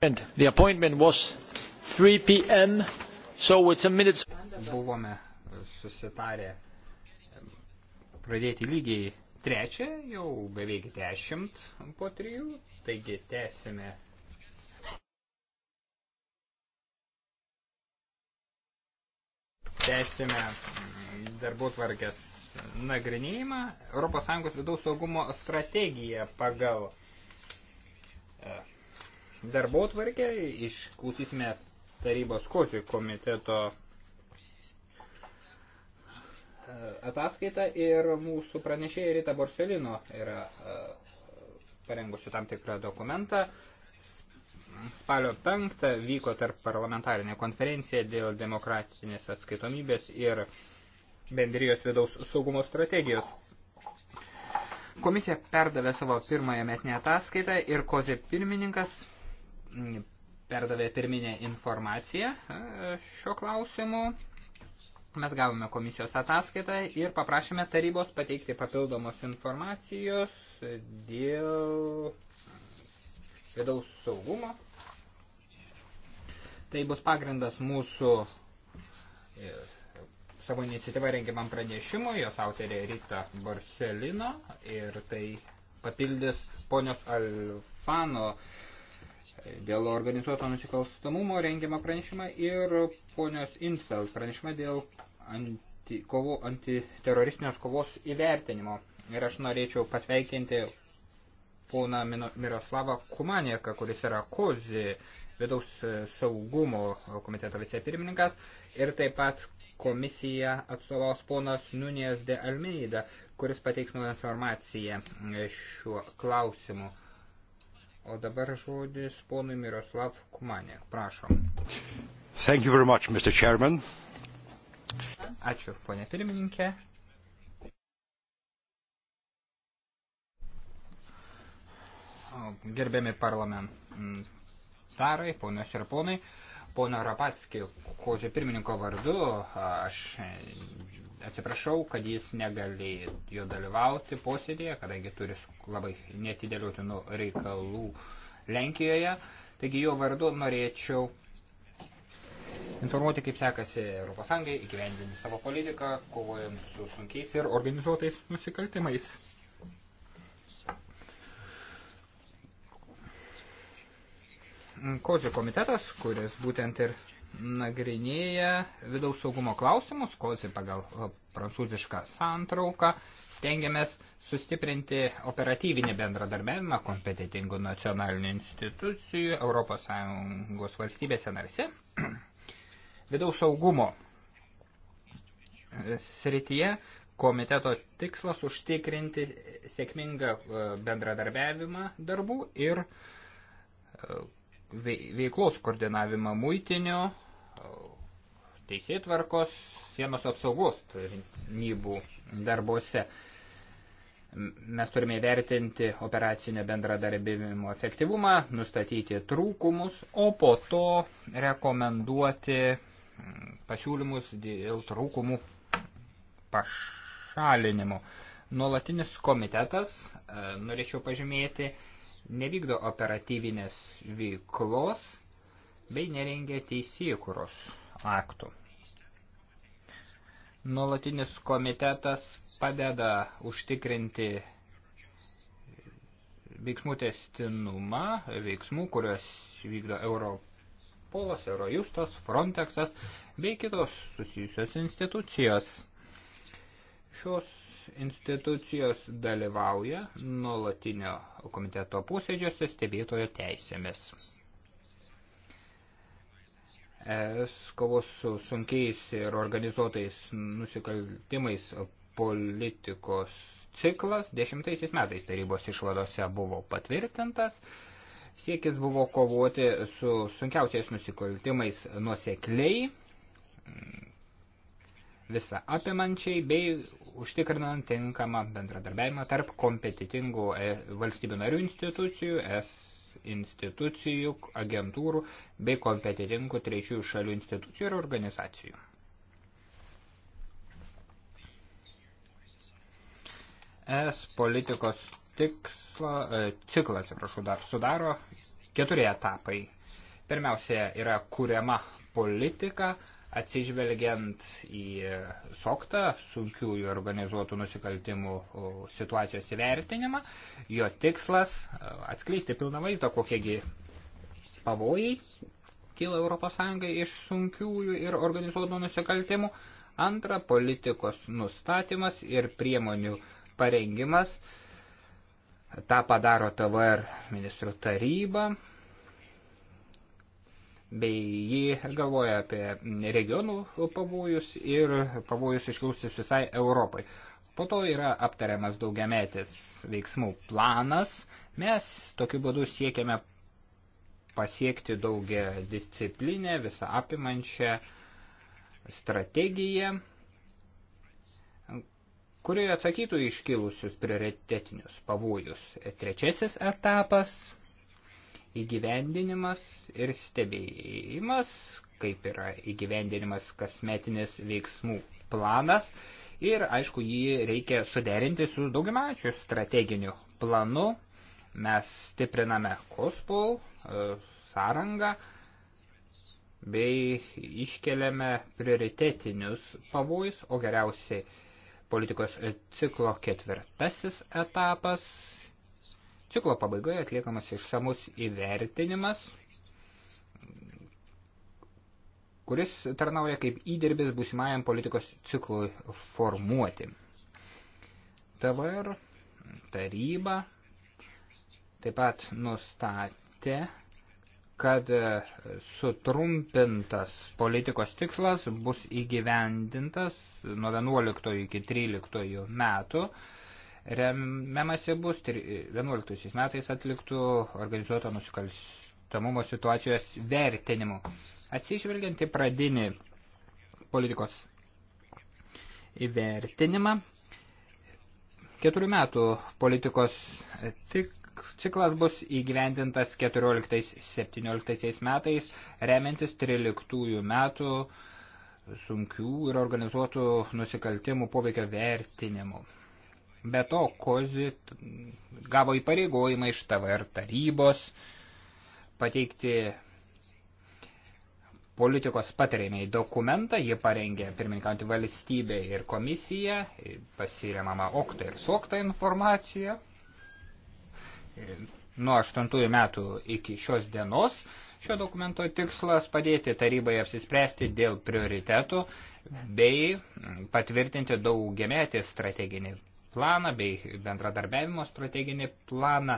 The appointment was 3 p.m., so it's a minute. Buvome susitarę pradėti lygiai trečią, jau beveik dešimt po trijų, taigi tęsime. Tęsime darbų tvarkės nagrinėjimą ES vidaus saugumo strategiją pagal e, darbo tvarkę, išklausysime tarybos kočių komiteto e, ataskaitą ir mūsų pranešėja Rita Borselino yra e, parengusi tam tikrą dokumentą. Spalio 5 vyko tarp parlamentarinė konferencija dėl demokratinės atskaitomybės ir bendrijos vidaus saugumo strategijos. Komisija perdavė savo pirmąją metinę ataskaitą ir kozė pirmininkas perdavė pirminę informaciją e, šio klausimu. Mes gavome komisijos ataskaitą ir paprašėme tarybos pateikti papildomos informacijos dėl vidaus saugumo. Tai bus pagrindas mūsų e, savo iniciatyvą rengiamam pranešimui, jos autorė Rita Barcelino ir tai papildys ponios Alfano uh, dėl organizuoto nusikalstamumo rengiamą pranešimą ir ponios Insel pranešimą dėl anti, kovų, antiteroristinės kovos įvertinimo. Ir aš norėčiau pasveikinti poną Miroslavą Kumanieką, kuris yra Kozi vidaus saugumo komiteto vicepirmininkas ir taip pat komisiją atstovaus ponas Nunės de Almeida, kuris pateiks naują informaciją šiuo klausimu. O dabar žodis ponui Miroslav Kumanė. Prašom. Thank you very much, Mr. Chairman. Ačiū, ponė pirmininkė. Gerbiami parlamentarai, ponios ir ponai, pono Rapatskį, kožio pirmininko vardu, aš atsiprašau, kad jis negalėjo dalyvauti posėdėje, kadangi turi labai netidėliotinų reikalų Lenkijoje. Taigi jo vardu norėčiau informuoti, kaip sekasi ES įgyvendinti savo politiką, kovojant su sunkiais ir organizuotais nusikaltimais. Kozio komitetas, kuris būtent ir nagrinėja vidaus saugumo klausimus, kosi pagal prancūzišką santrauką, stengiamės sustiprinti operatyvinį bendradarbiavimą kompetitingų nacionalinių institucijų ES valstybėse narse. Vidaus saugumo e, srityje komiteto tikslas užtikrinti sėkmingą e, bendradarbiavimą darbų ir e, veiklos koordinavimą muitinio teisėtvarkos sienos apsaugos tarnybų darbuose. Mes turime įvertinti operacinio bendradarbiavimo efektyvumą, nustatyti trūkumus, o po to rekomenduoti pasiūlymus dėl trūkumų pašalinimo. Nuolatinis komitetas, e, norėčiau pažymėti, nevykdo operatyvinės veiklos, bei nerengia teisėkuros aktų. Nuolatinis komitetas padeda užtikrinti veiksmų testinumą, veiksmų, kurios vykdo Europolas, Eurojustas, Frontexas bei kitos susijusios institucijos. Šios institucijos dalyvauja nuolatinio komiteto posėdžiuose stebėtojo teisėmis. ES kovos su sunkiais ir organizuotais nusikaltimais politikos ciklas dešimtaisiais metais tarybos išvadose buvo patvirtintas. Siekis buvo kovoti su sunkiausiais nusikaltimais nuosekliai, visą apimančiai bei užtikrinant tinkamą bendradarbiavimą tarp kompetitingų e, valstybių narių institucijų, es institucijų, agentūrų bei kompetitinkų trečiųjų šalių institucijų ir organizacijų. Es politikos tiksla, e, ciklas, prašau, dar sudaro keturi etapai. Pirmiausia yra kuriama politika, atsižvelgiant į soktą sunkiųjų organizuotų nusikaltimų situacijos įvertinimą, jo tikslas atskleisti pilną vaizdą, kokiegi pavojai kyla ES iš sunkiųjų ir organizuotų nusikaltimų, antra politikos nustatymas ir priemonių parengimas, tą padaro TVR ministrų taryba, bei jį galvoja apie regionų pavojus ir pavojus iškilusius visai Europai. Po to yra aptariamas daugiametis veiksmų planas. Mes tokiu būdu siekiame pasiekti daugia disciplinę, visą apimančią strategiją, kurioje atsakytų iškilusius prioritetinius pavojus. Trečiasis etapas – įgyvendinimas ir stebėjimas, kaip yra įgyvendinimas kasmetinis veiksmų planas. Ir aišku, jį reikia suderinti su daugiamečiu strateginiu planu. Mes stipriname COSPOL e, sąrangą bei iškeliame prioritetinius pavojus, o geriausiai politikos ciklo ketvirtasis etapas Ciklo pabaigoje atliekamas išsamus įvertinimas, kuris tarnauja kaip įdirbis būsimajam politikos ciklui formuoti. TVR taryba taip pat nustatė, kad sutrumpintas politikos tikslas bus įgyvendintas nuo 11 iki 13 metų. Remiamasi bus 11 metais atliktų organizuoto nusikalstamumo situacijos vertinimu. Atsižvelgiant į pradinį politikos įvertinimą, keturių metų politikos tik ciklas bus įgyvendintas 14-17 metais, remiantis 13 metų sunkių ir organizuotų nusikaltimų poveikio vertinimu. Be to, Kozi gavo įpareigojimą iš TVR tarybos pateikti politikos patarėmiai dokumentą, jie parengė pirmininkantį valstybę ir komisiją, pasiriamama okta ir sokta informacija. Nuo 8 metų iki šios dienos šio dokumento tikslas padėti tarybai apsispręsti dėl prioritetų bei patvirtinti daugiametį strateginį planą bei bendradarbiavimo strateginį planą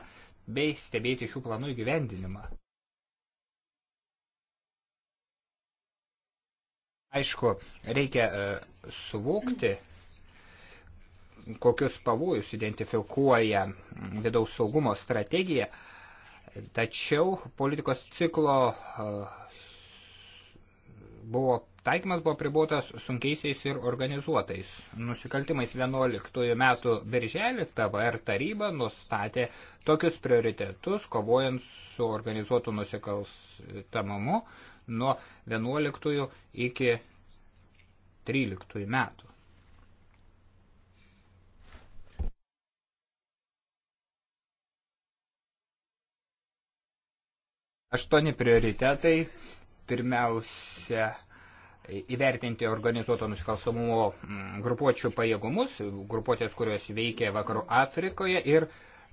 bei stebėti šių planų įgyvendinimą. Aišku, reikia e, suvokti, kokius pavojus identifikuoja vidaus saugumo strategija, tačiau politikos ciklo e, buvo Taikymas buvo pribuotas sunkiaisiais ir organizuotais. Nusikaltimais 11 metų birželį TVR taryba nustatė tokius prioritetus, kovojant su organizuotu nusikalstamumu nuo 11 iki 13 metų. Aštuoni prioritetai. Pirmiausia, įvertinti organizuoto nusikalstamumo mm, grupuočių pajėgumus, grupuotės, kurios veikia vakarų Afrikoje ir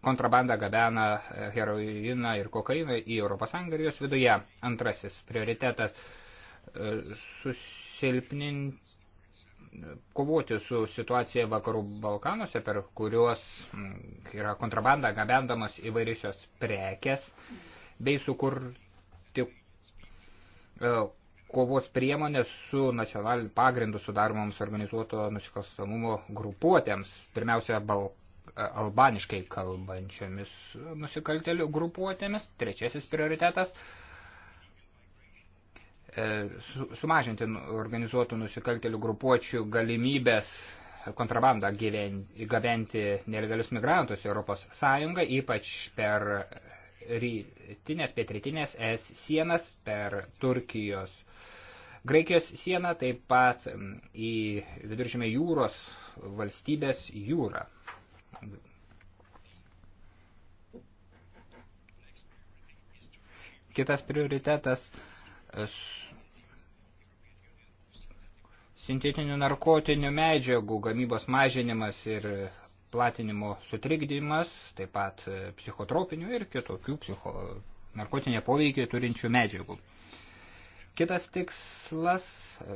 kontrabandą gabena e, heroiną ir kokainą į ES ir jos viduje. Antrasis prioritetas e, - susilpninti kovoti su situacija vakarų Balkanuose, per kuriuos mm, yra kontrabanda gabendamas įvairiusios prekes, bei sukurti e, kovos priemonės su nacionaliniu pagrindu sudaromoms organizuoto nusikalstamumo grupuotėms, pirmiausia, bal, e, albaniškai kalbančiomis nusikaltelių grupuotėmis, trečiasis prioritetas e, su, sumažinti organizuotų nusikaltelių grupuočių galimybės kontrabandą gabenti nelegalius migrantus Europos Sąjungą, ypač per rytinės, pietrytinės es sienas, per Turkijos Graikijos sieną, taip pat į viduržymę jūros valstybės jūrą. Kitas prioritetas e, sintetinių narkotinių medžiagų gamybos mažinimas ir platinimo sutrikdymas, taip pat e, psichotropinių ir kitokių psicho... narkotinė poveikiai turinčių medžiagų. Kitas tikslas e, -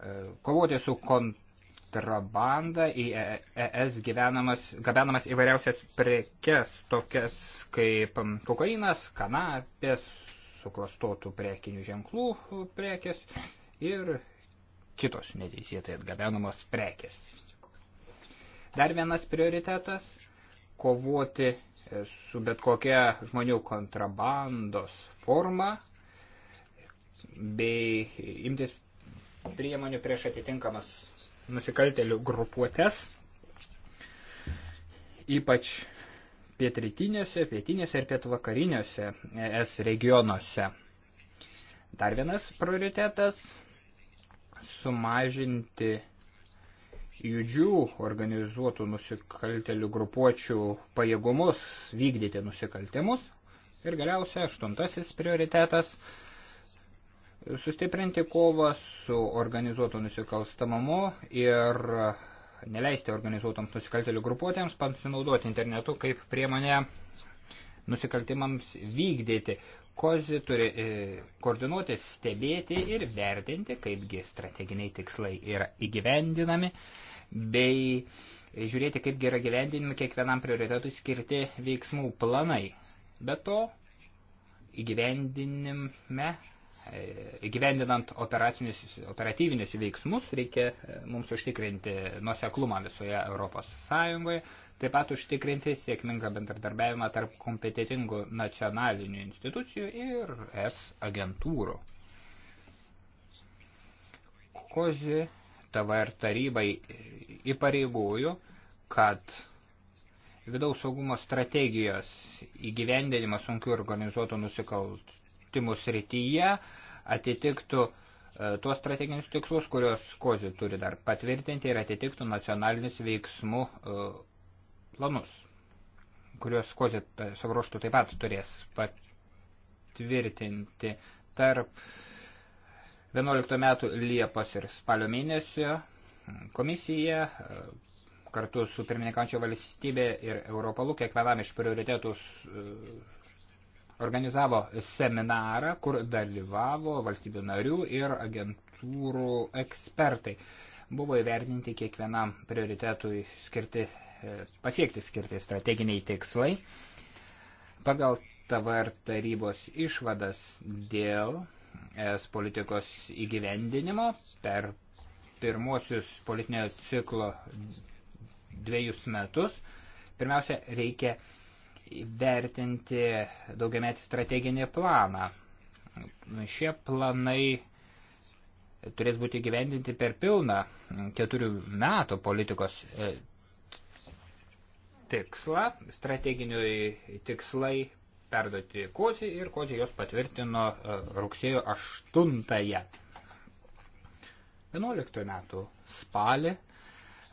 e, kovoti su kontrabanda į e, ES gyvenamas, gabenamas įvairiausias prekes, tokias kaip kokainas, kanapės, suklastotų prekinių ženklų prekės ir kitos neteisėtai atgabenamos prekės. Dar vienas prioritetas - kovoti su bet kokia žmonių kontrabandos forma bei imtis priemonių prieš atitinkamas nusikaltelių grupuotės, ypač pietrytiniuose, pietiniuose ir pietvakariniuose ES regionuose. Dar vienas prioritetas - sumažinti judžių organizuotų nusikaltelių grupuočių pajėgumus vykdyti nusikaltimus. Ir galiausia, aštuntasis prioritetas - sustiprinti kovą su organizuotu nusikalstamamu ir neleisti organizuotams nusikaltelių grupuotėms pasinaudoti internetu kaip priemonę nusikaltimams vykdyti. Kozi turi e, koordinuoti, stebėti ir vertinti, kaipgi strateginiai tikslai yra įgyvendinami, bei žiūrėti, kaipgi yra gyvendinami kiekvienam prioritetui skirti veiksmų planai. Be to, įgyvendinime, e, įgyvendinant operatyvinius veiksmus, reikia e, mums užtikrinti nuoseklumą visoje Europos Sąjungoje, taip pat užtikrinti sėkmingą bendradarbiavimą tarp kompetitingų nacionalinių institucijų ir S agentūrų. Kozi TVR tarybai įpareigoju, kad vidaus saugumo strategijos įgyvendinimas sunkių organizuotų nusikaltimų srityje atitiktų e, tuos strateginius tikslus, kurios kozi turi dar patvirtinti ir atitiktų nacionalinius veiksmų e, planus, kuriuos Kozit savo ruoštų taip pat turės patvirtinti tarp 11 metų Liepos ir spalio mėnesio komisija kartu su pirmininkančio valstybė ir Europalu kiekvienam iš prioritetų organizavo seminarą, kur dalyvavo valstybių narių ir agentūrų ekspertai. Buvo įvertinti kiekvienam prioritetui skirti E, pasiekti skirti strateginiai tikslai. Pagal TVR tarybos išvadas dėl es politikos įgyvendinimo per pirmosius politinio ciklo dviejus metus pirmiausia reikia vertinti daugiametį strateginį planą. Šie planai turės būti gyvendinti per pilną keturių metų politikos e, tikslą, strateginiai tikslai perduoti kočiai ir kočiai jos patvirtino e, rugsėjo 8-ąją. 11 metų spalį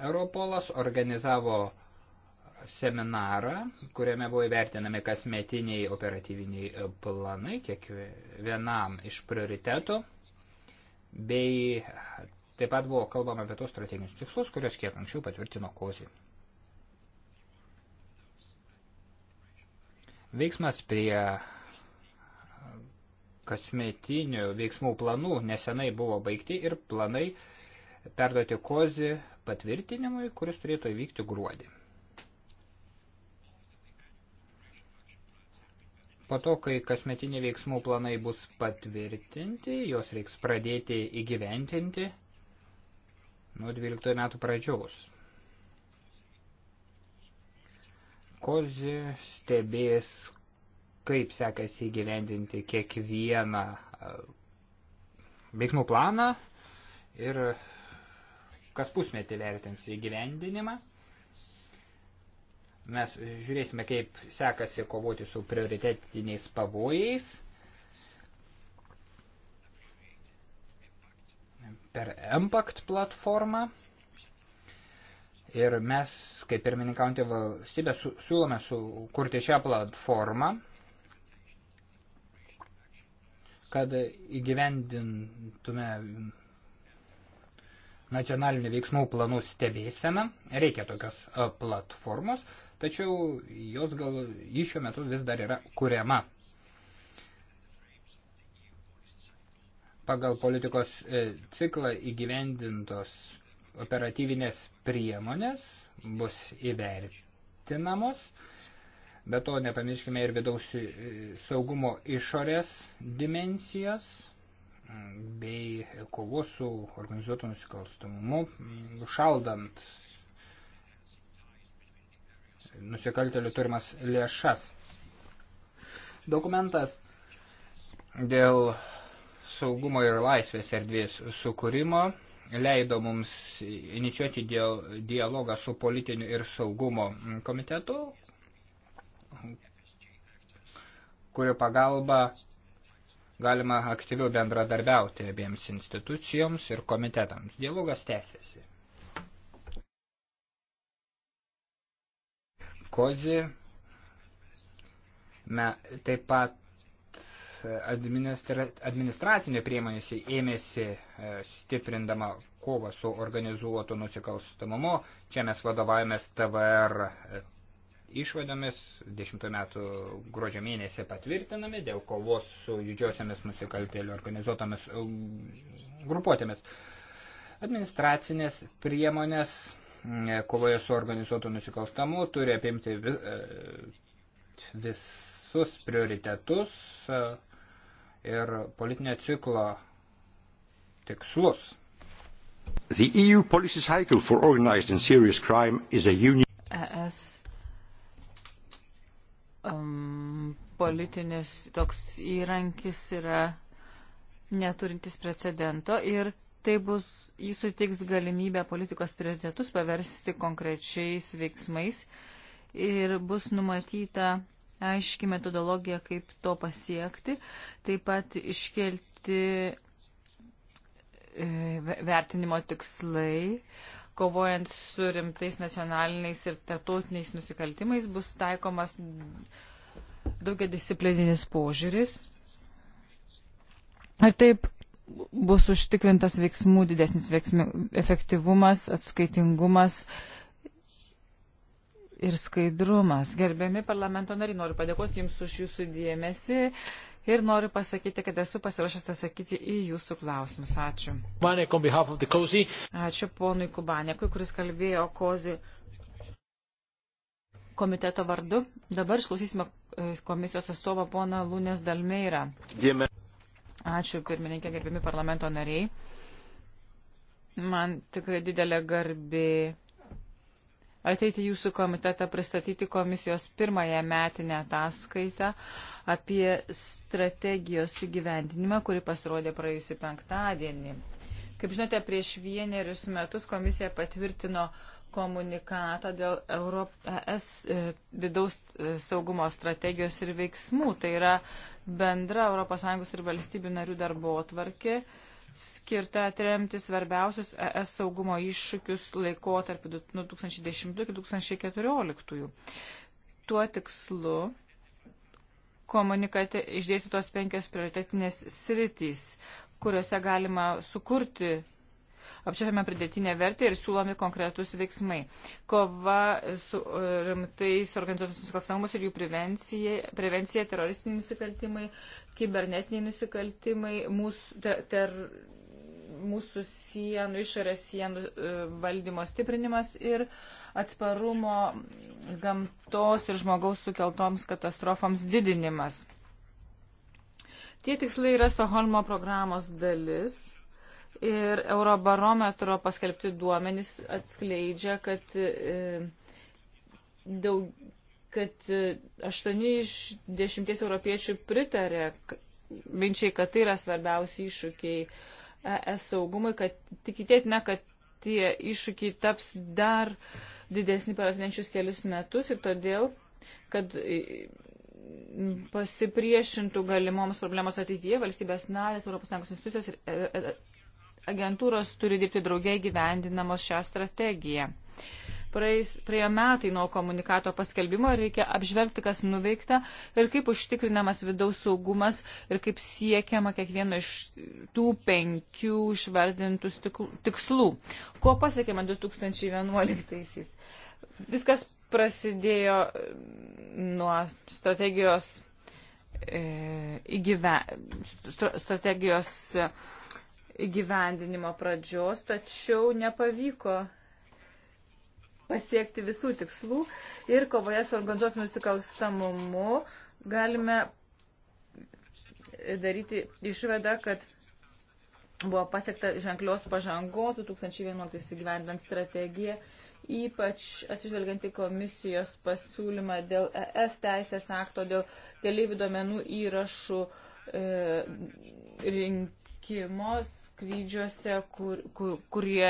Europolas organizavo seminarą, kuriame buvo įvertinami kasmetiniai operatyviniai e, planai kiekvienam iš prioritetų, bei taip pat buvo kalbama apie tos strateginius tikslus, kurios kiek anksčiau patvirtino koziai. Veiksmas prie kasmetinių veiksmų planų nesenai buvo baigti ir planai perduoti kozį patvirtinimui, kuris turėtų įvykti gruodį. Po to, kai kasmetiniai veiksmų planai bus patvirtinti, juos reiks pradėti įgyventinti nuo 12 metų pradžiaus. Sarkozy stebės, kaip sekasi įgyvendinti kiekvieną e, veiksmų planą ir kas pusmetį vertins įgyvendinimą. Mes žiūrėsime, kaip sekasi kovoti su prioritetiniais pavojais. Per Impact platformą Ir mes, kaip pirmininkaujantį valstybę, su, siūlome sukurti šią platformą, kad įgyvendintume nacionalinių veiksmų planų stebėseną. Reikia tokios platformos, tačiau jos gal į šiuo metu vis dar yra kuriama. Pagal politikos e, ciklą įgyvendintos operatyvinės priemonės bus įvertinamos, bet to nepamirškime ir vidaus e, saugumo išorės dimensijos mm, bei kovos su organizuotu nusikalstamumu, mm, šaldant nusikaltelių turimas lėšas. Dokumentas dėl saugumo ir laisvės erdvės sukūrimo leido mums inicijuoti dialogą su politiniu ir saugumo komitetu, kurio pagalba galima aktyviau bendradarbiauti abiems institucijoms ir komitetams. Dialogas tęsiasi. Kozi me, taip pat administra, administracinė priemonė ėmėsi e, stiprindama kovą su organizuotu nusikalstamumu. Čia mes vadovavomės TVR e, išvadomis, 10 metų gruodžio mėnesį patvirtinami dėl kovos su didžiosiamis nusikaltėlių organizuotomis e, grupuotėmis. Administracinės priemonės kovoje su organizuotu nusikalstamu turi apimti vis, visus prioritetus, ir politinio ciklo tikslus. The EU policy cycle for organized and serious crime is a union. ES um, politinis toks įrankis yra neturintis precedento ir tai bus, jis suteiks galimybę politikos prioritetus paversti konkrečiais veiksmais ir bus numatyta aiški metodologija, kaip to pasiekti, taip pat iškelti e, vertinimo tikslai, kovojant su rimtais nacionaliniais ir tarptautiniais nusikaltimais bus taikomas daugia disciplininis požiūris. Ar taip bus užtikrintas veiksmų didesnis veiksmų efektyvumas, atskaitingumas, uh, ir skaidrumas. Gerbiami parlamento nariai, noriu padėkoti Jums už Jūsų dėmesį ir noriu pasakyti, kad esu pasirašęs atsakyti į Jūsų klausimus. Ačiū. Ačiū ponui Kubanekui, kuris kalbėjo Kozi komiteto vardu. Dabar išklausysime e, komisijos atstovą poną Lūnės Dalmeirą. Dėme. Ačiū pirmininkė, gerbiami parlamento nariai. Man tikrai didelė garbė ateiti jūsų komitetą pristatyti komisijos pirmąją metinę ataskaitą apie strategijos įgyvendinimą, kuri pasirodė praėjusį penktadienį. Kaip žinote, prieš vienerius metus komisija patvirtino komunikatą dėl Europ ES e, vidaus e, saugumo strategijos ir veiksmų. Tai yra bendra ES ir valstybių narių darbo atvarkė skirta atremti svarbiausius ES saugumo iššūkius laikotarpį nuo 2010-2014. Tuo tikslu komunikate išdėstytos penkios prioritetinės sritys, kuriuose galima sukurti apčiapiame pridėtinę vertę ir siūlomi konkretus veiksmai. Kova su e, rimtais organizuotis nusikalstamumus ir jų prevencija, prevencija teroristiniai nusikaltimai, kibernetiniai nusikaltimai, mūsų, ter, ter, mūsų sienų, išorės sienų e, valdymo stiprinimas ir atsparumo gamtos ir žmogaus sukeltoms katastrofoms didinimas. Tie tikslai yra Stoholmo programos dalis Ir Eurobarometro paskelbti duomenys atskleidžia, kad, e, daug, kad 8 e, iš 10 europiečių pritarė minčiai, kad tai yra svarbiausi iššūkiai e, ES saugumui, kad tikėtina, kad tie iššūkiai taps dar didesni per atvenčius kelius metus ir todėl, kad pasipriešintų galimoms problemos ateityje valstybės narės, ES institucijos ir agentūros turi dirbti draugiai gyvendinamos šią strategiją. Praėjus, praėjo metai nuo komunikato paskelbimo reikia apžvelgti, kas nuveikta ir kaip užtikrinamas vidaus saugumas ir kaip siekiama kiekvieno iš tų penkių išvardintų tikslų. Ko pasiekėme 2011? -aisiais? Viskas prasidėjo mm, nuo strategijos e, įgyve, strategijos gyvendinimo pradžios, tačiau nepavyko pasiekti visų tikslų ir kovoje su organizuotų nusikalstamumu galime daryti išvedą, kad buvo pasiekta ženklios pažangos 2011 įgyvendant strategiją, ypač atsižvelgiant į komisijos pasiūlymą dėl ES teisės akto, dėl keliaivių duomenų įrašų e, rinkimų pirkimo skrydžiuose, kur, kur, kurie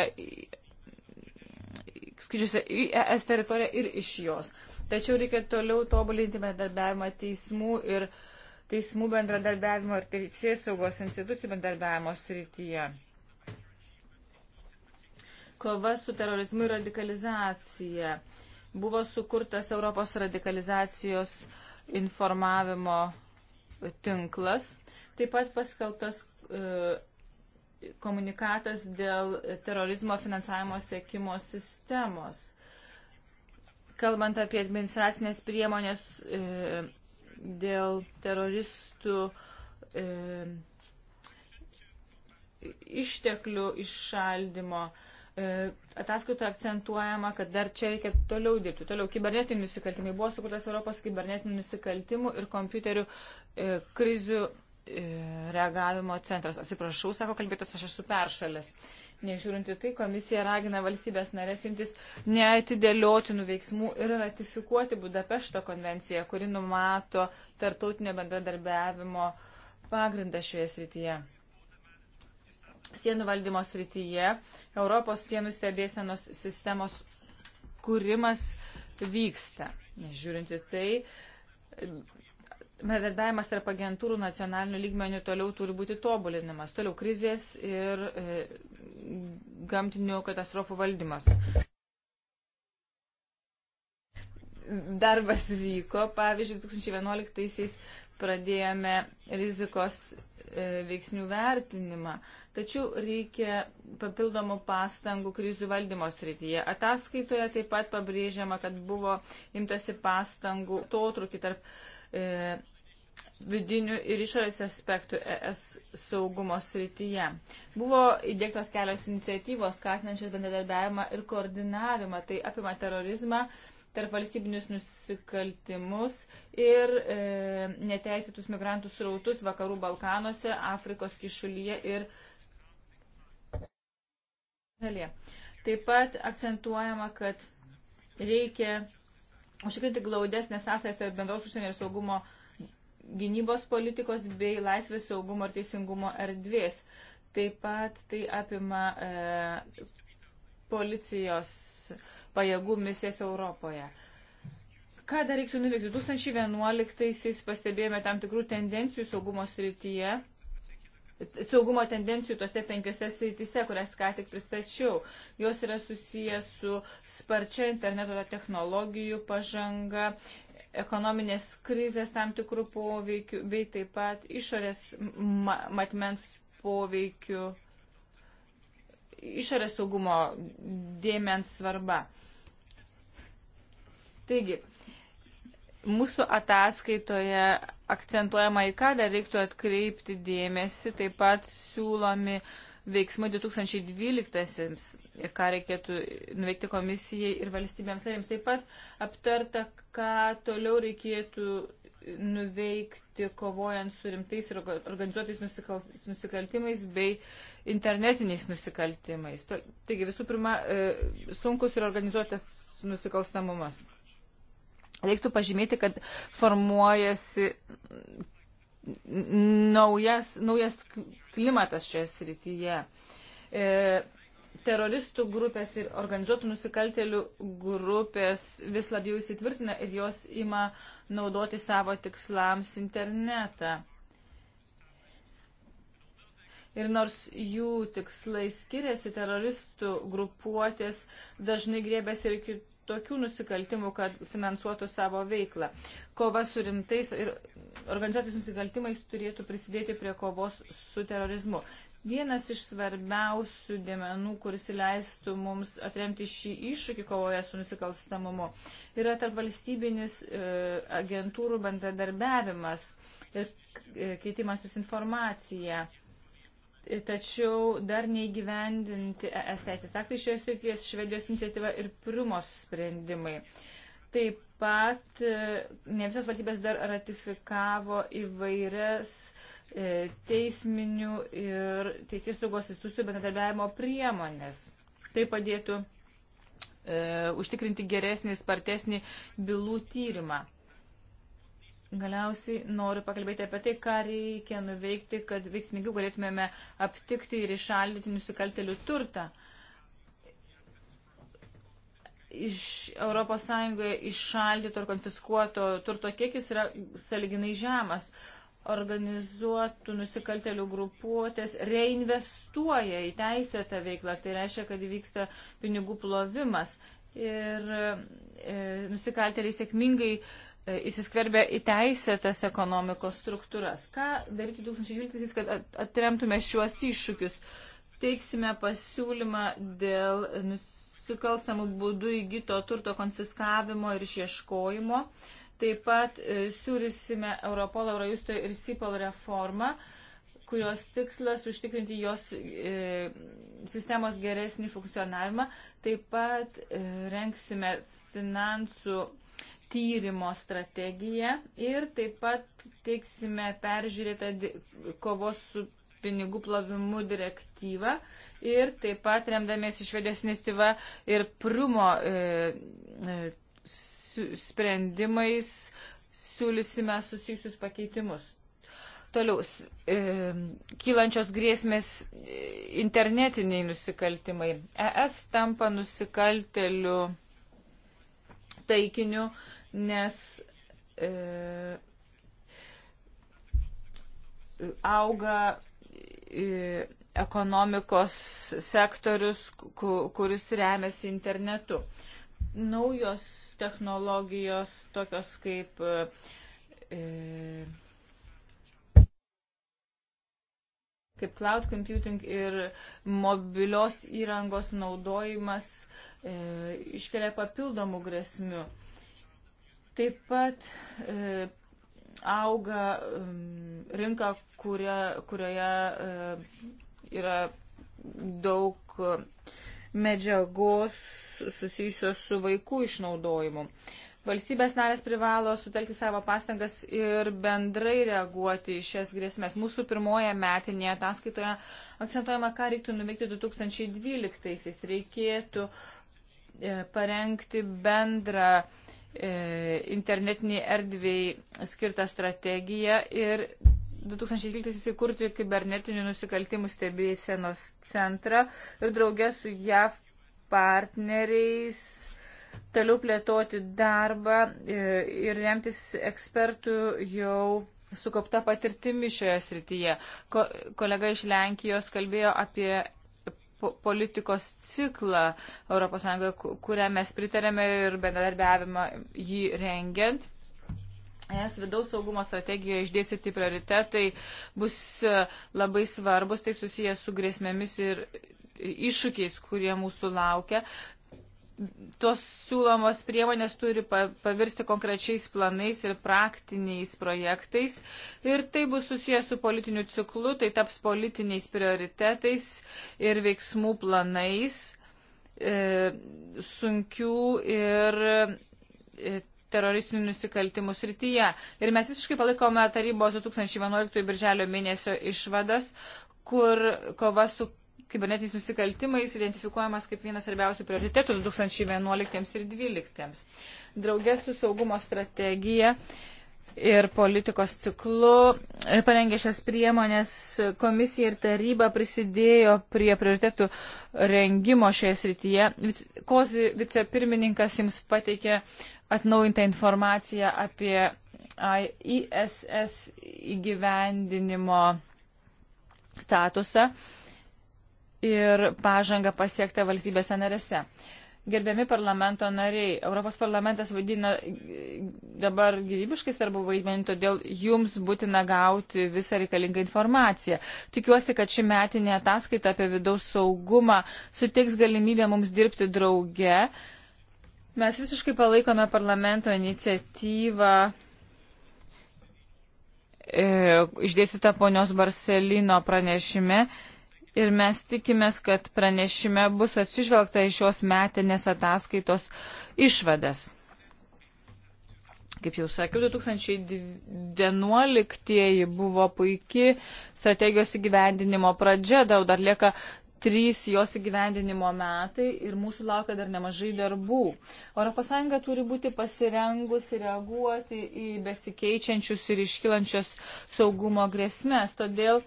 skrydžiuose į ES teritoriją ir iš jos. Tačiau reikia toliau tobulinti bendradarbiavimą teismų ir teismų bendradarbiavimo ir teisės saugos institucijų bendradarbiavimo srityje. Kova su terorizmu ir radikalizacija. Buvo sukurtas Europos radikalizacijos informavimo tinklas. Taip pat paskeltas E, komunikatas dėl terorizmo finansavimo sėkimo sistemos. Kalbant apie administracinės priemonės e, dėl teroristų e, išteklių iššaldimo, e, ataskaitoje akcentuojama, kad dar čia reikia toliau dirbti. Toliau kibernetiniai nusikaltimai. Buvo sukurtas Europos kibernetinių nusikaltimų ir kompiuterių e, krizių E, reagavimo centras. Atsiprašau, sako kalbėtas, aš esu peršalęs. Nežiūrint į tai, komisija ragina valstybės narės imtis neatidėliotinų veiksmų ir ratifikuoti Budapešto konvenciją, kuri numato tartautinio bendradarbiavimo pagrindą šioje srityje. Sienų valdymo srityje Europos sienų stebėsenos sistemos kūrimas vyksta. Nežiūrint į tai, bendradarbiavimas tarp agentūrų nacionalinių lygmenių toliau turi būti tobulinamas. Toliau krizės ir e, gamtinių katastrofų valdymas. Darbas vyko, pavyzdžiui, 2011-aisiais pradėjome rizikos e, veiksnių vertinimą. Tačiau reikia papildomų pastangų krizių valdymo srityje. Ataskaitoje taip pat pabrėžiama, kad buvo imtasi pastangų totrukį tarp e, vidinių ir išorės aspektų ES saugumo srityje. Buvo įdėktos kelios iniciatyvos, skatinančios bendradarbiavimą ir koordinavimą. Tai apima terorizmą, tarp valstybinius nusikaltimus ir e, neteisėtus migrantų srautus vakarų Balkanuose, Afrikos kišulyje ir. Taip pat akcentuojama, kad reikia užtikrinti glaudesnės sąsajas tarp bendros užsienio ir saugumo gynybos politikos bei laisvės saugumo ir teisingumo erdvės. Taip pat tai apima e, policijos pajėgų misijas Europoje. Ką dar reiktų nuveikti? 2011-aisiais pastebėjome tam tikrų tendencijų saugumo srityje, saugumo tendencijų tose penkiose srityse, kurias ką tik pristačiau. Jos yra susijęs su sparčia interneto technologijų pažanga, ekonominės krizės tam tikrų poveikių, bei taip pat išorės matmens poveikių, išorės saugumo dėmens svarba. Taigi, mūsų ataskaitoje akcentuojama į ką dar reiktų atkreipti dėmesį, taip pat siūlomi veiksmai 2012 ką reikėtų nuveikti komisijai ir valstybėms narėms. Taip pat aptarta, ką toliau reikėtų nuveikti kovojant su rimtais ir organizuotais nusikaltimais bei internetiniais nusikaltimais. Taigi visų pirma, e, sunkus ir organizuotas nusikalstamumas. Reiktų pažymėti, kad formuojasi naujas, naujas klimatas šioje srityje. E, teroristų grupės ir organizuotų nusikaltelių grupės vis labiau įsitvirtina ir jos ima naudoti savo tikslams internetą. Ir nors jų tikslai skiriasi, teroristų grupuotės dažnai grėbėsi ir kitokių nusikaltimų, kad finansuotų savo veiklą. Kova su rimtais ir organizuotis nusikaltimais turėtų prisidėti prie kovos su terorizmu. Vienas iš svarbiausių dėmenų, kuris leistų mums atremti šį iššūkį kovoje su nusikalstamumu, yra tarp valstybinis e, agentūrų bendradarbiavimas ir e, keitimasis informacija. E, tačiau dar neįgyvendinti ES teisės aktai šioje srityje Švedijos iniciatyva ir pirmos sprendimai. Taip pat ne visos valstybės dar ratifikavo įvairias E, teisminių ir teisės saugos institucijų bendradarbiavimo priemonės. Tai padėtų e, užtikrinti geresnį, spartesnį bylų tyrimą. Galiausiai noriu pakalbėti apie tai, ką reikia nuveikti, kad veiksmingiau galėtumėme aptikti ir išaldyti nusikaltelių turtą. Iš ES išaldyto ir konfiskuoto turto kiekis yra saliginai žemas. E, organizuotų nusikaltelių grupuotės reinvestuoja į teisėtą veiklą. Tai reiškia, kad vyksta pinigų plovimas. Ir e, nusikalteliai sėkmingai e, įsiskverbia į teisėtas ekonomikos struktūras. Ką daryti 2012, kad atremtume šiuos iššūkius? Teiksime pasiūlymą dėl nusikalstamų būdų įgyto turto konfiskavimo ir išieškojimo. E, Taip pat e, siūlysime Europolo, Eurojusto ir SIPOL reformą kurios tikslas užtikrinti jos e, sistemos geresnį funkcionavimą. Taip pat e, renksime finansų tyrimo strategiją ir taip pat teiksime peržiūrėtą kovos su pinigų plovimu direktyvą ir taip pat remdamės iš Švedijos iniciatyva ir Prumo e, e, sprendimais siūlysime susijusius pakeitimus. Toliau, e, kylančios grėsmės e, internetiniai nusikaltimai. ES tampa nusikalteliu taikiniu, nes e, auga e, ekonomikos sektorius, kuris remiasi internetu. E, naujos technologijos, tokios kaip e, kaip cloud computing ir mobilios įrangos naudojimas e, iškelia papildomų grėsmių. Taip pat e, auga e, rinka, kuria, kurioje e, yra daug e, medžiagos susijusios su vaikų išnaudojimu. Valstybės narės privalo sutelkti savo pastangas ir bendrai reaguoti į šias grėsmės. Mūsų pirmoje metinėje ataskaitoje akcentuojama, ką reiktų nuveikti 2012-aisiais. Reikėtų e, parengti bendrą e, internetiniai erdvėjai skirtą strategiją ir 2013 įsikurti kibernetinių nusikaltimų stebėsenos centrą ir draugę su JAV partneriais toliau plėtoti darbą e, ir remtis ekspertų jau sukaupta patirtimi šioje srityje. Ko, kolega iš Lenkijos kalbėjo apie politikos ciklą ES, kurią mes pritarėme ir bendradarbiavimą jį rengiant. Es vidaus saugumo strategijoje išdėstyti prioritetai bus e, labai svarbus, tai susijęs su grėsmėmis ir iššūkiais, kurie mūsų laukia. Tos siūlomos priemonės turi pavirsti konkrečiais planais ir praktiniais projektais. Ir tai bus susijęs su politiniu ciklu, tai taps politiniais prioritetais ir veiksmų planais e, sunkių ir. E, teroristinių nusikaltimų srityje. Ir mes visiškai palaikome tarybos 2011 birželio mėnesio išvadas, kur kova su kibernetiniais nusikaltimais identifikuojamas kaip vienas svarbiausių prioritetų 2011 ir 2012. Draugės su saugumo strategija ir politikos ciklu. Parengė šias priemonės komisija ir taryba prisidėjo prie prioritetų rengimo šioje srityje. Kozi vicepirmininkas jums pateikė atnaujintą informaciją apie ISS įgyvendinimo statusą ir pažangą pasiektą valstybėse narėse. Gerbiami parlamento nariai, Europos parlamentas vaidina dabar gyvybiškai svarbu vaidmenį, todėl jums būtina gauti visą reikalingą informaciją. Tikiuosi, kad ši metinė ataskaita apie vidaus saugumą suteiks galimybę mums dirbti drauge Mes visiškai palaikome parlamento iniciatyvą e, išdėstytą ponios Barcelino pranešime ir mes tikimės, kad pranešime bus atsižvelgta į šios metinės ataskaitos išvadas. Kaip jau sakiau, 2011 buvo puikiai strategijos įgyvendinimo pradžia, daug dar lieka trys jos įgyvendinimo metai ir mūsų laukia dar nemažai darbų. ES turi būti pasirengusi reaguoti į besikeičiančius ir iškilančios saugumo grėsmės. Todėl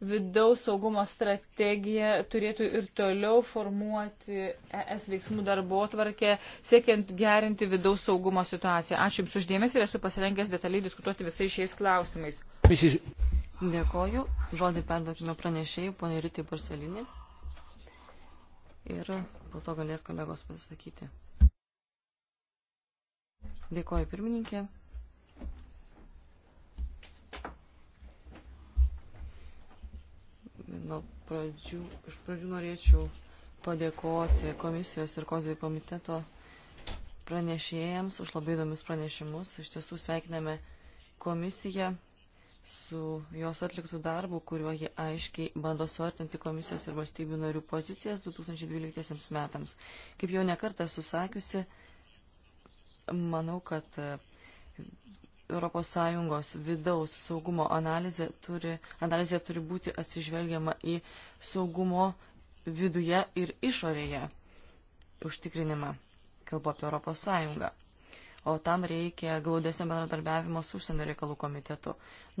vidaus saugumo strategija turėtų ir toliau formuoti ES veiksmų darbo tvarkę, siekiant gerinti vidaus saugumo situaciją. Ačiū Jums uždėmesi ir esu pasirengęs detaliai diskutuoti visais šiais klausimais. Dėkoju. Žodį perduokime pranešėjai, ponė Rytį Barcelinį ir po to galės kolegos pasisakyti. Dėkoju pirmininkė. Nuo pradžių, iš pradžių norėčiau padėkoti komisijos ir kozai komiteto pranešėjams už labai įdomius pranešimus. Iš tiesų sveikiname komisiją su jos atliktų darbu, kuriuo ji aiškiai bando suartinti komisijos ir valstybių narių pozicijas 2012 metams. Kaip jau nekartą susakiusi, manau, kad ES vidaus saugumo analizė turi, analizė turi būti atsižvelgiama į saugumo viduje ir išorėje užtikrinimą. Kalbu apie ES o tam reikia glaudesnio bendradarbiavimo su užsienio reikalų komitetu.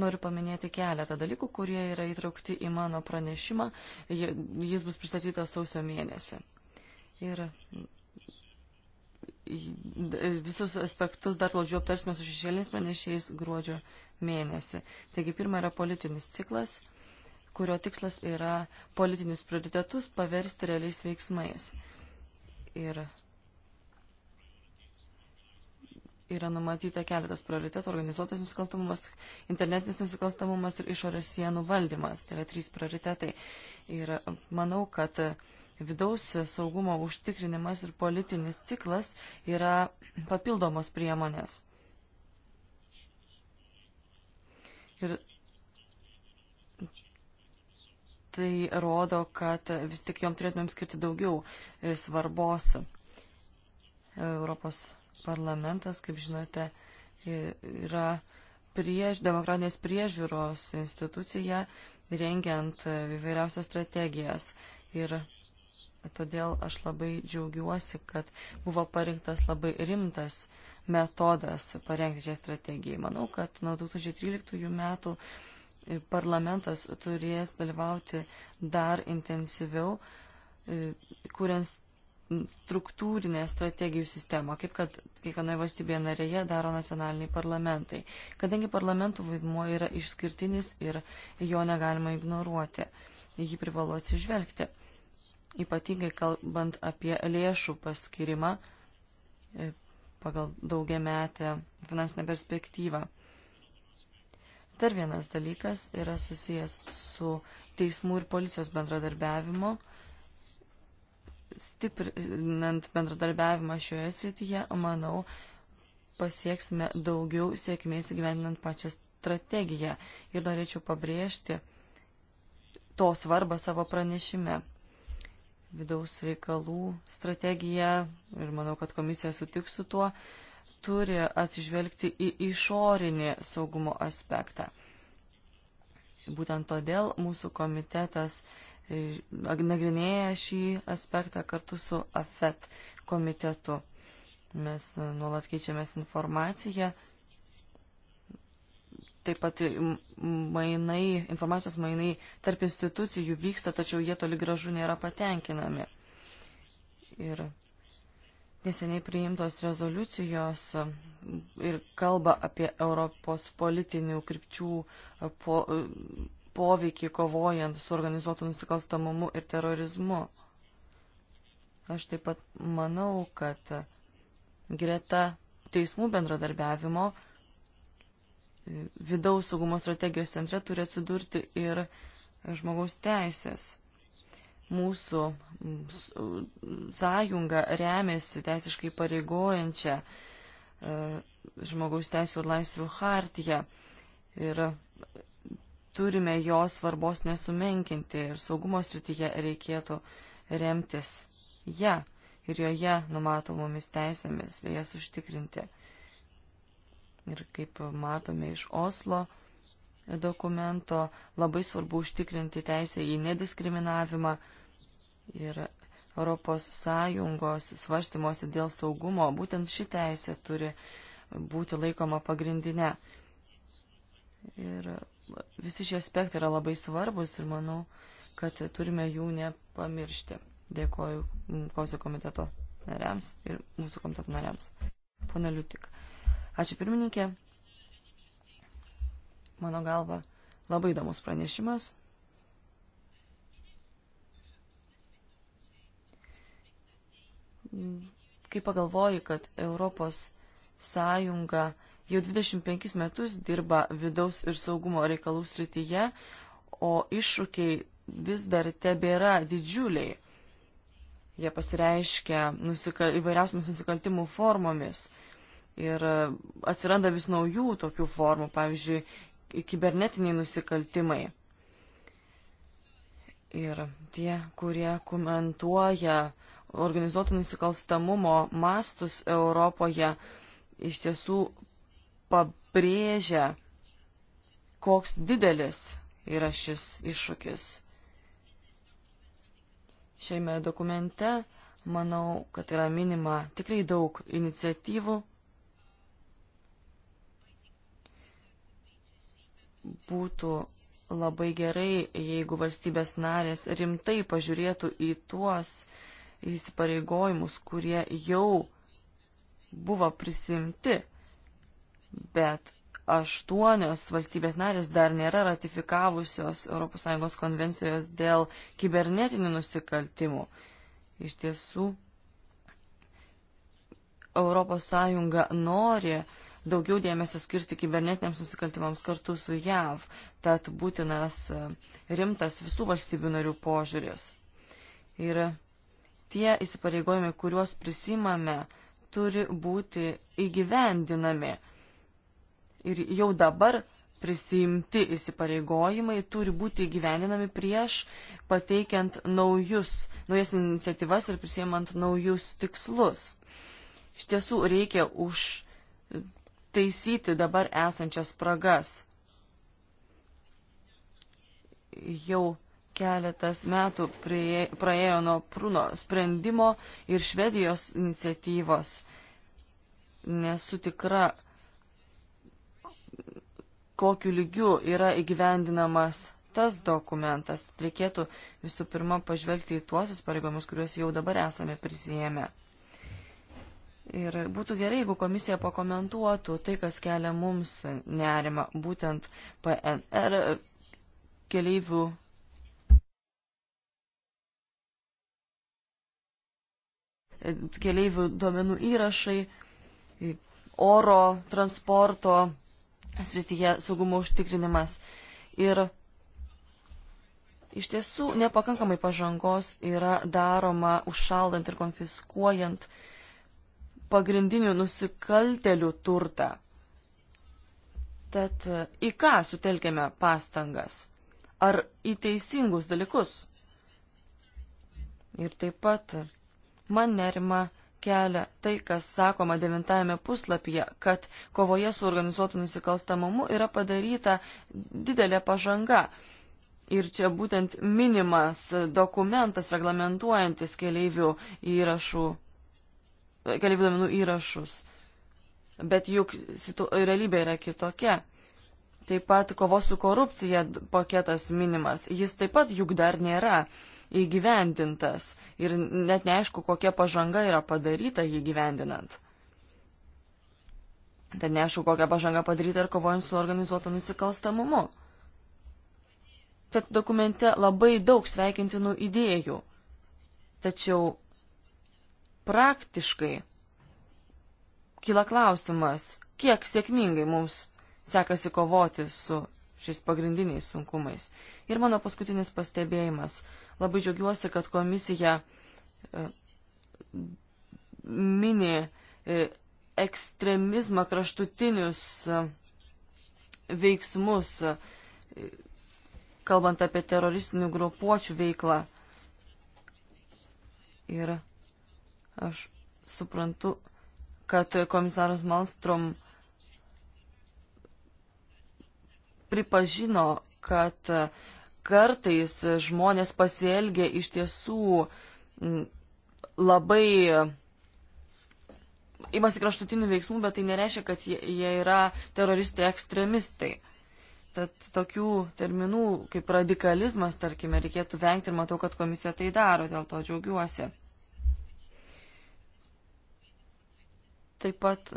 Noriu paminėti keletą dalykų, kurie yra įtraukti į mano pranešimą. Jis bus pristatytas sausio mėnesį. Ir visus aspektus dar glaudžiau aptarsime su šešėliniais panešiais gruodžio mėnesį. Taigi pirma yra politinis ciklas, kurio tikslas yra politinius prioritetus paversti realiais veiksmais. Ir yra numatyta keletas prioritetų - organizuotas nusikalstamumas, internetinis nusikalstamumas ir išorės sienų valdymas. Tai yra trys prioritetai. Ir manau, kad vidaus saugumo užtikrinimas ir politinis ciklas yra papildomos priemonės. Ir tai rodo, kad vis tik jom turėtumėm skirti daugiau svarbos Europos parlamentas, kaip žinote, yra prieš, demokratinės priežiūros institucija, rengiant įvairiausias strategijas. Ir todėl aš labai džiaugiuosi, kad buvo parinktas labai rimtas metodas parengti šią strategiją. Manau, kad nuo 2013 metų parlamentas turės dalyvauti dar intensyviau, kuriant struktūrinę strategijų sistemą, kaip kad kiekvienoje valstybėje narėje daro nacionaliniai parlamentai. Kadangi parlamentų vaidmuo yra išskirtinis ir jo negalima ignoruoti, jį privalo atsižvelgti. Ypatingai kalbant apie lėšų paskirimą e, pagal daugiametę finansinę perspektyvą. Dar vienas dalykas yra susijęs su teismų ir policijos bendradarbiavimo stiprinant bendradarbiavimą šioje srityje, manau, pasieksime daugiau sėkmės įgyvendinant pačią strategiją. Ir norėčiau pabrėžti to svarbą savo pranešime. Vidaus reikalų strategija, ir manau, kad komisija sutiks su tuo, turi atsižvelgti į išorinį saugumo aspektą. Būtent todėl mūsų komitetas uh, E, nagrinėja šį aspektą kartu su AFET komitetu. Mes e, nuolat keičiamės informaciją, taip pat mainai, informacijos mainai tarp institucijų vyksta, tačiau jie toli gražu nėra patenkinami. Ir neseniai priimtos rezoliucijos e, ir kalba apie Europos politinių krypčių po, poveikį kovojant su organizuotu nusikalstamumu ir terorizmu. Aš taip pat manau, kad greta teismų bendradarbiavimo e, vidaus saugumo strategijos centre turi atsidurti ir žmogaus teisės. Mūsų sąjunga remiasi teisiškai pareigojančią e, žmogaus teisų ir laisvių hartiją ir turime jos svarbos nesumenkinti ir saugumo srityje reikėtų remtis ją ja, ir joje numatomomis teisėmis bei jas užtikrinti. Ir kaip matome iš Oslo dokumento, labai svarbu užtikrinti teisę į nediskriminavimą ir Europos Sąjungos svarstymuose dėl saugumo, būtent ši teisė turi būti laikoma pagrindinė. Ir visi šie aspektai yra labai svarbus ir manau, kad turime jų nepamiršti. Dėkoju Kausio komiteto nariams ir mūsų komiteto nariams. Pone Liutik. Ačiū pirmininkė. Mano galva, labai įdomus pranešimas. Kai pagalvoju, kad Europos sąjunga jau 25 metus dirba vidaus ir saugumo reikalų srityje, o iššūkiai vis dar tebėra didžiuliai. Jie pasireiškia nusika, įvairiausiamis nusikaltimų formomis ir atsiranda vis naujų tokių formų, pavyzdžiui, kibernetiniai nusikaltimai. Ir tie, kurie komentuoja organizuotų nusikalstamumo mastus Europoje, iš tiesų pabrėžia, koks didelis yra šis iššūkis. Šiame dokumente manau, kad yra minima tikrai daug iniciatyvų. Būtų labai gerai, jeigu valstybės narės rimtai pažiūrėtų į tuos įsipareigojimus, kurie jau buvo prisimti bet aštuonios valstybės narės dar nėra ratifikavusios ES konvencijos dėl kibernetinių nusikaltimų. Iš tiesų, ES nori daugiau dėmesio skirti kibernetiniams nusikaltimams kartu su JAV, tad būtinas e, rimtas visų valstybių narių požiūris. Ir tie įsipareigojimai, kuriuos prisimame, turi būti įgyvendinami ir jau dabar prisimti įsipareigojimai turi būti gyveninami prieš pateikiant naujus, naujas iniciatyvas ir prisėmant naujus tikslus. Iš tiesų reikia užtaisyti dabar esančias spragas. Jau keletas metų prie, praėjo nuo Pruno sprendimo ir Švedijos iniciatyvos. Nesu tikra, kokiu lygiu yra įgyvendinamas tas dokumentas. Reikėtų visų pirma pažvelgti į tuos įsipareigojimus, kuriuos jau dabar esame prisijėmę. Ir būtų gerai, jeigu komisija pakomentuotų tai, kas kelia mums nerima, būtent PNR keleivių. keleivių duomenų įrašai, oro transporto srityje saugumo užtikrinimas. Ir iš tiesų nepakankamai pažangos yra daroma užšaldant ir konfiskuojant pagrindinių nusikaltelių turtą. Tad į ką sutelkėme pastangas? Ar į teisingus dalykus? Ir taip pat man nerima kelia tai, kas sakoma devintajame puslapyje, kad kovoje su organizuotu nusikalstamumu yra padaryta didelė pažanga. Ir čia būtent minimas dokumentas reglamentuojantis keleivių įrašų, keleivių duomenų įrašus. Bet juk situ, realybė yra kitokia. Taip pat kovos su korupcija paketas minimas. Jis taip pat juk dar nėra įgyvendintas ir net neaišku, kokia pažanga yra padaryta jį gyvendinant. Tad neaišku, kokia pažanga padaryta ir kovojant su organizuotu nusikalstamumu. Tad dokumente labai daug sveikintinų idėjų, tačiau praktiškai kyla klausimas, kiek sėkmingai mums sekasi kovoti su šiais pagrindiniais sunkumais. Ir mano paskutinis pastebėjimas. Labai džiaugiuosi, kad komisija e, mini e, ekstremizmą kraštutinius e, veiksmus, kalbant apie teroristinių grupuočių veiklą. Ir aš suprantu, kad komisaras Malstrom uh, pripažino, kad kartais žmonės pasielgia iš tiesų labai imasi kraštutinių veiksmų, bet tai nereiškia, kad jie, jie yra teroristai, ekstremistai. Tad tokių terminų kaip radikalizmas, tarkime, reikėtų vengti ir matau, kad komisija tai daro, dėl to džiaugiuosi. Taip pat,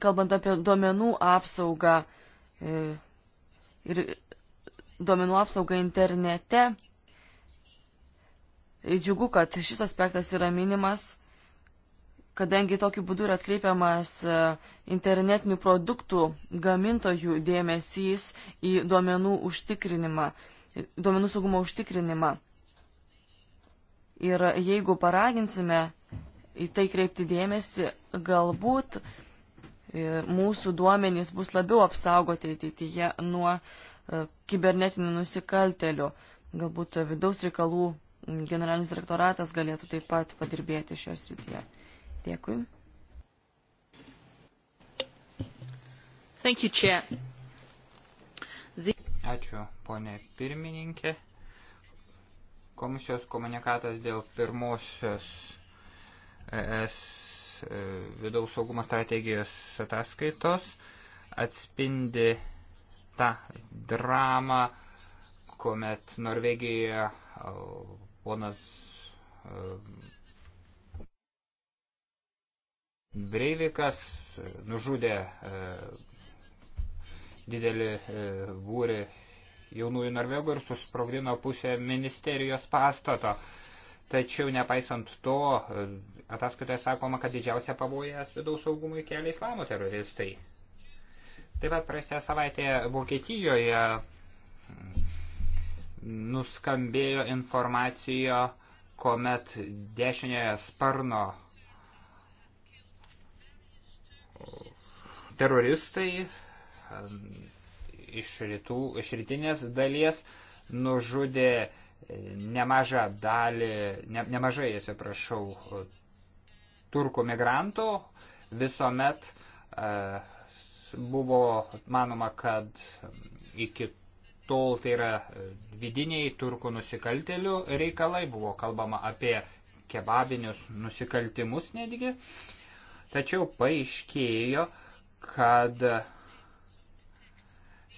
kalbant apie duomenų apsaugą, uh, E, ir duomenų apsaugą internete. E, džiugu, kad šis aspektas yra minimas, kadangi tokiu būdu yra atkreipiamas e, internetinių produktų gamintojų dėmesys į duomenų užtikrinimą, duomenų saugumo užtikrinimą. Ir jeigu paraginsime į tai kreipti dėmesį, galbūt E, mūsų duomenys bus labiau apsaugoti ateityje nuo e, kibernetinių nusikaltelių. Galbūt vidaus reikalų generalinis direktoratas galėtų taip pat padirbėti šios srityje. Dėkui. Thank you, Chair. The... Ačiū, ponė pirmininkė. Komisijos komunikatas dėl pirmosios e, ES E, vidaus saugumo strategijos ataskaitos atspindi tą dramą, kuomet Norvegijoje ponas e, Breivikas e, nužudė didelį būrį jaunųjų norvegų ir susprogdino pusę ministerijos pastato. Tačiau nepaisant to, ataskaitoje sakoma, kad didžiausia pavojas vidaus saugumui kelia islamo teroristai. Taip pat praėjusią savaitę Vokietijoje nuskambėjo informacija, kuomet dešinioje sparno teroristai um, iš, rytų, iš rytinės dalies nužudė nemažą dalį, ne, nemažai, atsiprašau, turkų migrantų visuomet e, buvo manoma, kad iki tol tai yra vidiniai turkų nusikaltelių reikalai, buvo kalbama apie kebabinius nusikaltimus netgi, tačiau paaiškėjo, kad e,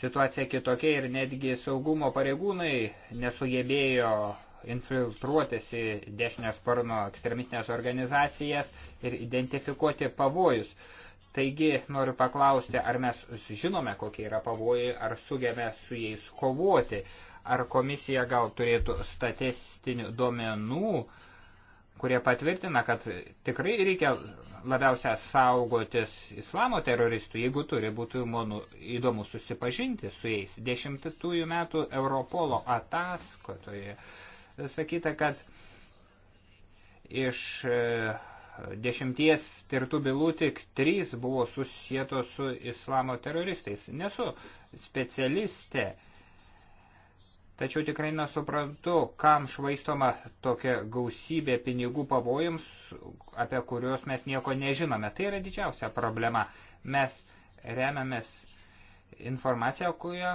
situacija kitokia ir netgi saugumo pareigūnai nesugebėjo infiltruotis į dešinės sparno ekstremistinės organizacijas ir identifikuoti pavojus. Taigi noriu paklausti, ar mes žinome, kokie yra pavojai, ar sugebė su jais kovoti, ar komisija gal turėtų statistinių duomenų, kurie patvirtina, kad tikrai reikia labiausia saugotis islamo teroristų, jeigu turi, būtų monu, įdomu susipažinti su jais. Dešimtųjų metų Europolo ataskatoje sakyta, kad iš e, dešimties tirtų bylų tik trys buvo susijėtos su islamo teroristais. Nesu specialistė Tačiau tikrai nesuprantu, kam švaistoma tokia gausybė pinigų pavojams, apie kuriuos mes nieko nežinome. Tai yra didžiausia problema. Mes remiamės informaciją, kurią,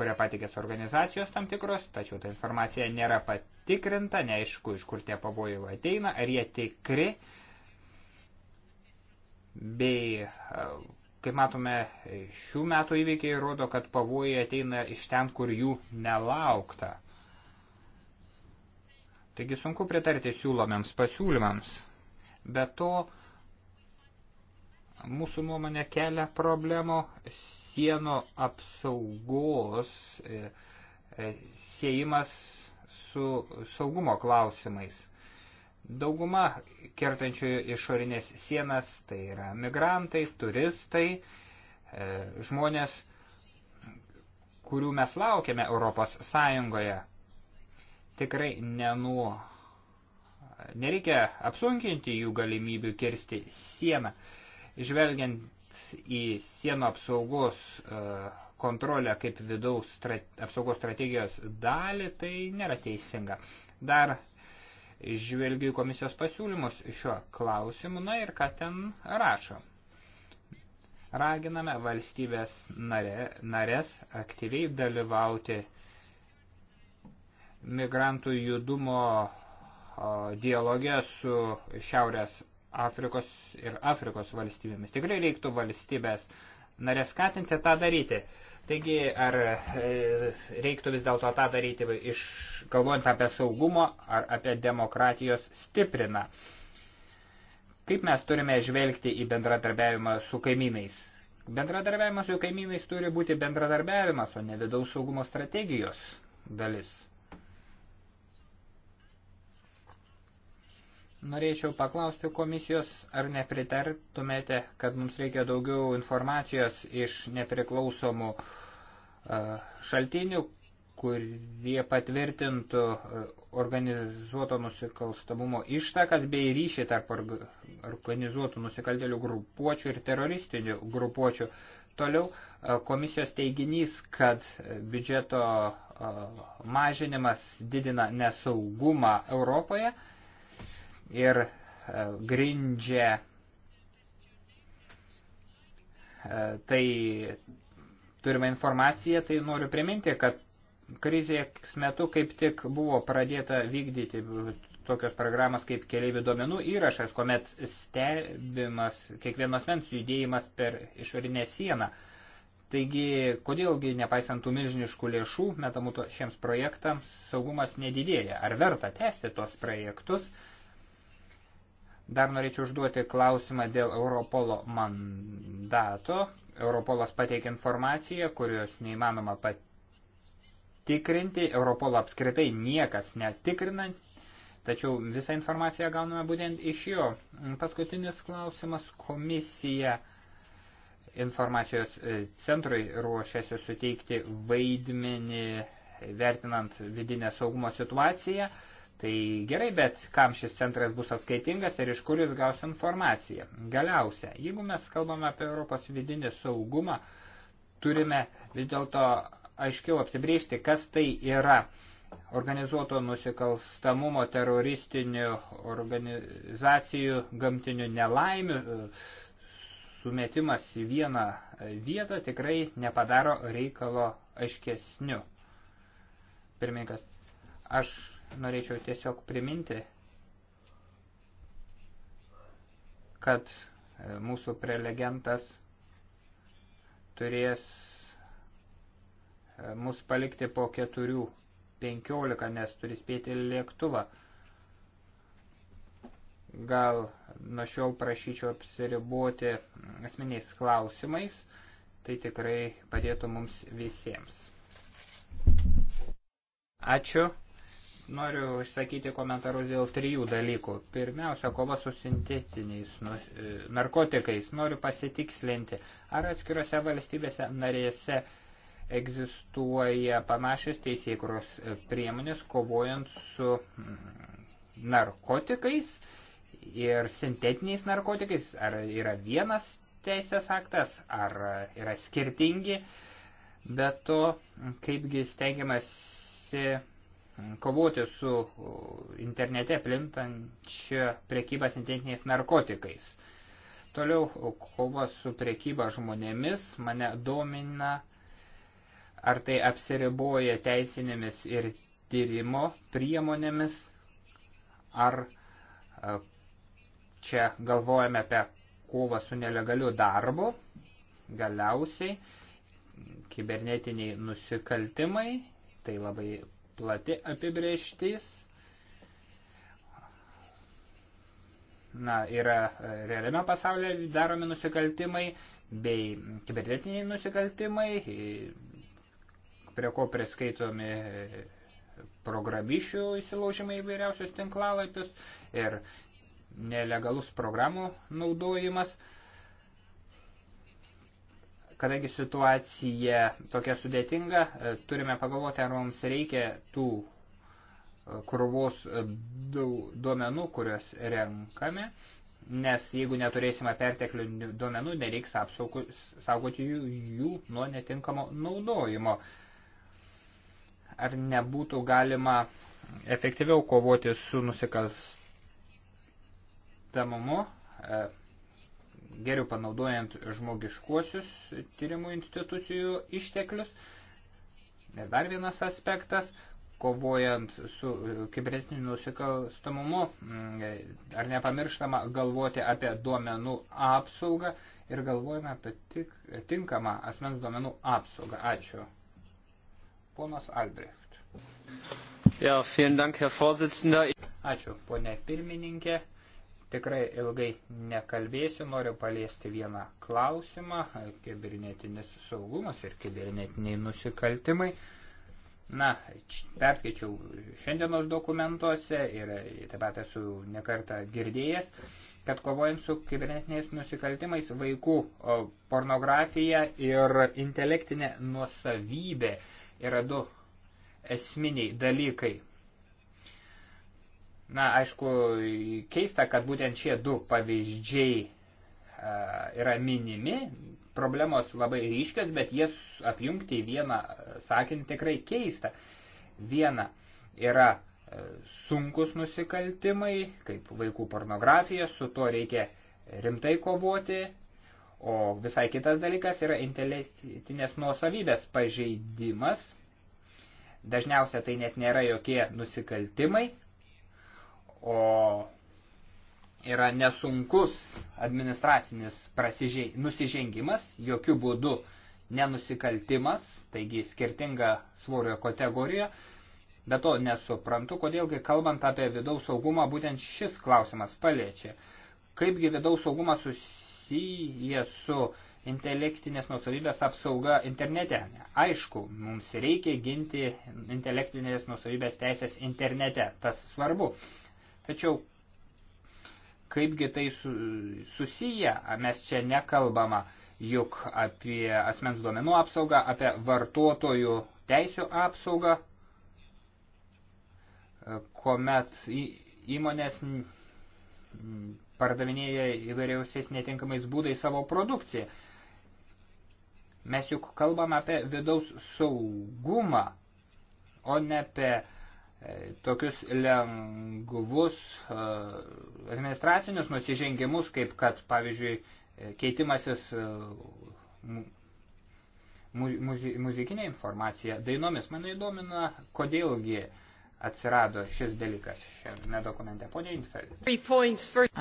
kurią patikės organizacijos tam tikros, tačiau ta informacija nėra patikrinta, neaišku, iš kur tie pavojai ateina, ar jie tikri, bei Kaip matome, šių metų įvykiai rodo, kad pavojai ateina iš ten, kur jų nelaukta. Taigi sunku pritarti siūlomiams pasiūlymams. Be to, mūsų nuomonė kelia problemų sienų apsaugos e, e, siejimas su saugumo klausimais. Dauguma kertančiųjų išorinės sienas tai yra migrantai, turistai, e, žmonės, kurių mes laukiame Europos Sąjungoje. Tikrai nenu, nereikia apsunkinti jų galimybių kirsti sieną. Žvelgiant į sienų apsaugos e, kontrolę kaip vidaus strate, apsaugos strategijos dalį, tai nėra teisinga. Dar žvelgiu į komisijos pasiūlymus šiuo klausimu, na ir ką ten rašo. Raginame valstybės nare, narės aktyviai dalyvauti migrantų judumo dialogė su Šiaurės Afrikos ir Afrikos valstybėmis. Tikrai reiktų valstybės narės skatinti tą daryti. Taigi, ar e, reiktų vis dėlto tą daryti, iš, kalbant apie saugumo ar apie demokratijos stipriną? Kaip mes turime žvelgti į bendradarbiavimą su kaimynais? Bendradarbiavimas su kaimynais turi būti bendradarbiavimas, o ne vidaus saugumo strategijos dalis. Norėčiau paklausti komisijos, ar nepritartumėte, kad mums reikia daugiau informacijos iš nepriklausomų e, šaltinių, kurie patvirtintų e, organizuoto nusikalstamumo ištakas bei ryšį tarp organizuotų nusikaltėlių grupuočių ir teroristinių grupuočių. Toliau e, komisijos teiginys, kad biudžeto mažinimas didina nesaugumą Europoje – ir e, grindžia e, tai turime informaciją, tai noriu priminti, kad krizės metu kaip tik buvo pradėta vykdyti tokios programos kaip keliaivių duomenų įrašas, kuomet stebimas kiekvienos mens judėjimas per išorinę sieną. Taigi, kodėlgi, nepaisant tų milžiniškų lėšų metamų šiems projektams, saugumas nedidėja. Ar verta tęsti tos projektus? Uh, Dar norėčiau užduoti klausimą dėl Europolo mandato. Europolas pateikia informaciją, kurios neįmanoma patikrinti. Europolo apskritai niekas netikrinant, tačiau visą informaciją gauname būtent iš jo. Paskutinis klausimas - komisija informacijos e, centrui ruošiasi suteikti vaidmenį vertinant vidinę saugumo situaciją. Tai gerai, bet kam šis centras bus atskaitingas ir iš kur jis gaus informaciją? Galiausia, jeigu mes kalbame apie Europos vidinį saugumą, turime vis dėlto aiškiau apsibriežti, kas tai yra organizuoto nusikalstamumo, teroristinių organizacijų, gamtinių nelaimių sumetimas į vieną vietą tikrai nepadaro reikalo aiškesniu. Pirmininkas, aš norėčiau tiesiog priminti, kad e, mūsų prelegentas turės e, mus palikti po 4.15, nes turi spėti lėktuvą. Gal nuo šiol prašyčiau apsiriboti asmeniais mm, klausimais, tai tikrai padėtų mums visiems. Ačiū. Noriu išsakyti komentarus dėl trijų dalykų. Pirmiausia, kova su sintetiniais nu, e, narkotikais. Noriu pasitikslinti, ar atskirose valstybėse narėse egzistuoja panašios teisėkuros e, priemonės kovojant su mm, narkotikais ir sintetiniais narkotikais. Ar yra vienas teisės aktas, ar yra skirtingi. Be to, kaipgi stengiamasi kovoti su internete plintančia prekyba sintetiniais narkotikais. Toliau kova su prekyba žmonėmis mane domina, ar tai apsiriboja teisinėmis ir tyrimo priemonėmis, ar čia galvojame apie kovą su nelegaliu darbu, galiausiai kibernetiniai nusikaltimai, tai labai plati apibrėžtis. Na, yra e, realiame pasaulyje daromi nusikaltimai bei kibernetiniai nusikaltimai, e, prie ko priskaitomi e, programišių įsilaužimai įvairiausios tinklalapius ir nelegalus programų naudojimas – kadangi situacija tokia sudėtinga, e, turime pagalvoti, ar mums reikia tų e, krūvos e, duomenų, kuriuos renkame, nes jeigu neturėsime perteklinių duomenų, nereiks apsaugus, saugoti jų, jų nuo netinkamo naudojimo. Ar nebūtų galima efektyviau kovoti su nusikalstamumu? geriau panaudojant žmogiškuosius tyrimų institucijų išteklius. Ir dar vienas aspektas, kovojant su e, kibernetiniu nusikalstamumu, mm, ar nepamirštama galvoti apie duomenų apsaugą ir galvojame apie tik, tinkamą asmens duomenų apsaugą. Ačiū. Ponas Albrecht. Ja, vielen Dank, Herr Vorsitzender. Ačiū, ponė pirmininkė. Tikrai ilgai nekalbėsiu, noriu paliesti vieną klausimą - kibernetinis saugumas ir kibernetiniai nusikaltimai. Na, perskaičiau šiandienos dokumentuose ir taip pat esu nekartą girdėjęs, kad kovojant su kibernetiniais nusikaltimais vaikų pornografija ir intelektinė nuosavybė yra du esminiai dalykai Na, aišku, keista, kad būtent šie du pavyzdžiai e, yra minimi, problemos labai ryškios, bet jas apjungti į vieną e, sakinį tikrai keista. Viena yra e, sunkus nusikaltimai, kaip vaikų pornografija, su tuo reikia rimtai kovoti, o visai kitas dalykas yra intelektinės nuosavybės pažeidimas. Dažniausia tai net nėra jokie nusikaltimai, o yra nesunkus administracinis nusižengimas, jokių būdų nenusikaltimas, taigi skirtinga svorio kategorija. Bet to nesuprantu, kodėlgi kalbant apie vidaus saugumą, būtent šis klausimas paliečia. Kaipgi vidaus saugumas susijęs su intelektinės nusavybės apsauga internete. Aišku, mums reikia ginti intelektinės nusavybės teisės internete, tas svarbu. Tačiau kaipgi tai su, susiję, mes čia nekalbama juk apie asmens duomenų apsaugą, apie vartotojų teisų apsaugą, kuomet įmonės pardavinėja įvairiausiais netinkamais būdais savo produkciją. Mes juk kalbam apie vidaus saugumą, o ne apie E, tokius lengvus e, administracinius nusižengimus, kaip kad, pavyzdžiui, e, keitimasis muzikinė informacija dainomis. Mane įdomina, kodėlgi atsirado šis dalykas šiame dokumente. Pone Infeld.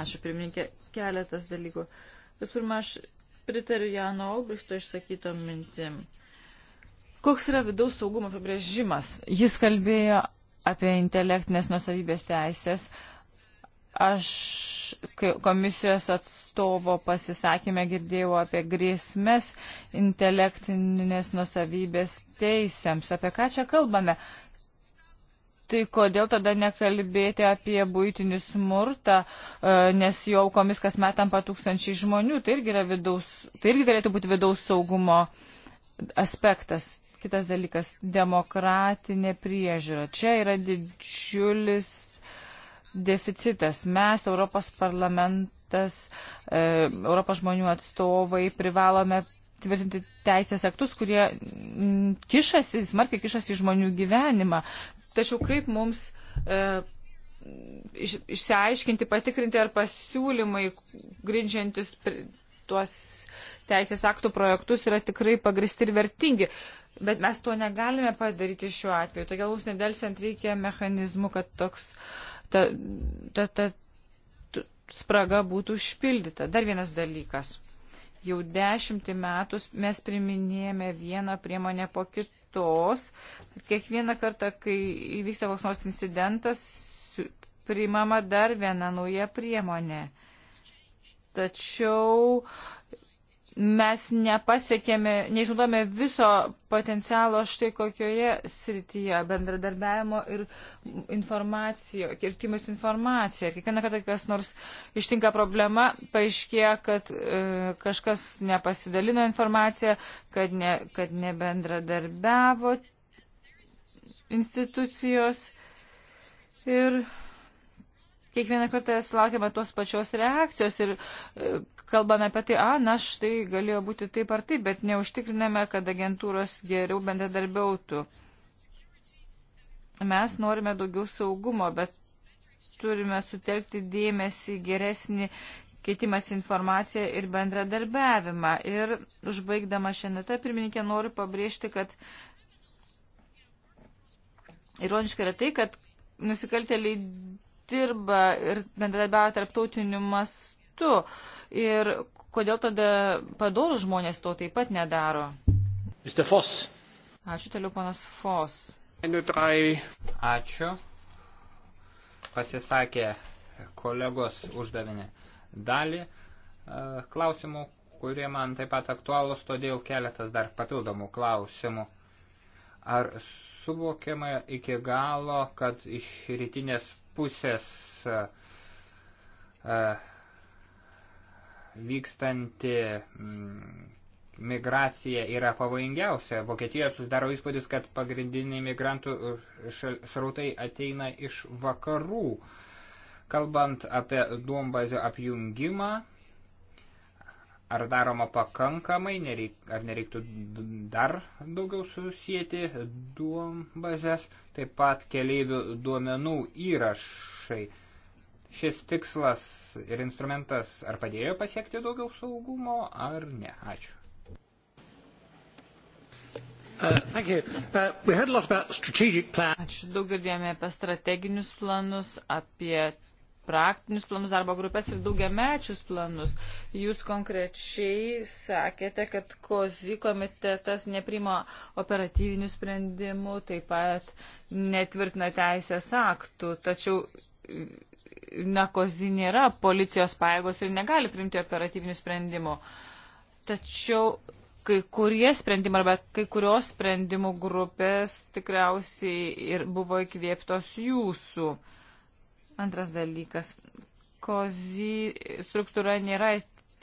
Ačiū, pirmininkė, keletas dalykų. Visų pirma, aš pritariu Jano Olbrichto išsakytom mintim. Koks yra vidaus saugumo apibrėžimas? Jis kalbėjo apie intelektinės nusavybės teisės, aš komisijos atstovo pasisakymę girdėjau apie grėsmės intelektinės nusavybės teisėms. Apie ką čia kalbame? Tai kodėl tada nekalbėti apie būtinį smurtą, e, nes jau aukomis kas metam pa tūkstančiai žmonių, tai irgi, vidaus, tai irgi galėtų būti vidaus saugumo aspektas. Kitas dalykas - demokratinė priežiūra. Čia yra didžiulis deficitas. Mes, Europos parlamentas, e, Europos žmonių atstovai, privalome tvirtinti teisės aktus, kurie m, mm, kišasi, smarkiai kišasi į žmonių gyvenimą. Tačiau kaip mums e, iš, išsiaiškinti, patikrinti, ar pasiūlymai grindžiantis tuos teisės aktų projektus yra tikrai pagristi ir vertingi. Bet mes to negalime padaryti šiuo atveju. Todėl mums nedelsiant reikia mechanizmų, kad toks ta, ta, ta, ta spraga būtų užpildyta. Dar vienas dalykas. Jau dešimtį metų mes priminėjame vieną priemonę po kitos. Kiekvieną kartą, kai įvyksta koks nors incidentas, priimama dar viena nauja priemonė. Tačiau uh, mes nepasiekėme, neišnaudojame viso potencialo štai kokioje srityje bendradarbiavimo ir informacijo, kirtimas informacija. Kiekvieną kartą, kas nors ištinka problema, paaiškėja, kad e, kažkas nepasidalino informaciją, kad, ne, kad nebendradarbiavo institucijos. Ir kiekvieną kartą sulaukiame tos pačios reakcijos ir e, kalbame apie tai, a, na, štai galėjo būti taip ar taip, bet neužtikriname, kad agentūros geriau bendradarbiautų. Mes norime daugiau saugumo, bet turime sutelkti dėmesį geresnį keitimas informacija ir bendradarbiavimą. Ir užbaigdama šią netą, pirmininkė, noriu pabrėžti, kad ironiška yra tai, kad nusikaltėliai dirba ir bendradarbiauja tarptautiniu mastu. Ir kodėl tada padorų žmonės to taip pat nedaro? Mr. Foss. Ačiū toliau, panas Foss. Ačiū. Pasisakė kolegos uždavinį dalį e, klausimų, kurie man taip pat aktualūs, todėl keletas dar papildomų klausimų. Ar suvokiama iki galo, kad iš rytinės pusės e, vykstanti mm, migracija yra pavojingiausia. Vokietijoje susidaro įspūdis, kad pagrindiniai migrantų srautai ateina iš vakarų. Kalbant apie duombazio apjungimą, Ar daroma pakankamai, nereik, ar nereiktų dar daugiau susijęti duombazės, taip pat keleivių duomenų įrašai. Šis tikslas ir instrumentas ar padėjo pasiekti daugiau saugumo, ar ne? Ačiū. Uh, uh, Ačiū daug girdėjome apie strateginius planus, apie praktinius planus darbo grupės ir daugiamečius planus. Jūs konkrečiai sakėte, kad kozi komitetas neprima operatyvinių sprendimų, taip pat netvirtina teisės aktų, tačiau na, kozi nėra policijos paėgos ir negali priimti operatyvinių sprendimų. Tačiau kai kurie sprendimai arba kai kurios sprendimų grupės tikriausiai ir buvo įkvėptos jūsų. Uh, Antras dalykas. Kozy struktūra nėra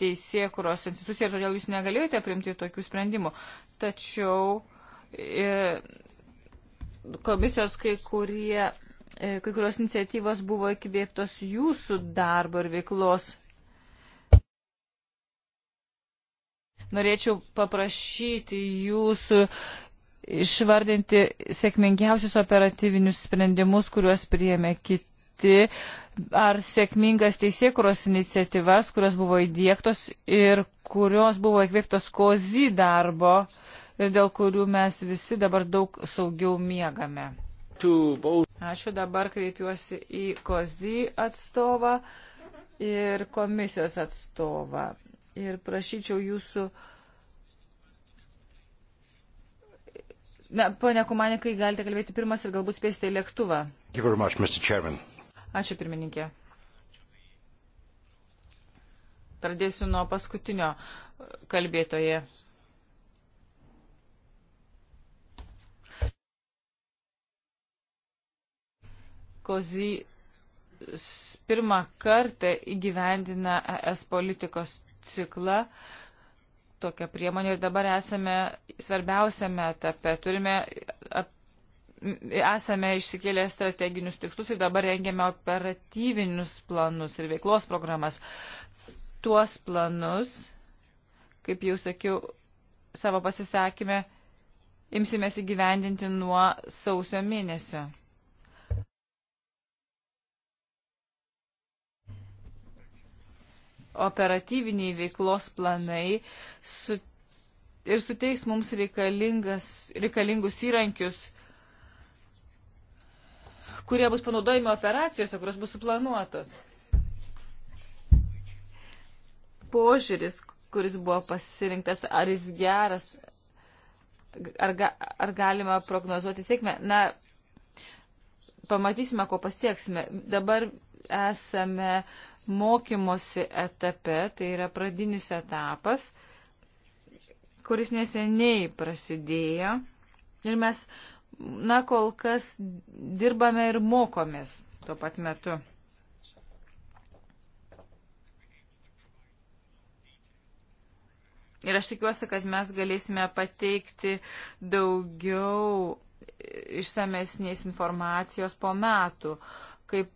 teisėkuros institucija ir todėl jūs negalėjote priimti tokių sprendimų. Tačiau e, komisijos kai kurie e, kai kurios iniciatyvos buvo įkvėptos jūsų darbo ir veiklos. Norėčiau paprašyti jūsų išvardinti sėkmingiausius operatyvinius sprendimus, kuriuos priėmė kit, pagrįsti ar sėkmingas teisėkuros iniciatyvas, kurios buvo įdėktos ir kurios buvo įkvėptos kozy darbo ir dėl kurių mes visi dabar daug saugiau miegame. Ačiū dabar kreipiuosi į kozy atstovą ir komisijos atstovą. Ir prašyčiau jūsų. Na, ponia Kumanikai, galite kalbėti pirmas ir galbūt spėsite į lėktuvą. Much, Ačiū pirmininkė. Pradėsiu nuo paskutinio kalbėtoje. Kozy pirmą kartą įgyvendina ES politikos ciklą tokią priemonę ir dabar esame svarbiausiame etape. Turime esame išsikėlę strateginius tikslus ir dabar rengiame operatyvinius planus ir veiklos programas. Tuos planus, kaip jau sakiau, savo pasisakymę imsimės įgyvendinti nuo sausio mėnesio. Operatyviniai veiklos planai su, ir suteiks mums reikalingus įrankius, kurie bus panaudojami operacijose, kurios bus suplanuotos. Požiūris, kuris buvo pasirinktas, ar jis geras, ar, ga, ar galima prognozuoti sėkmę. Na, pamatysime, ko pasieksime. Dabar esame mokymosi etape, tai yra pradinis etapas, kuris neseniai prasidėjo. Ir mes na, kol kas dirbame ir mokomės tuo pat metu. Ir aš tikiuosi, kad mes galėsime pateikti daugiau išsamesnės informacijos po metų, kaip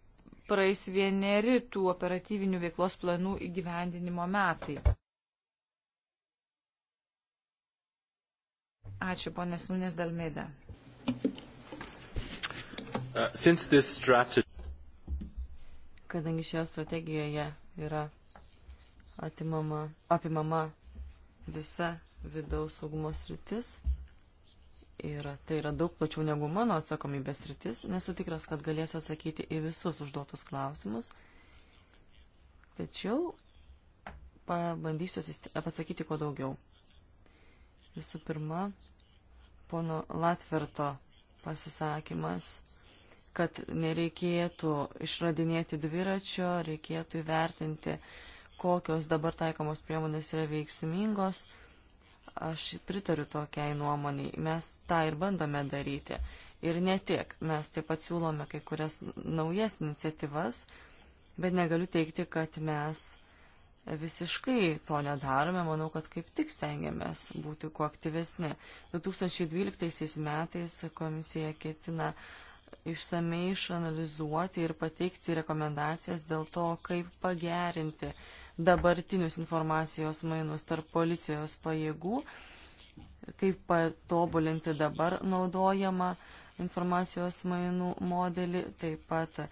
praeis vieneri tų operatyvinių veiklos planų įgyvendinimo metai. Ačiū, ponės Nūnės Dalmėdė. Uh, Kadangi šioje strategijoje yra atimama, apimama visa vidaus saugumo sritis ir tai yra daug plačiau negu mano atsakomybės sritis, nesu tikras, kad galėsiu atsakyti į visus užduotus klausimus, tačiau pabandysiu atsakyti kuo daugiau. Visų pirma, pono Latverto pasisakymas, kad nereikėtų išradinėti dviračio, reikėtų įvertinti, kokios dabar taikomos priemonės yra veiksmingos. Aš pritariu tokiai nuomoniai. Mes tą ir bandome daryti. Ir ne tik. Mes taip pat siūlome kai kurias naujas iniciatyvas, bet negaliu teikti, kad mes visiškai to nedarome, manau, kad kaip tik stengiamės būti kuo aktyvesni. 2012 metais komisija ketina išsamei išanalizuoti ir pateikti rekomendacijas dėl to, kaip pagerinti dabartinius informacijos mainus tarp policijos pajėgų, kaip patobulinti dabar naudojamą informacijos mainų modelį, taip pat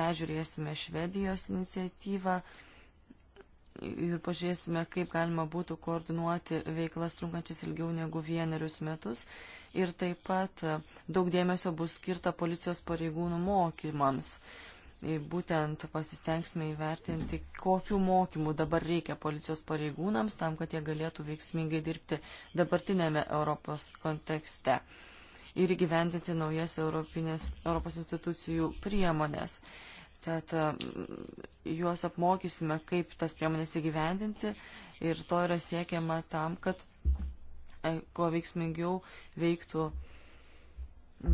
peržiūrėsime Švedijos iniciatyvą ir pažiūrėsime, kaip galima būtų koordinuoti veiklas trunkančias ilgiau negu vienerius metus. Ir taip pat e, daug dėmesio bus skirta policijos pareigūnų mokymams. E, būtent pasistengsime įvertinti, kokiu mokymu dabar reikia policijos pareigūnams tam, kad jie galėtų veiksmingai dirbti dabartinėme Europos kontekste ir įgyvendinti naujas Europinės, Europos institucijų priemonės. Uh, Tad mm, juos apmokysime, kaip tas priemonės įgyvendinti ir to yra siekiama tam, kad e, kuo veiksmingiau veiktų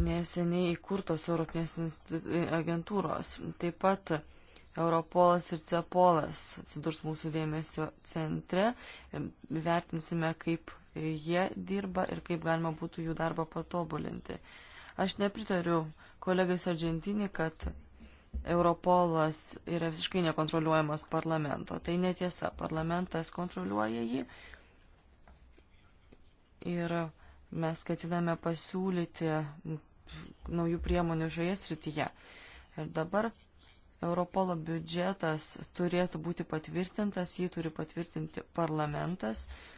neseniai įkurtos Europinės agentūros. Taip pat Europolas ir Cepolas atsidurs mūsų dėmesio centre. Vertinsime, kaip jie dirba ir kaip galima būtų jų darbą patobulinti. Aš nepritariu kolegais Argentinį, kad Europolas yra visiškai nekontroliuojamas parlamento. Tai netiesa. Parlamentas kontroliuoja jį. Ir mes skatiname pasiūlyti naujų priemonių šioje srityje. Ir dabar Europolo biudžetas turėtų būti patvirtintas, jį turi patvirtinti parlamentas. Uh,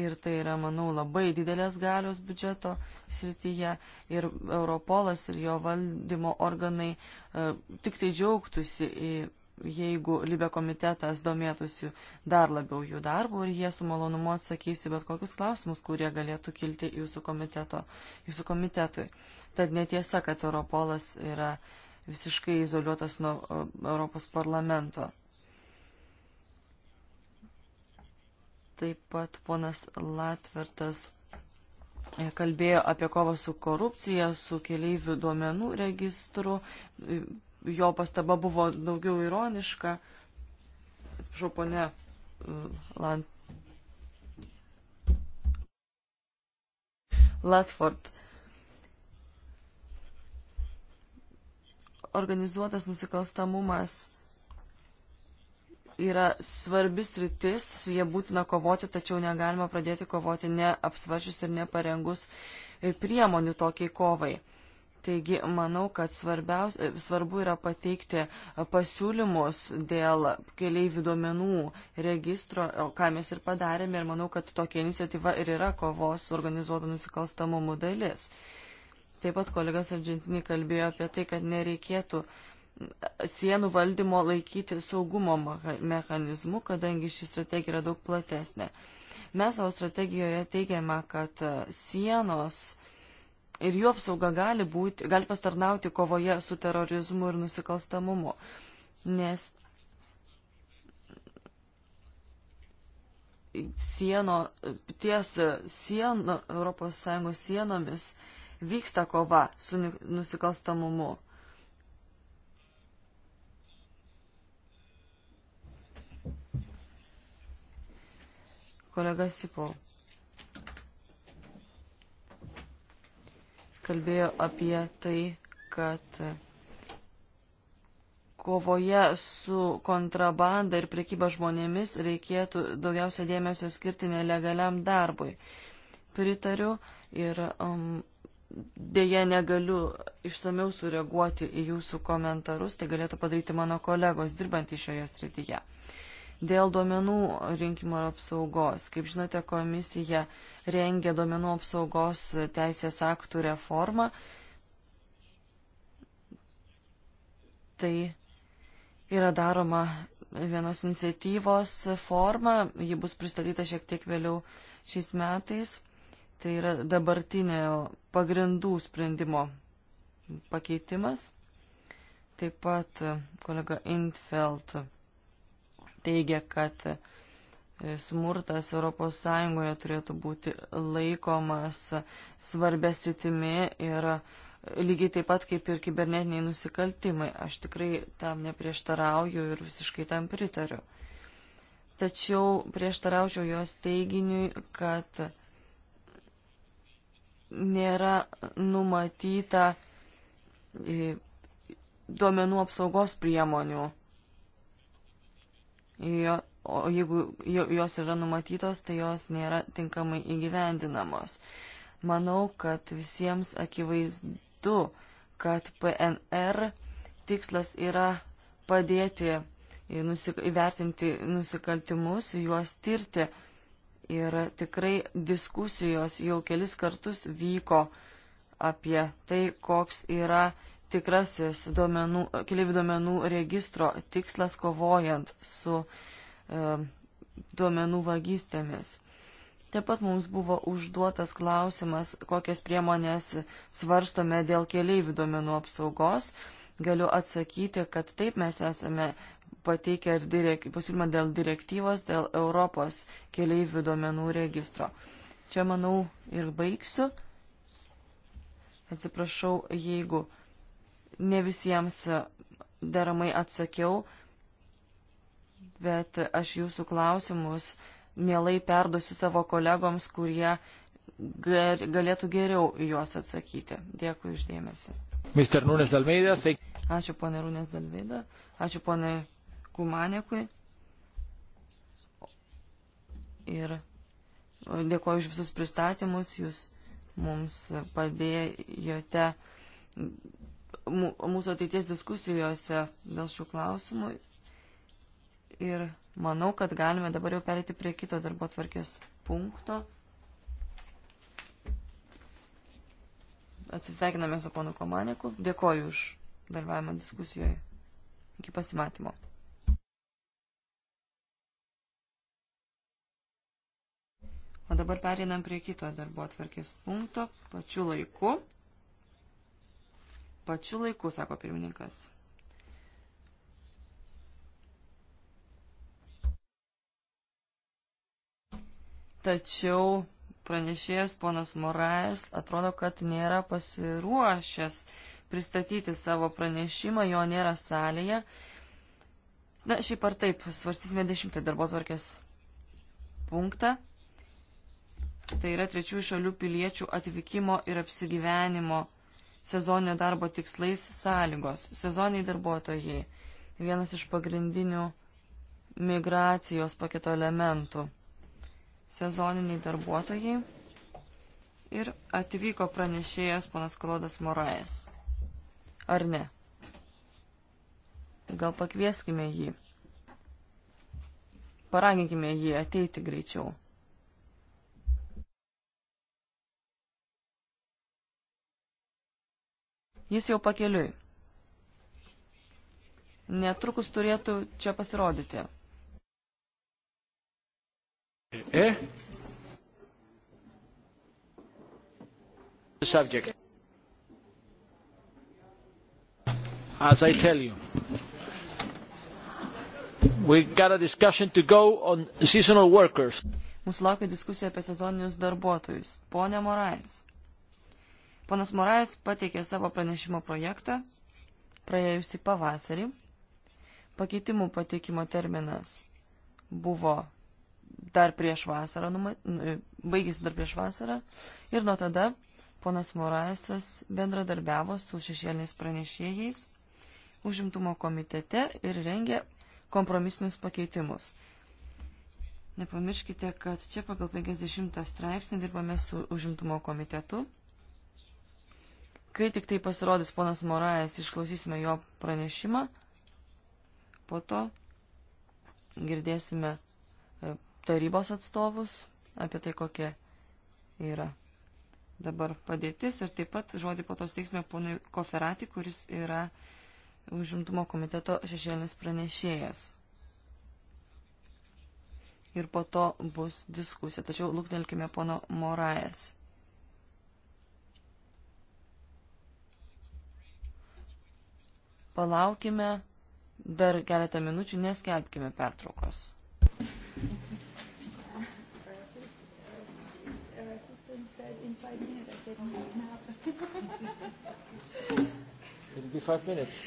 ir tai yra, manau, labai didelės galios biudžeto srityje ir Europolas ir jo valdymo organai e, tik tai džiaugtųsi, e, jeigu Libė komitetas domėtųsi dar labiau jų darbų ir jie su malonumu atsakysi bet kokius klausimus, kurie galėtų kilti jūsų, komiteto, jūsų komitetui. Tad netiesa, kad Europolas yra visiškai izoliuotas nuo e, Europos parlamento. Taip pat ponas Latvertas e, kalbėjo apie kovą su korupcija, su keleivių duomenų registru. E, jo pastaba buvo daugiau ironiška. Atsiprašau, ponė e, Lant. Latford. Organizuotas nusikalstamumas yra svarbis rytis, jie būtina kovoti, tačiau negalima pradėti kovoti neapsvaršius ir neparengus e, priemonių tokiai kovai. Taigi, manau, kad e, svarbu yra pateikti e, pasiūlymus dėl keliaivių duomenų registro, ką mes ir padarėme, ir manau, kad tokia iniciatyva ir yra kovos su organizuotu nusikalstamumu dalis. Taip pat kolegas Argentinai kalbėjo apie tai, kad nereikėtų uh, sienų valdymo laikyti saugumo mechanizmu, kadangi ši strategija yra daug platesnė. Mes savo strategijoje teigiame, kad e, sienos ir jų apsauga gali, būti, gali pastarnauti kovoje su terorizmu ir nusikalstamumu, nes sieno, ties sienų, ES sienomis vyksta kova su nusikalstamumu Kolega Sipol kalbėjo apie tai, kad kovoje su kontrabanda ir priekyba žmonėmis reikėtų daugiausia dėmesio skirti nelegaliam darbui. Pritariu ir um, dėje negaliu išsameu sureaguoti į jūsų komentarus, tai galėtų padaryti mano kolegos dirbantys šioje srityje. Dėl duomenų rinkimo ir apsaugos, kaip žinote, komisija rengia duomenų apsaugos teisės aktų reformą. Tai yra daroma vienos iniciatyvos forma, ji bus pristatyta šiek tiek vėliau šiais metais. Tai yra dabartinė pagrindų sprendimo pakeitimas. Taip pat kolega Intfeld teigia, kad e, smurtas ES turėtų būti laikomas svarbės rytimi ir e, lygiai taip pat kaip ir kibernetiniai nusikaltimai. Aš tikrai tam neprieštarauju ir visiškai tam pritariu. Tačiau prieštaraučiau jos teiginiui, kad nėra numatyta e, duomenų apsaugos priemonių jo, o jeigu jos yra numatytos, tai jos nėra tinkamai įgyvendinamos. Manau, kad visiems akivaizdu, kad PNR tikslas yra padėti nusik įvertinti nusikaltimus, juos tirti. Ir tikrai diskusijos jau kelis kartus vyko apie tai, koks yra tikrasis duomenų, keliaivių duomenų registro tikslas kovojant su e, duomenų vagystėmis. Taip pat mums buvo užduotas klausimas, kokias priemonės svarstome dėl keliaivių duomenų apsaugos. Galiu atsakyti, kad taip mes esame pateikę ir direk, pasiūlymą dėl direktyvos, dėl Europos keliaivių duomenų registro. Čia, manau, ir baigsiu. Atsiprašau, jeigu uh, ne visiems e, deramai atsakiau, bet aš jūsų klausimus mielai perduosiu savo kolegoms, kurie galėtų geriau juos atsakyti. Dėkui uždėmesi. Mr. Nunes Dalmeidas. Ačiū ponė Rūnės Dalveida, ačiū ponė Kumanekui. Ir dėkuoju už visus pristatymus, jūs mums padėjote mūsų ateities diskusijose dėl šių klausimų. Ir manau, kad galime dabar jau perėti prie kito darbo tvarkės punkto. Atsisveikiname su ponu Komaniku. Dėkoju už dalyvavimą diskusijoje. Iki pasimatymo. O dabar perinam prie kito darbo atvarkės punkto, pačiu laiku. Pačiu laiku, sako pirmininkas. Tačiau pranešėjas ponas Morais atrodo, kad nėra pasiruošęs pristatyti savo pranešimą, jo nėra salėje. Na, šiaip ar taip, svarstysime dešimtą darbo tvarkės punktą. Tai yra trečiųjų šalių piliečių atvykimo ir apsigyvenimo sezoninio darbo tikslais sąlygos. Sezoniniai darbuotojai - vienas iš pagrindinių migracijos paketo elementų. Sezoniniai darbuotojai ir atvyko pranešėjas ponas Klodas Moraes. Ar ne? Gal pakvieskime jį. Paraginkime jį ateiti greičiau. Jis jau pakeliui. Netrukus turėtų čia pasirodyti. E? Subject. As I tell you, we got a discussion to go on seasonal workers. Mūsų laukia diskusija apie sezoninius darbuotojus. Pone Morais. Ponas Morais pateikė savo pranešimo projektą praėjusį pavasarį. Pakeitimų pateikimo terminas buvo dar prieš vasarą, numat... E, baigėsi dar prieš vasarą ir nuo tada ponas Moraisas bendradarbiavo su šešėliniais pranešėjais užimtumo komitete ir rengė kompromisinius pakeitimus. Nepamirškite, kad čia pagal 50 straipsnį dirbame su užimtumo komitetu Kai tik tai pasirodys ponas Morajas, išklausysime jo pranešimą, po to girdėsime e, tarybos atstovus apie tai, kokia yra dabar padėtis ir taip pat žodį po to steiksime ponui Koferati, kuris yra užimtumo komiteto šešėlinis pranešėjas. Ir po to bus diskusija. Tačiau lūknelkime pono Morajas. Palaukime dar keletą minučių, neskelbkime pertraukos. It'll be five minutes.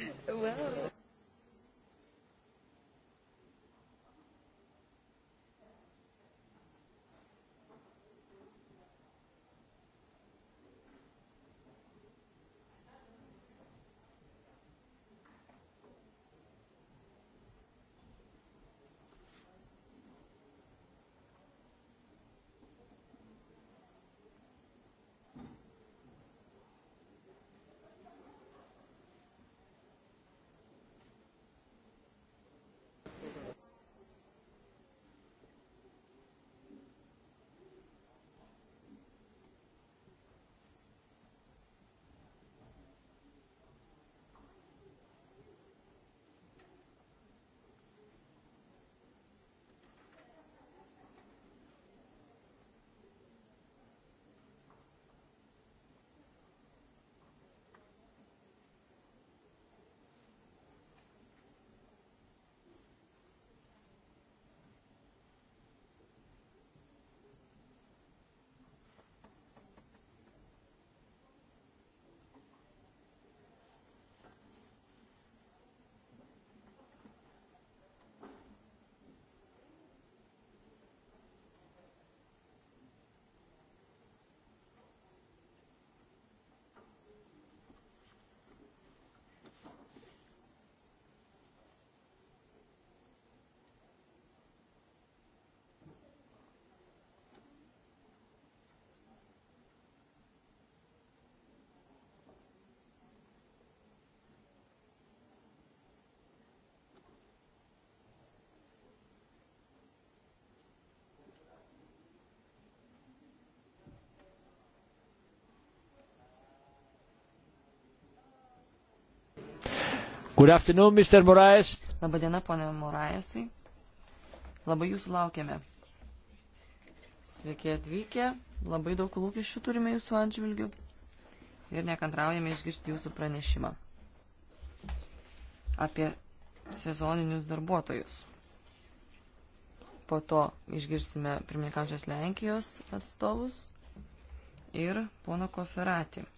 Well. Good afternoon, Mr. Morais. Labadiena, ponė Moraisai. Labai jūsų laukiame. Sveiki atvykę, labai daug lūkesčių turime jūsų atžvilgių ir nekantraujame išgirsti jūsų pranešimą apie sezoninius darbuotojus. Po to išgirsime pirmininkaujančios Lenkijos atstovus ir pono Koferatį.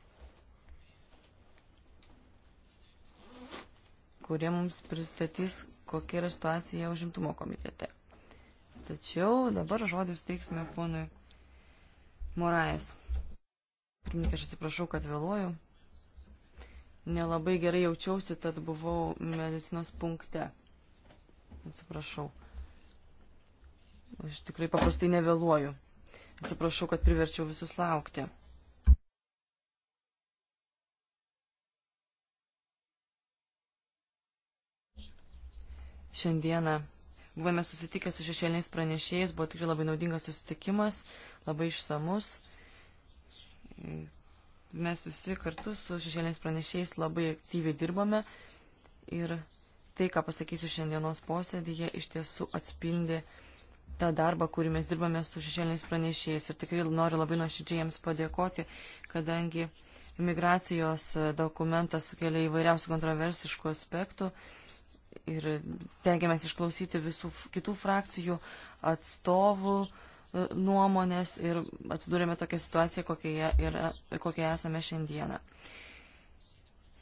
kurie mums pristatys, kokia yra situacija užimtumo komitete. Tačiau dabar žodis teiksime ponui Morais. Pirmininkė, aš atsiprašau, kad vėluoju. Nelabai gerai jaučiausi, tad buvau medicinos punkte. Atsiprašau. Aš tikrai paprastai nevėluoju. Atsiprašau, kad priverčiau visus laukti. Šiandieną buvome susitikę su šešėliniais pranešėjais, buvo tikrai labai naudingas susitikimas, labai išsamus. Mes visi kartu su šešėliniais pranešėjais labai aktyviai dirbame ir tai, ką pasakysiu šiandienos posėdėje, iš tiesų atspindi tą darbą, kurį mes dirbame su šešėliniais pranešėjais. Ir tikrai noriu labai nuoširdžiai jiems padėkoti, kadangi migracijos dokumentas sukelia įvairiausių kontroversiškų aspektų ir stengiamės išklausyti visų kitų frakcijų atstovų e, nuomonės ir atsidūrėme tokią situaciją, kokioje, yra, kokioje esame šiandieną.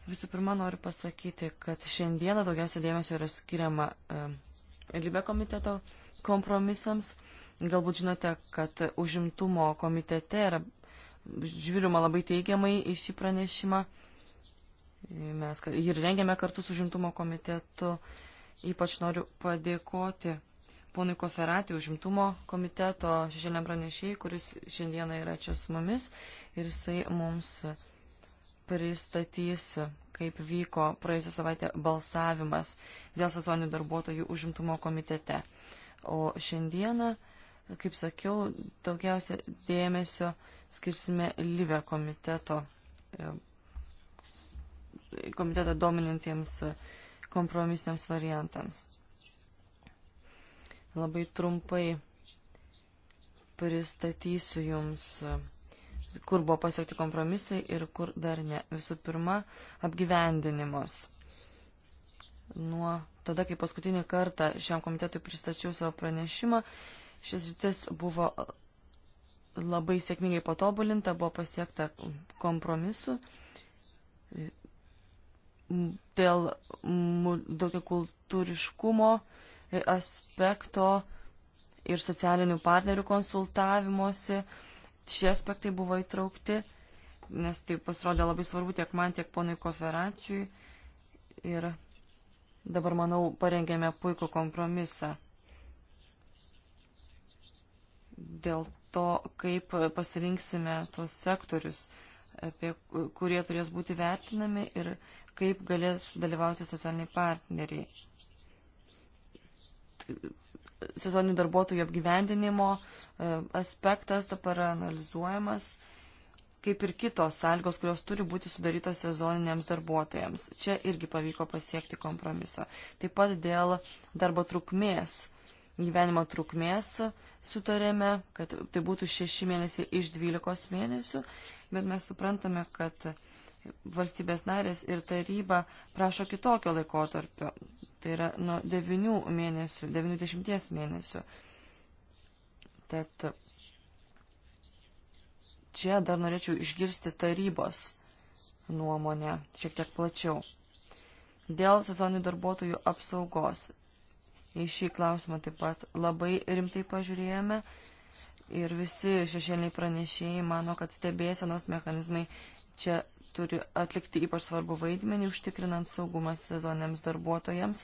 Visų pirma, noriu pasakyti, kad šiandieną daugiausia dėmesio yra skiriama e, Libe komiteto kompromisams. Galbūt žinote, kad užimtumo komitete yra žiūrima labai teigiamai į šį pranešimą. E, Mes ir rengėme kartu su žimtumo komitetu. Ypač noriu padėkoti ponui Koferatį užimtumo komiteto šešėliam pranešėjai, kuris šiandieną yra čia su mumis ir jisai mums pristatys, kaip vyko praėjusią savaitę balsavimas dėl sezoninių darbuotojų užimtumo komitete. O šiandieną, kaip sakiau, daugiausia dėmesio skirsime Live komiteto e, komitetą dominantiems kompromisiniams variantams. Labai trumpai pristatysiu Jums, kur buvo pasiekti kompromisai ir kur dar ne. Visų pirma, apgyvendinimas. Nuo tada, kai paskutinį kartą šiam komitetui pristačiau savo pranešimą, šis rytis buvo labai sėkmingai patobulinta, buvo pasiekta kompromisu dėl daugiakultūriškumo aspekto ir socialinių partnerių konsultavimuose. Šie aspektai buvo įtraukti, nes tai pasirodė labai svarbu tiek man, tiek ponui Koferačiui. Ir dabar, manau, parengėme puikų kompromisą dėl to, kaip pasirinksime tos sektorius, apie kurie turės būti vertinami ir kaip galės dalyvauti socialiniai partneriai. Sezoninių darbuotojų apgyvendinimo e, aspektas dabar analizuojamas, kaip ir kitos sąlygos, kurios turi būti sudarytos sezoniniams darbuotojams. Čia irgi pavyko pasiekti kompromiso. Taip pat dėl darbo trukmės, gyvenimo trukmės sutarėme, kad tai būtų šeši mėnesiai iš dvylikos mėnesių, bet mes suprantame, kad valstybės narės ir taryba prašo kitokio laikotarpio, tai yra nuo 9 mėnesių, 90 mėnesių. Tad čia dar norėčiau išgirsti tarybos nuomonę šiek tiek plačiau. Dėl sezoninių darbuotojų apsaugos. Į šį klausimą taip pat labai rimtai pažiūrėjome ir visi šešėliniai pranešėjai mano, kad stebėsenos mechanizmai čia turi atlikti ypač svarbu vaidmenį, užtikrinant saugumą sezoniniams darbuotojams.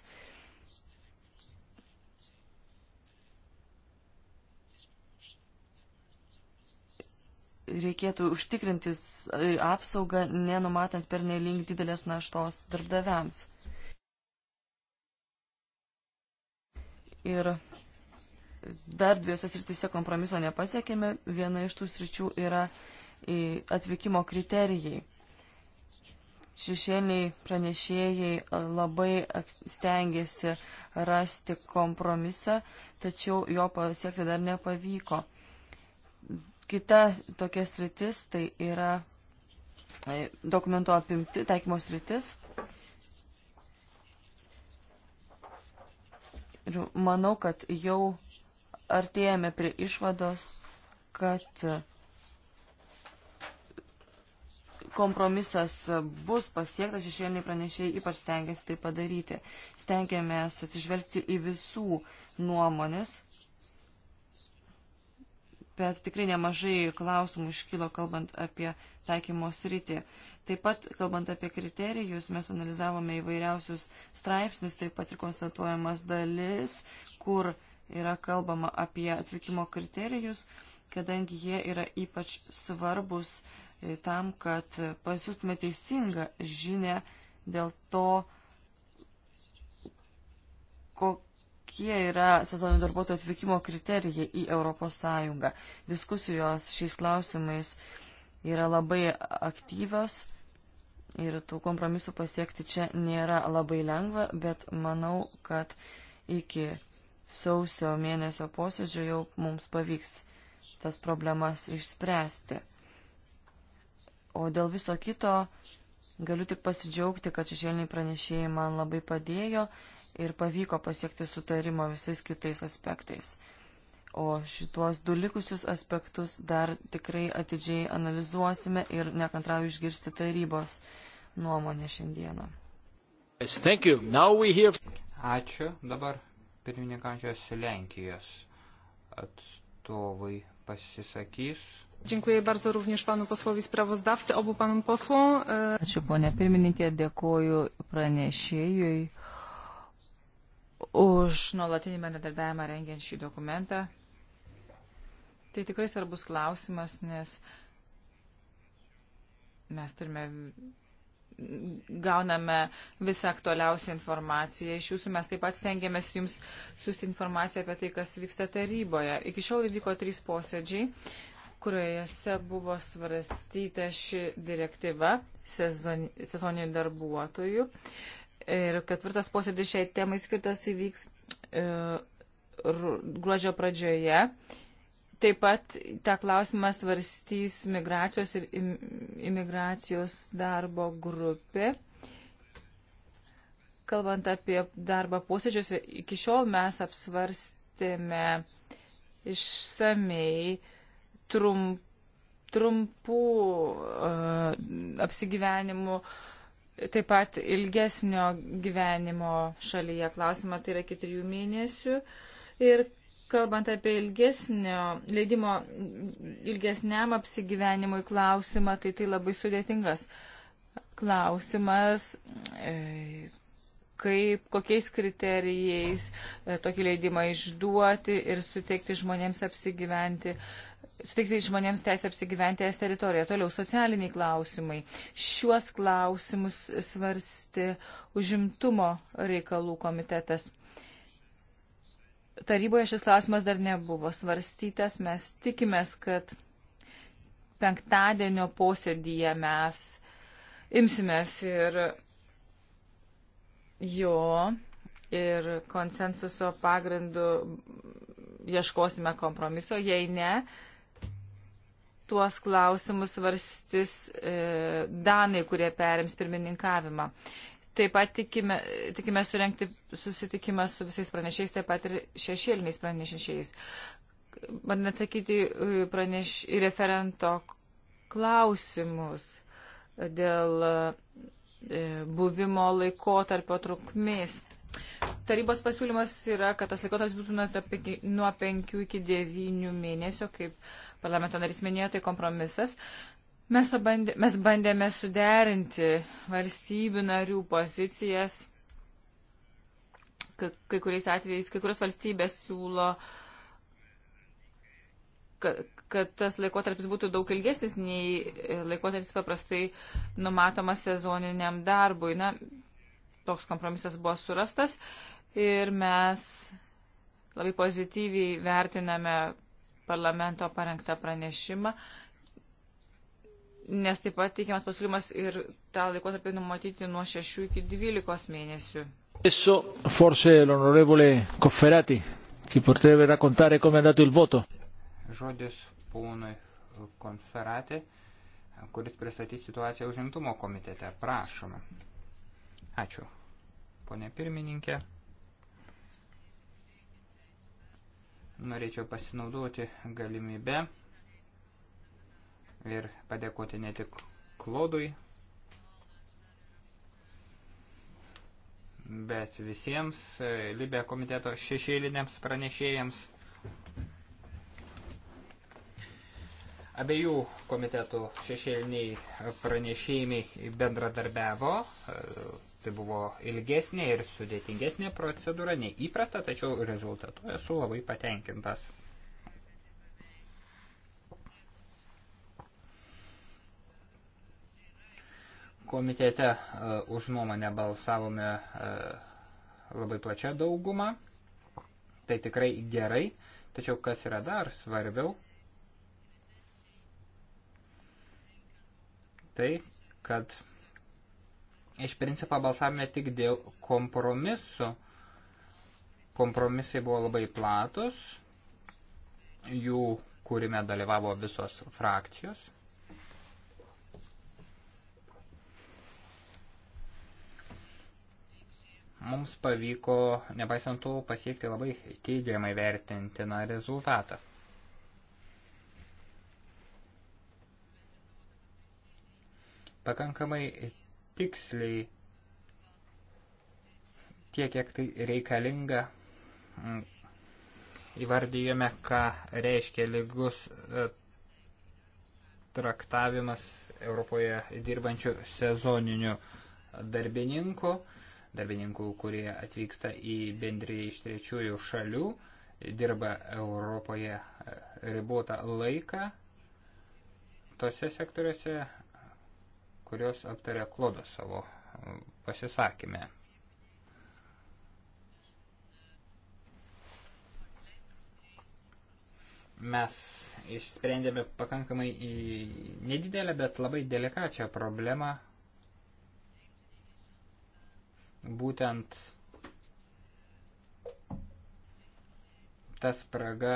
Reikėtų užtikrinti e, apsaugą, nenumatant per neling didelės naštos darbdaviams. Ir dar dviejose srityse kompromiso nepasiekėme. Viena iš tų sričių yra e, atvykimo kriterijai šešėliai pranešėjai labai stengiasi rasti kompromisą, tačiau jo pasiekti dar nepavyko. Kita tokia sritis tai yra e, dokumento apimti, taikymo sritis. Ir manau, kad jau artėjame prie išvados, kad kompromisas bus pasiektas, išėliniai pranešėjai ypač stengiasi tai padaryti. Stengiamės atsižvelgti į visų nuomonės, bet tikrai nemažai klausimų iškilo kalbant apie taikymo sritį. Taip pat, kalbant apie kriterijus, mes analizavome įvairiausius straipsnius, taip pat ir konstatuojamas dalis, kur yra kalbama apie atvykimo kriterijus, kadangi jie yra ypač svarbus uh, tam, kad pasiūstume teisingą žinę dėl to, kokie yra sezoninių darbuotojų atvykimo kriterijai į ES. Diskusijos šiais klausimais yra labai aktyvios ir tų kompromisų pasiekti čia nėra labai lengva, bet manau, kad iki sausio mėnesio posėdžio jau mums pavyks tas problemas išspręsti. O dėl viso kito galiu tik pasidžiaugti, kad šešėliniai pranešėjai man labai padėjo ir pavyko pasiekti sutarimo visais kitais aspektais. O šituos du likusius aspektus dar tikrai atidžiai analizuosime ir nekantrauju išgirsti tarybos nuomonę šiandieną. Yes, hear... Ačiū dabar pirmininkančios Lenkijos atstovai pasisakys. Dziękuję bardzo również panu posłowi sprawozdawcy, obu panum posłom. E, Ačiū, ponė pirmininkė, dėkoju pranešėjui už nuolatinį bendradarbiavimą rengiant šį dokumentą. Tai tikrai svarbus klausimas, nes mes turime gauname visą aktualiausią informaciją iš jūsų. Mes taip pat stengiamės jums siūsti informaciją apie tai, kas vyksta taryboje. Iki šiol įvyko trys posėdžiai kuriuose buvo svarstyta ši direktyva sezon, sezoninių darbuotojų. Ir ketvirtas posėdis šiai temai skirtas įvyks e, gruodžio pradžioje. Taip pat tą klausimą svarstys migracijos ir im, imigracijos darbo grupė. Kalbant apie darbą posėdžiuose, iki šiol mes apsvarstėme išsamei e, trump, trumpų uh, apsigyvenimų, taip pat ilgesnio gyvenimo šalyje klausimą, tai yra iki trijų mėnesių. Ir kalbant apie ilgesnio leidimo ilgesniam apsigyvenimui klausimą, tai tai labai sudėtingas klausimas, e, kaip, kokiais kriterijais e, tokį leidimą išduoti ir suteikti žmonėms apsigyventi suteikti žmonėms teisę apsigyventi es teritorijoje. Toliau socialiniai klausimai. Šiuos klausimus svarsti užimtumo reikalų komitetas. Taryboje šis klausimas dar nebuvo svarstytas. Mes tikimės, kad penktadienio posėdyje mes imsimės ir jo ir konsensuso pagrindu ieškosime kompromiso. Jei ne, tuos klausimus varstys e, Danai, kurie perims pirmininkavimą. Taip pat tikime, tikime surenkti susitikimą su visais pranešiais, taip pat ir šešėliniais pranešiais. Bandant atsakyti praneš, į referento klausimus dėl e, buvimo laikotarpio trukmės. Tarybos pasiūlymas yra, kad tas laikotarpis būtų nuo 5 iki 9 mėnesio, kaip uh, parlamento narys minėjo, tai kompromisas. Mes, pabandė, mes bandėme suderinti valstybių narių pozicijas. Kai, kai kuriais atvejais, kai kurios valstybės siūlo, kad, kad tas laikotarpis būtų daug ilgesnis nei e, laikotarpis paprastai numatomas sezoniniam darbui. Na, toks kompromisas buvo surastas ir mes labai pozityviai vertiname parlamento parengtą pranešimą, nes taip pat teikiamas pasiūlymas ir tą laikotarpį numatyti nuo 6 iki 12 mėnesių. Adesso forse l'onorevole Cofferati ci potrebbe raccontare come è andato il voto. Žodis ponui Konferati, kuris pristatys situaciją užimtumo komitete. Prašome. Ačiū, ponė pirmininkė. Norėčiau pasinaudoti galimybę ir padėkoti ne tik Klodui, bet visiems e, Libė komiteto šešėliniams pranešėjams. Abiejų komitetų šešėliniai pranešėjimai bendradarbiavo, e, Tai buvo ilgesnė ir sudėtingesnė procedūra, neįprasta, tačiau rezultatu esu labai patenkintas. Komitete uh, už nuomonę balsavome uh, labai plačia dauguma, tai tikrai gerai, tačiau kas yra dar svarbiau, tai, kad Iš principo balsavome tik dėl kompromisų. Kompromisai buvo labai platus, jų kūrime dalyvavo visos frakcijos. Mums pavyko, nepaisant to, pasiekti labai teigiamai vertintiną rezultatą. Pakankamai tiksliai tiek, kiek tai reikalinga. Mm. Įvardyjome, ką reiškia lygus e, traktavimas Europoje dirbančių sezoninių darbininkų, darbininkų, kurie atvyksta į bendriją iš trečiųjų šalių, dirba Europoje e, ribotą laiką tose sektoriuose, kurios aptarė Klodas savo e, pasisakymę. Mes išsprendėme pakankamai nedidelę, bet labai delikačią problemą, būtent ta spraga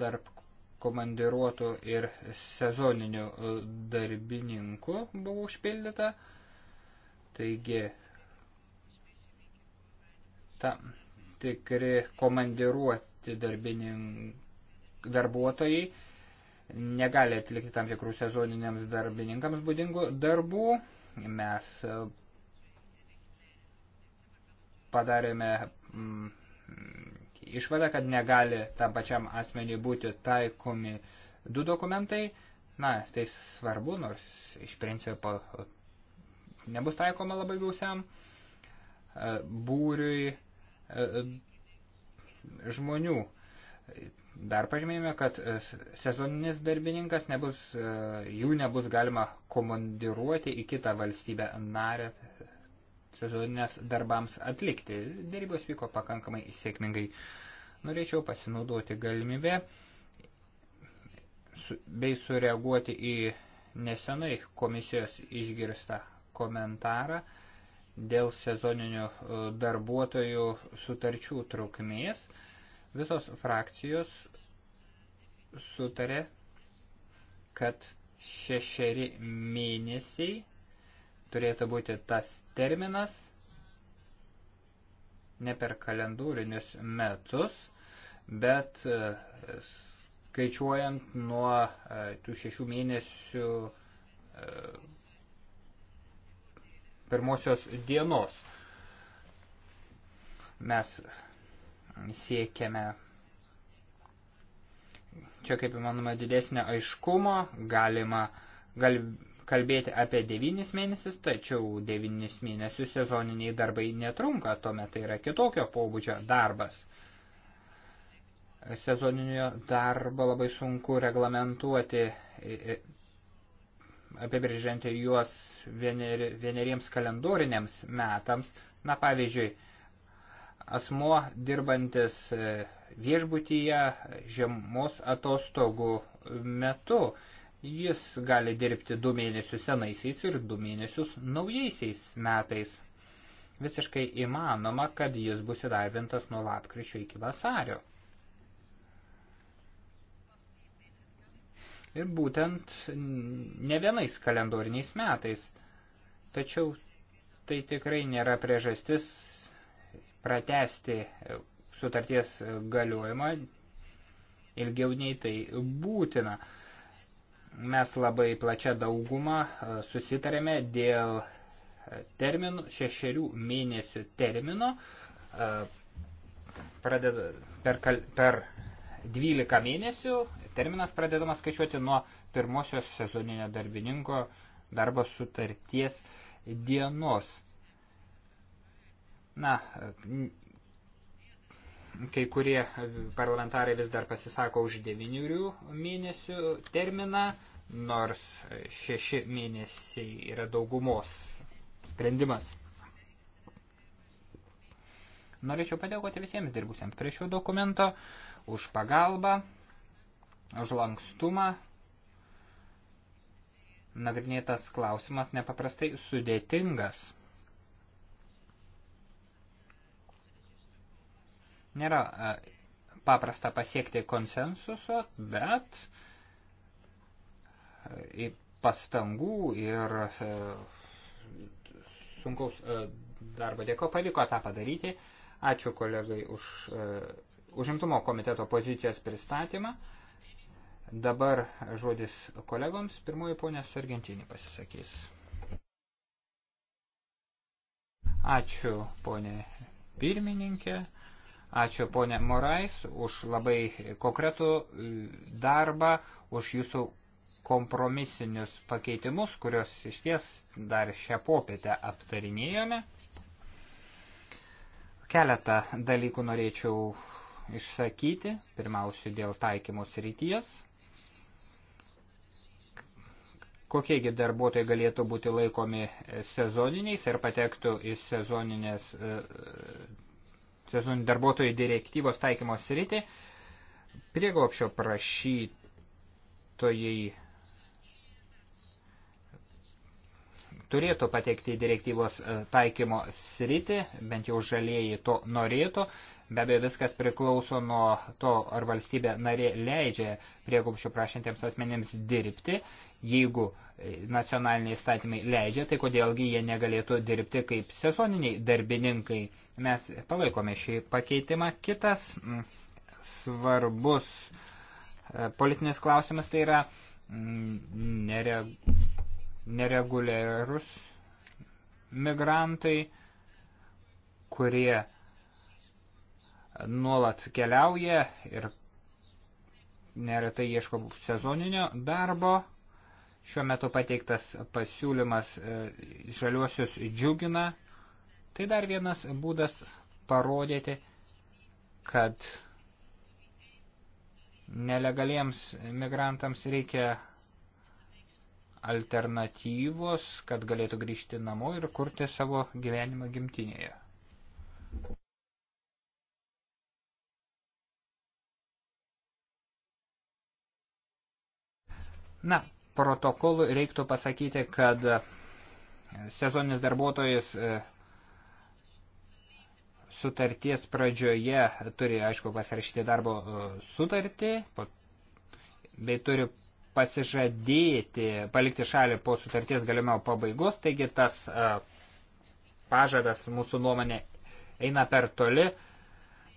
tarp komandiruotų ir sezoninių e, darbininkų buvo užpildyta. Taigi, tam tikri komandiruoti darbuotojai negali atlikti tam tikrų sezoniniams darbininkams būdingų darbų. Mes e, padarėme išvada, kad negali tam pačiam asmeniui būti taikomi du dokumentai. Na, tai svarbu, nors iš principo nebus taikoma labai gausiam e, būriui e, žmonių. Dar pažymėjome, kad e, sezoninis darbininkas nebus, jų nebus galima komandiruoti į kitą valstybę narę, sezoninės darbams atlikti. Dėrybos vyko pakankamai sėkmingai. Norėčiau pasinaudoti galimybę bei sureaguoti į nesenai komisijos išgirstą komentarą dėl sezoninių e, darbuotojų sutarčių trukmės. Visos frakcijos sutarė, kad šešeri mėnesiai turėtų būti tas terminas, ne per kalendūrinius metus, bet e, skaičiuojant nuo e, tų šešių mėnesių e, pirmosios dienos. Mes siekiame čia kaip įmanoma didesnio aiškumo, galima, gal kalbėti apie 9 mėnesius, tačiau 9 mėnesių sezoniniai darbai netrunka, tuomet tai yra kitokio pobūdžio darbas. Sezoninio darbo labai sunku reglamentuoti, apibrėžianti juos vieneri, vieneriems kalendoriniams metams. Na pavyzdžiui, asmuo dirbantis e, viešbutyje žiemos atostogų metu Jis gali dirbti du mėnesius senaisiais ir du mėnesius naujaisiais metais. Visiškai įmanoma, kad jis bus įdarbintas nuo lapkričio iki vasario. Ir būtent ne vienais kalendoriniais metais. Tačiau tai tikrai nėra priežastis pratesti sutarties galiojimą ilgiau nei tai būtina. Mes labai plačia daugumą e, susitarėme dėl e, terminų, šešerių mėnesių termino. E, Pradeda, per, kal, per 12 mėnesių terminas pradedamas skaičiuoti nuo pirmosios sezoninio darbininko darbo sutarties dienos. Na, Kai kurie parlamentarai vis dar pasisako už devyniurių mėnesių terminą, nors šeši mėnesiai yra daugumos sprendimas. Norėčiau padėkoti visiems dirbusiems prie šio dokumento už pagalbą, už lankstumą. Nagrinėtas klausimas nepaprastai sudėtingas. Nėra e, paprasta pasiekti konsensuso, bet e, pastangų ir e, sunkaus darbo dėko pavyko tą padaryti. Ačiū kolegai už užimtumo komiteto pozicijos pristatymą. Dabar žodis kolegoms. Pirmoji ponė Sargentinį pasisakys. Ačiū ponė pirmininkė. Ačiū ponė Morais už labai konkretų e, darbą, už jūsų kompromisinius pakeitimus, kuriuos iš ties dar šią popietę aptarinėjome. Keletą dalykų norėčiau išsakyti, pirmiausia dėl taikymos ryties. Kokiegi darbuotojai galėtų būti laikomi sezoniniais ir patektų į sezoninės e, sezoninių darbuotojų direktyvos taikymos rytį. Prieglopšio prašytojai turėtų patekti į direktyvos e, taikymo sritį, bent jau žalieji to norėtų. Be abejo, viskas priklauso nuo to, ar valstybė narė leidžia prieglobščio prašantiems asmenėms dirbti. Jeigu e, nacionaliniai statymai leidžia, tai kodėlgi jie negalėtų dirbti kaip sezoniniai darbininkai. Mes palaikome šį pakeitimą. Kitas mm, svarbus e, politinis klausimas tai yra mm, nere, nereguliarus migrantai, kurie nuolat keliauja ir neretai ieško sezoninio darbo. Šiuo metu pateiktas pasiūlymas e, žaliuosius džiugina, Tai dar vienas būdas parodyti, kad nelegaliems migrantams reikia alternatyvos, kad galėtų grįžti namo ir kurti savo gyvenimą gimtinėje. Na, protokolui reiktų pasakyti, kad sezoninis darbuotojas sutarties pradžioje turi, aišku, pasirašyti darbo e, sutartį, bei turi pasižadėti, palikti šalį po sutarties galimo pabaigos, taigi tas e, pažadas mūsų nuomonė eina per toli.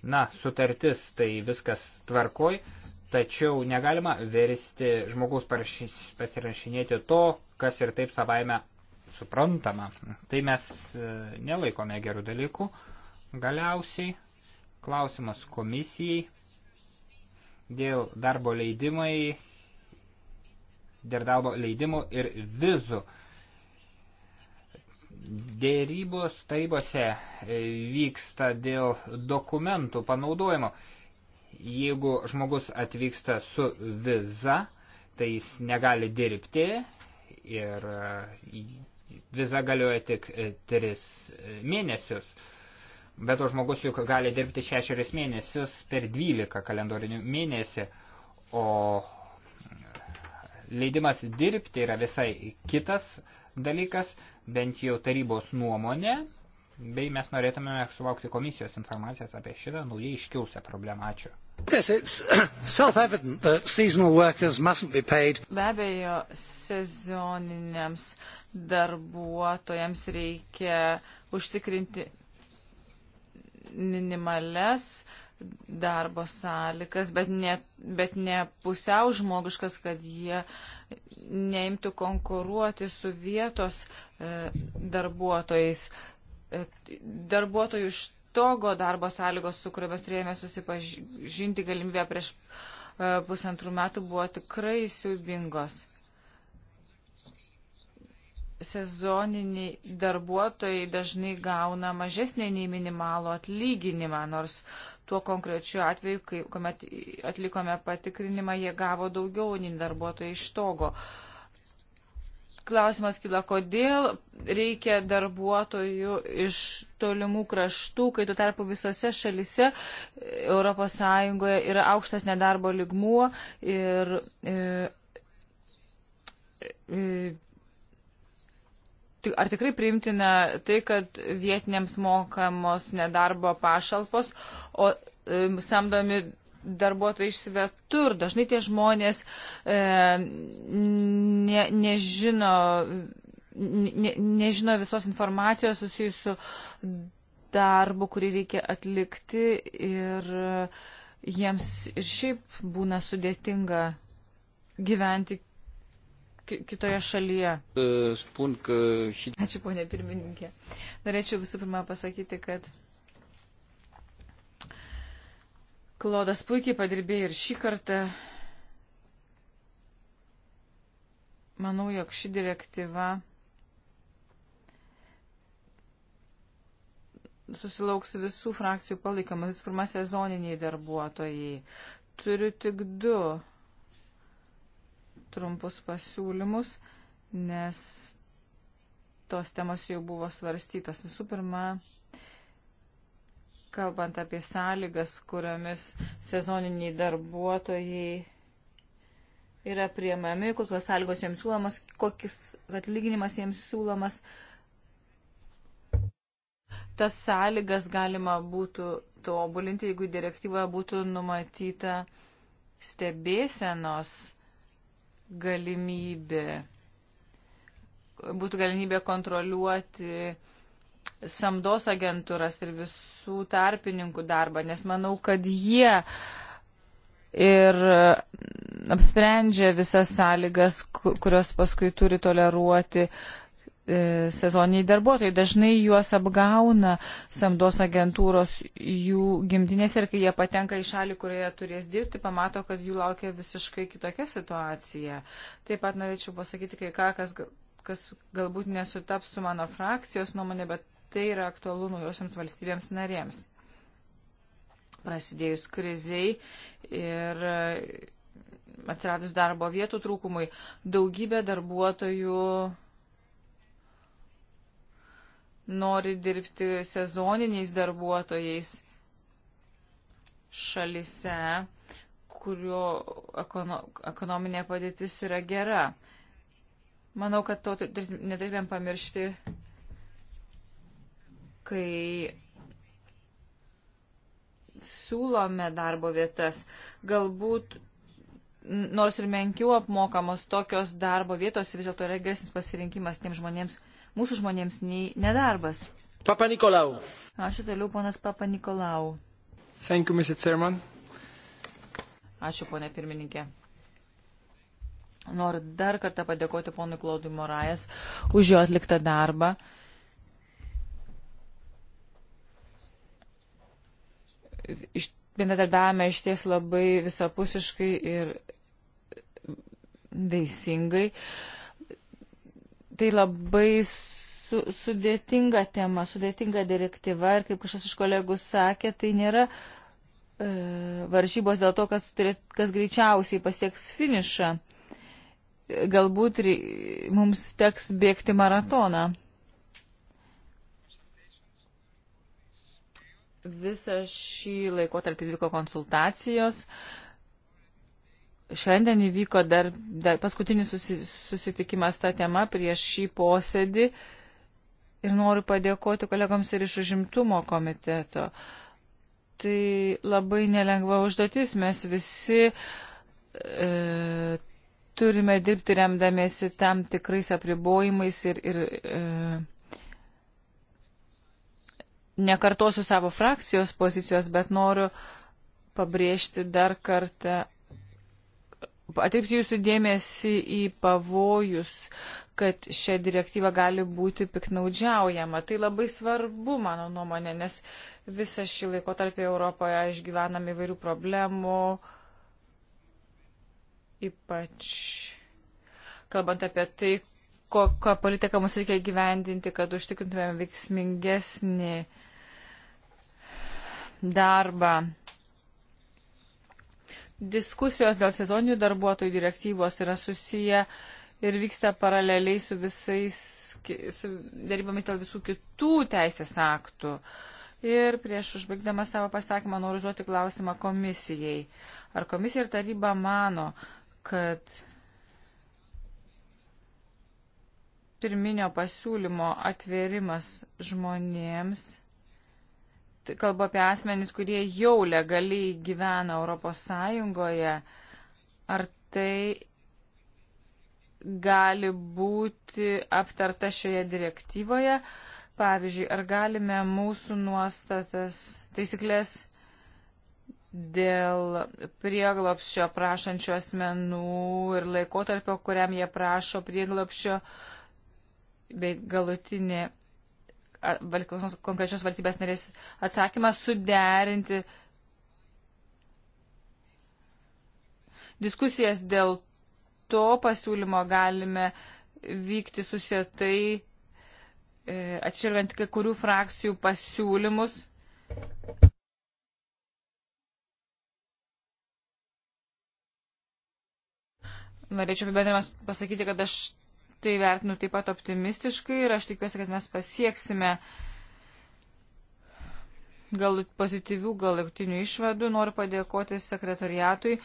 Na, sutartis tai viskas tvarkoj, tačiau negalima versti žmogaus pasirašinėti to, kas ir taip savaime suprantama. Tai mes e, nelaikome gerų dalykų. Galiausiai klausimas komisijai dėl darbo leidimai, dėl darbo leidimų ir vizų. Dėrybos taibose e, vyksta dėl dokumentų panaudojimo. Jeigu žmogus atvyksta su viza, tai jis negali dirbti ir e, viza galioja tik e, tris mėnesius bet to žmogus juk gali dirbti šešerius mėnesius per 12 kalendorinių mėnesį, o leidimas dirbti yra visai kitas dalykas, bent jau tarybos nuomonė, bei mes norėtume sulaukti komisijos informacijos apie šitą naujai iškiausią problemą. Ačiū. Yes, it's self-evident that seasonal workers mustn't be paid. Be abejo, sezoniniams darbuotojams reikia užtikrinti minimales darbo sąlygas, bet ne, bet ne pusiau žmogiškas, kad jie neimtų konkuruoti su vietos e, darbuotojais. E, darbuotojų iš togo darbo sąlygos, su kuriomis turėjome susipažinti galimybę prieš e, pusantrų metų, buvo tikrai siubingos sezoniniai darbuotojai dažnai gauna mažesnį nei minimalų atlyginimą, nors tuo konkrečiu atveju, kai, kuomet atlikome patikrinimą, jie gavo daugiau nei darbuotojai iš togo. Klausimas kyla, kodėl reikia darbuotojų iš tolimų kraštų, kai tuo tarpu visose šalise ES yra aukštas nedarbo ligmuo ir e, e, ar tikrai priimtina tai, kad vietiniams mokamos nedarbo pašalpos, o e, samdomi darbuotojai iš svetur. Dažnai tie žmonės e, ne, nežino, ne, nežino visos informacijos susijusių darbu, kurį reikia atlikti ir e, jiems ir šiaip būna sudėtinga gyventi kitoje šalyje. E, Ačiū, ponė pirmininkė. Norėčiau visų pirma pasakyti, kad Klodas puikiai padirbėjo ir šį kartą. Manau, jog ši direktyva susilauks visų frakcijų palaikomas. Visų pirma, sezoniniai darbuotojai. Turiu tik du trumpus pasiūlymus, nes tos temos jau buvo svarstytos. Visų pirma, kalbant apie sąlygas, kuriomis sezoniniai darbuotojai yra priemami, kokios sąlygos jiems siūlomas, kokis atlyginimas jiems siūlomas. Tas sąlygas galima būtų tobulinti, jeigu direktyvoje būtų numatyta stebėsenos galimybė. Būtų galimybė kontroliuoti samdos agentūras ir visų tarpininkų darbą, nes manau, kad jie ir apsprendžia visas sąlygas, kurios paskui turi toleruoti uh, E, sezoniniai darbuotojai. Dažnai juos apgauna samdos agentūros jų gimtinės ir kai jie patenka į šalį, kurioje turės dirbti, pamato, kad jų laukia visiškai kitokia situacija. Taip pat norėčiau pasakyti kai ką, kas, kas galbūt nesutaps su mano frakcijos nuomonė, bet tai yra aktualu naujosiams valstybėms narėms. Prasidėjus kriziai ir atsiradus darbo vietų trūkumui, daugybė darbuotojų nori dirbti sezoniniais darbuotojais šalise, kurio ekono, ekonominė padėtis yra gera. Manau, kad to neturėtumėm pamiršti, kai siūlome darbo vietas. Galbūt nors ir menkiau apmokamos tokios darbo vietos vis dėlto yra geresnis pasirinkimas tiem žmonėms, mūsų žmonėms nei nedarbas. Papa Nikolau. Ačiū toliau, ponas Papa Nikolau. Thank you, Mr. Chairman. Ačiū, ponė pirmininkė. Noriu dar kartą padėkoti ponui Klaudui Morajas už jo atliktą darbą. Iš, bendradarbiavame iš ties labai visapusiškai ir veisingai. Uh, tai labai su, sudėtinga tema, sudėtinga direktyva ir kaip kažkas iš kolegų sakė, tai nėra e, varžybos dėl to, kas, turėt, kas greičiausiai pasieks finišą. Galbūt re, mums teks bėgti maratoną. Visą šį laikotarpį vyko konsultacijos, e, Šiandien įvyko dar, dar paskutinis susi, susitikimas tą temą prieš šį posėdį ir noriu padėkoti kolegoms ir iš užimtumo komiteto. Tai labai nelengva užduotis, mes visi e, turime dirbti remdamėsi tam tikrais apribojimais ir, ir e, nekartosiu savo frakcijos pozicijos, bet noriu pabrėžti dar kartą atkreipti jūsų dėmesį į pavojus, kad šią direktyvą gali būti piknaudžiaujama. Tai labai svarbu, mano nuomonė, nes visą šį laikotarpį Europoje išgyvenam įvairių problemų, ypač kalbant apie tai, kokią politiką mums reikia gyvendinti, kad užtikrintumėm veiksmingesnį darbą Diskusijos dėl sezoninių darbuotojų direktyvos yra susiję ir vyksta paraleliai su visais su darybomis dėl visų kitų teisės aktų. Ir prieš užbaigdama savo pasakymą noriu užduoti klausimą komisijai. Ar komisija ir taryba mano, kad pirminio pasiūlymo atvėrimas žmonėms kalbu apie asmenys, kurie jau legaliai gyvena Europos Sąjungoje, ar tai gali būti aptarta šioje direktyvoje? Pavyzdžiui, ar galime mūsų nuostatas, taisyklės dėl prieglopščio prašančių asmenų ir laikotarpio, kuriam jie prašo prieglopščio bei galutinė konkrečios valstybės narės atsakymą suderinti diskusijas dėl to pasiūlymo galime vykti susietai, e, atšilgiant kai kurių frakcijų pasiūlymus. Norėčiau apibendrinamas pasakyti, kad aš tai vertinu taip pat optimistiškai ir aš tikiuosi, kad mes pasieksime gal pozityvių, galutinių išvadų. Noriu padėkoti sekretariatui,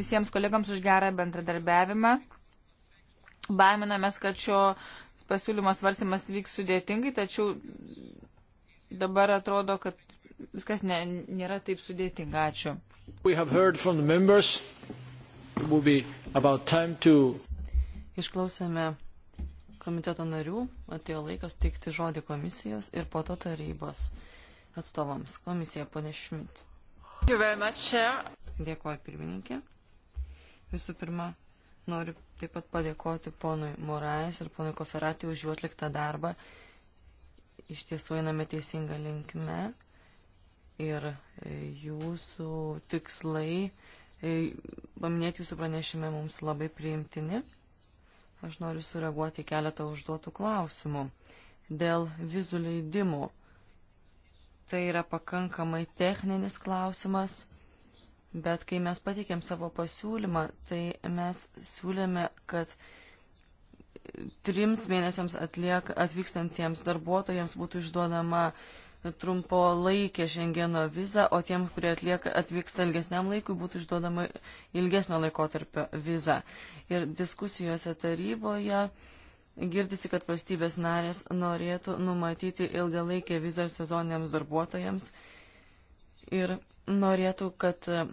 visiems kolegams už gerą bendradarbiavimą. Baiminamės, kad šio pasiūlymo svarsimas vyks sudėtingai, tačiau dabar atrodo, kad viskas ne, nėra taip sudėtinga. Ačiū. To... Išklausėme komiteto narių, atėjo laikas teikti žodį komisijos ir po to tarybos atstovams. Komisija, ponė Šmit. Dėkuoju, pirmininkė. Visų pirma, noriu taip pat padėkoti ponui Morais ir ponui Koferatį už jų atliktą darbą. Iš tiesų einame teisinga linkme ir e, jūsų tikslai, e, paminėti jūsų pranešime, mums labai priimtini. Aš noriu sureaguoti keletą užduotų klausimų. Dėl vizų leidimų. Tai yra pakankamai techninis klausimas, bet kai mes patikėm savo pasiūlymą, tai mes siūlėme, kad trims mėnesiams atliek, atvykstantiems darbuotojams būtų išduodama uh, trumpo laikę Šengeno vizą, o tiem, kurie atlieka, atvyksta ilgesniam laikui, būtų išduodama ilgesnio laikotarpio viza. Ir diskusijose taryboje girdisi, kad valstybės narės norėtų numatyti ilgalaikę vizą sezoniniams darbuotojams ir norėtų, kad e,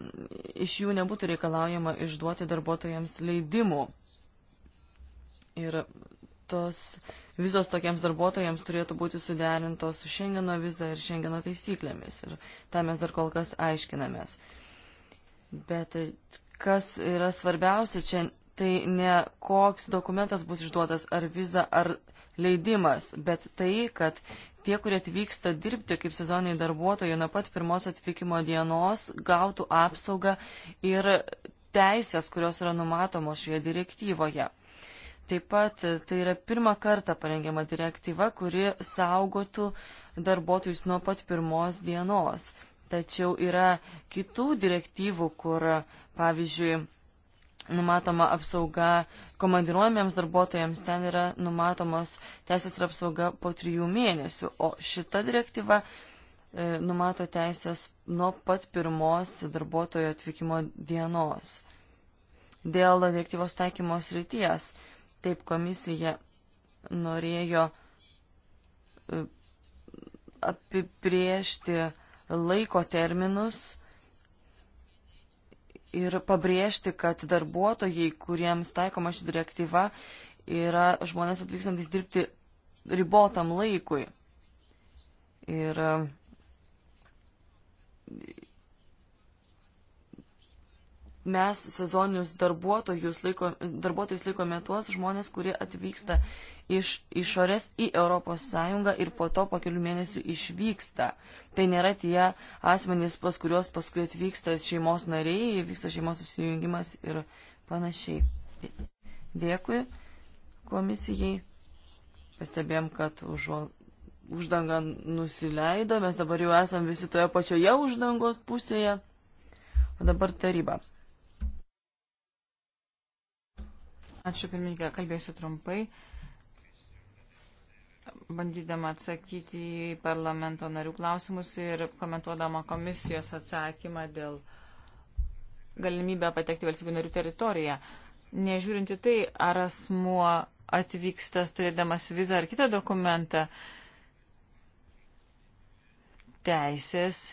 iš jų nebūtų reikalaujama išduoti darbuotojams leidimų. Ir tos vizos tokiems darbuotojams turėtų būti suderintos su Šengeno viza ir Šengeno taisyklėmis. Ir tą mes dar kol kas aiškinamės. Bet kas yra svarbiausia čia, tai ne koks dokumentas bus išduotas, ar viza, ar leidimas, bet tai, kad tie, kurie atvyksta dirbti kaip sezoniniai darbuotojai nuo pat pirmos atvykimo dienos, gautų apsaugą ir teisės, kurios yra numatomos šioje direktyvoje. Taip pat e, tai yra pirmą kartą parengiama direktyva, kuri saugotų darbuotojus nuo pat pirmos dienos. Tačiau yra kitų direktyvų, kur, pavyzdžiui, numatoma apsauga komandiruojamiems darbuotojams, ten yra numatomos teisės ir apsauga po trijų mėnesių, o šita direktyva e, numato teisės nuo pat pirmos darbuotojo atvykimo dienos. Dėl direktyvos taikymos ryties. E, Taip komisija norėjo e, apibriežti laiko terminus ir pabrėžti, kad darbuotojai, kuriems taikoma ši direktyva, yra žmonės atvykstantis dirbti ribotam laikui. Ir mes sezoninius darbuotojus, laiko, darbuotojus laikome tuos žmonės, kurie atvyksta iš išorės į ES ir po to po kelių mėnesių išvyksta. Tai nėra tie asmenys, pas kuriuos paskui atvyksta šeimos nariai, vyksta šeimos susijungimas ir panašiai. Dėkui komisijai. Pastebėjom, kad už uždangą nusileido, mes dabar jau esam visi toje pačioje uždangos pusėje. O dabar taryba. Ačiū pirmininkė, kalbėsiu trumpai, bandydama atsakyti į parlamento narių klausimus ir komentuodama komisijos atsakymą dėl galimybę patekti valstybių narių teritoriją. Nežiūrinti tai, ar asmuo atvyksta turėdamas vizą ar kitą dokumentą, teisės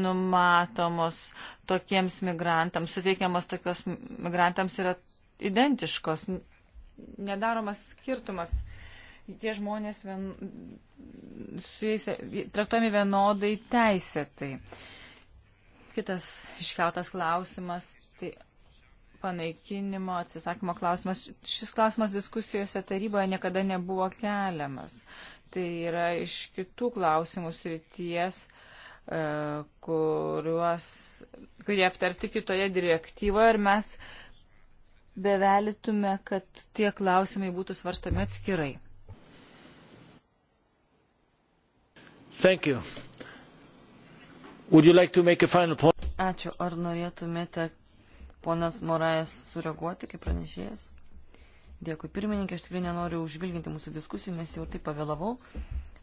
numatomos tokiems migrantams, suteikiamos tokios migrantams yra identiškos, nedaromas skirtumas. Tie žmonės vien, su jais traktuojami vienodai teisėtai. Kitas iškeltas klausimas, tai panaikinimo, atsisakymo klausimas. Šis klausimas diskusijose taryboje niekada nebuvo keliamas. Tai yra iš kitų klausimų srities, e, kuriuos, kurie aptarti kitoje direktyvoje ir mes bevelitume, kad tie klausimai būtų svarstami atskirai. Thank you. Would you like to make a final point? Ačiū. Ar norėtumėte, ponas Morajas, sureaguoti kaip pranešėjas? Dėkui pirmininkė, aš tikrai nenoriu užvilginti mūsų diskusijų, nes jau taip pavėlavau.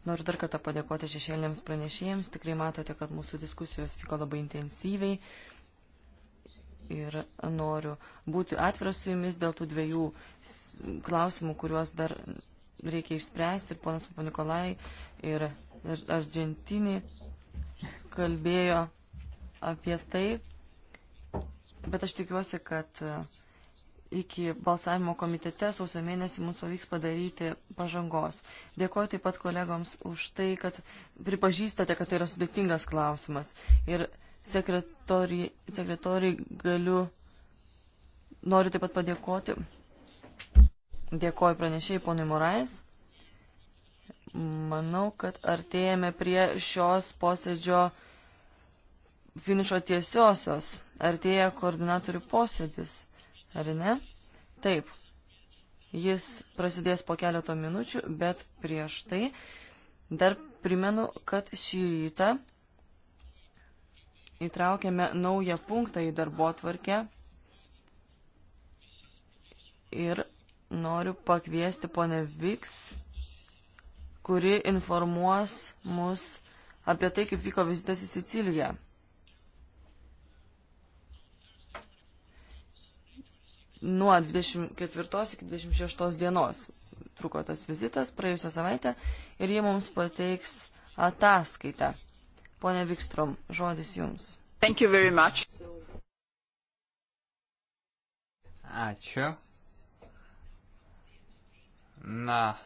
Noriu dar kartą padėkoti šešėlėms pranešėjams. Tikrai matote, kad mūsų diskusijos vyko labai intensyviai. Uh, ir noriu būti atviras su jumis dėl tų dviejų klausimų, kuriuos dar reikia išspręsti. Ir ponas Papanikolai ir, ir Argentinį kalbėjo apie tai. Bet aš tikiuosi, kad e, iki balsavimo komitete sausio mėnesį mums pavyks padaryti pažangos. Dėkuoju taip pat kolegoms už tai, kad pripažįstate, kad tai yra sudėtingas klausimas. Ir sekretoriai, sekretoriai galiu, noriu taip pat padėkoti. Dėkoju pranešėjai ponui Morais. Manau, kad artėjame prie šios posėdžio finišo tiesiosios. Artėja koordinatorių posėdis, ar ne? Taip. Jis prasidės po keleto minučių, bet prieš tai dar primenu, kad šį rytą įtraukėme naują punktą į darbo tvarkę ir noriu pakviesti ponę Viks, kuri informuos mus apie tai, kaip vyko vizitas į Siciliją. Nuo 24 iki 26 dienos truko tas vizitas praėjusią savaitę ir jie mums pateiks ataskaitą. Pone Vikstrom, žodis jums. Thank you very much. Ačiū. Na,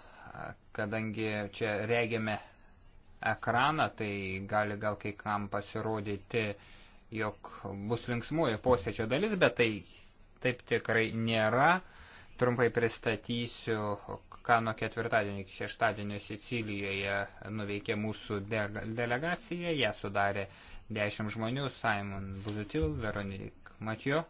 kadangi čia regime ekraną, tai gali gal kai kam pasirodyti, jog bus linksmuoji posėdžio dalis, bet tai taip tikrai nėra. Trumpai pristatysiu, ką nuo ketvirtadienio iki šeštadienio Sicilijoje nuveikė mūsų de delegacija. Ją sudarė 10 žmonių - Simon Buzutil, Veronik Matijo.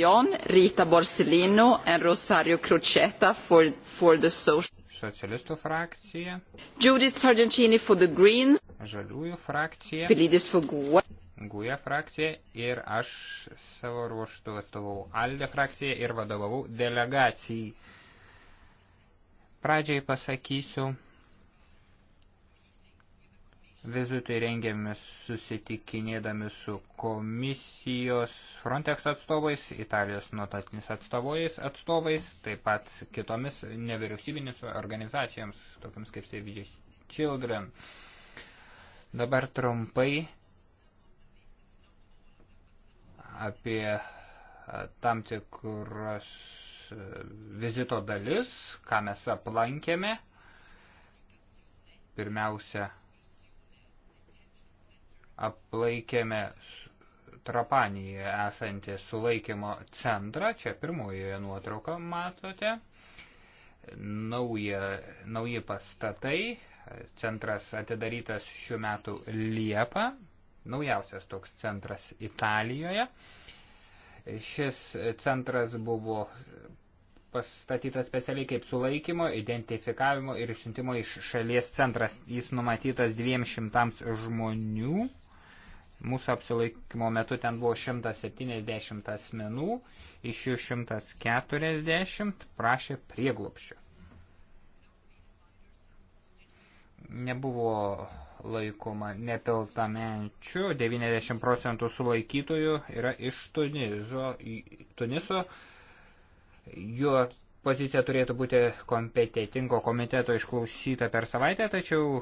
Jon, Rita Borsellino and Rosario Crocetta for, for the social... Socialistų frakcija. Judith Sargentini for the Green. Žaliųjų frakcija. Pilidis for Gua. GUE frakciją ir aš savo ruoštų atstovau ALDE frakciją ir vadovavau delegacijai. Pradžiai pasakysiu, vizitui rengiamės susitikinėdami su komisijos Frontex atstovais, Italijos notatinis atstovais, atstovais, taip pat kitomis nevyriausybinis organizacijoms, tokiams kaip Save Children. Dabar trumpai apie e, tam tikras e, vizito dalis, ką mes aplankėme. Pirmiausia, aplaikėme Trapanijoje esantį sulaikymo centrą. Čia pirmojoje nuotrauką matote. Nauja, nauji pastatai. Centras atidarytas šiuo metu Liepą naujausias toks centras Italijoje. Šis centras buvo pastatytas specialiai kaip sulaikymo, identifikavimo ir išsiuntimo iš šalies centras. Jis numatytas 200 žmonių. Mūsų apsilaikymo metu ten buvo 170 asmenų, iš jų 140 prašė prieglopščio. nebuvo laikoma nepiltamečių, 90 procentų sulaikytojų yra iš Tunizo, Tuniso. Jo pozicija turėtų būti kompetitingo komiteto išklausyta per savaitę, tačiau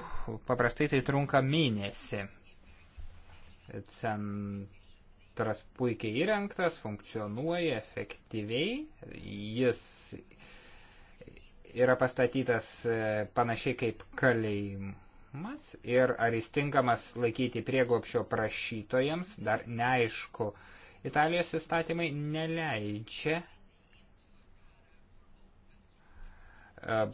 paprastai tai trunka mėnesį. Centras puikiai įrengtas, funkcionuoja efektyviai, jis yra pastatytas e, panašiai kaip kalėjimas ir ar jis tinkamas laikyti prieglopšio prašytojams, dar neaišku. Italijos įstatymai neleidžia e,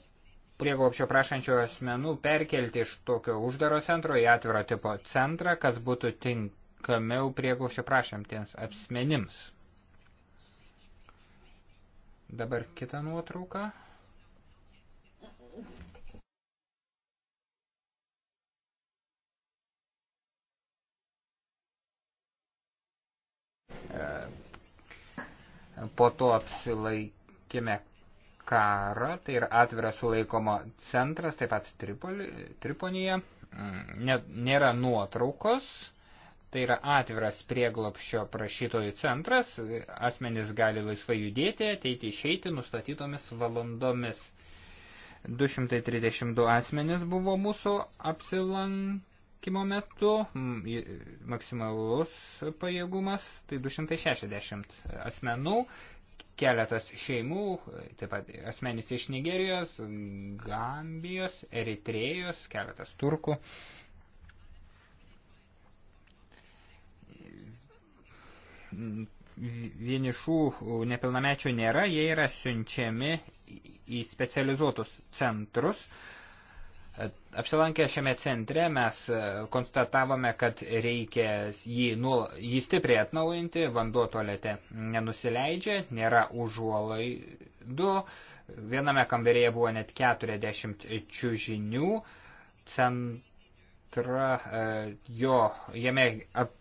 prieglopščio prašančių asmenų perkelti iš tokio uždaro centro į atviro tipo centrą, kas būtų tinkamiau prieglopščio prašantiems asmenims. Dabar kita nuotrauka. E, po to apsilaikėme karą, tai yra atviras sulaikomo centras, taip pat Tripoli, Triponija. Mm, nėra nuotraukos, tai yra atviras prieglopščio prašytojų centras, asmenys gali laisvai judėti, ateiti išeiti nustatytomis valandomis. 232 asmenys buvo mūsų apsilankę Kimo metu maksimalus pajėgumas tai 260 asmenų, keletas šeimų, taip pat asmenys iš Nigerijos, Gambijos, Eritrėjos, keletas turkų. Vienišų nepilnamečių nėra, jie yra siunčiami į specializuotus centrus, Apsilankę šiame centre mes e, konstatavome, kad reikia jį, nul, jį stipriai atnaujinti, vanduo tualete nenusileidžia, nėra užuolaidų, viename kambarėje buvo net 40 čiužinių, centra, e, jo, jame ap,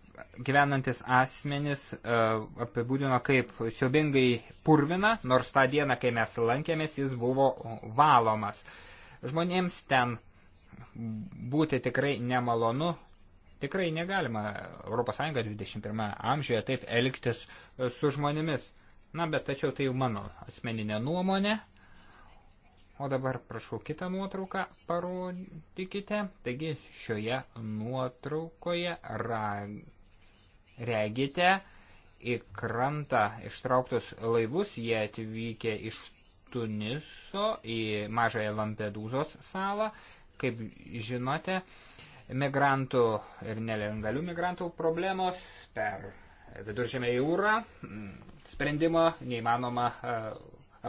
gyvenantis asmenis e, apibūdino kaip siubingai purvina, nors tą dieną, kai mes lankėmės, jis buvo valomas žmonėms ten būti tikrai nemalonu. Tikrai negalima ES 21 amžiuje taip elgtis e, su žmonėmis. Na, bet tačiau tai jau mano asmeninė nuomonė. O dabar prašau kitą nuotrauką parodykite. Taigi šioje nuotraukoje ra... regite į krantą ištrauktus laivus. Jie atvykę iš Tuniso į mažąją Lampedūzos salą. Kaip žinote, migrantų ir nelegalių migrantų problemos per viduržėmę jūrą mm, sprendimo neįmanoma e,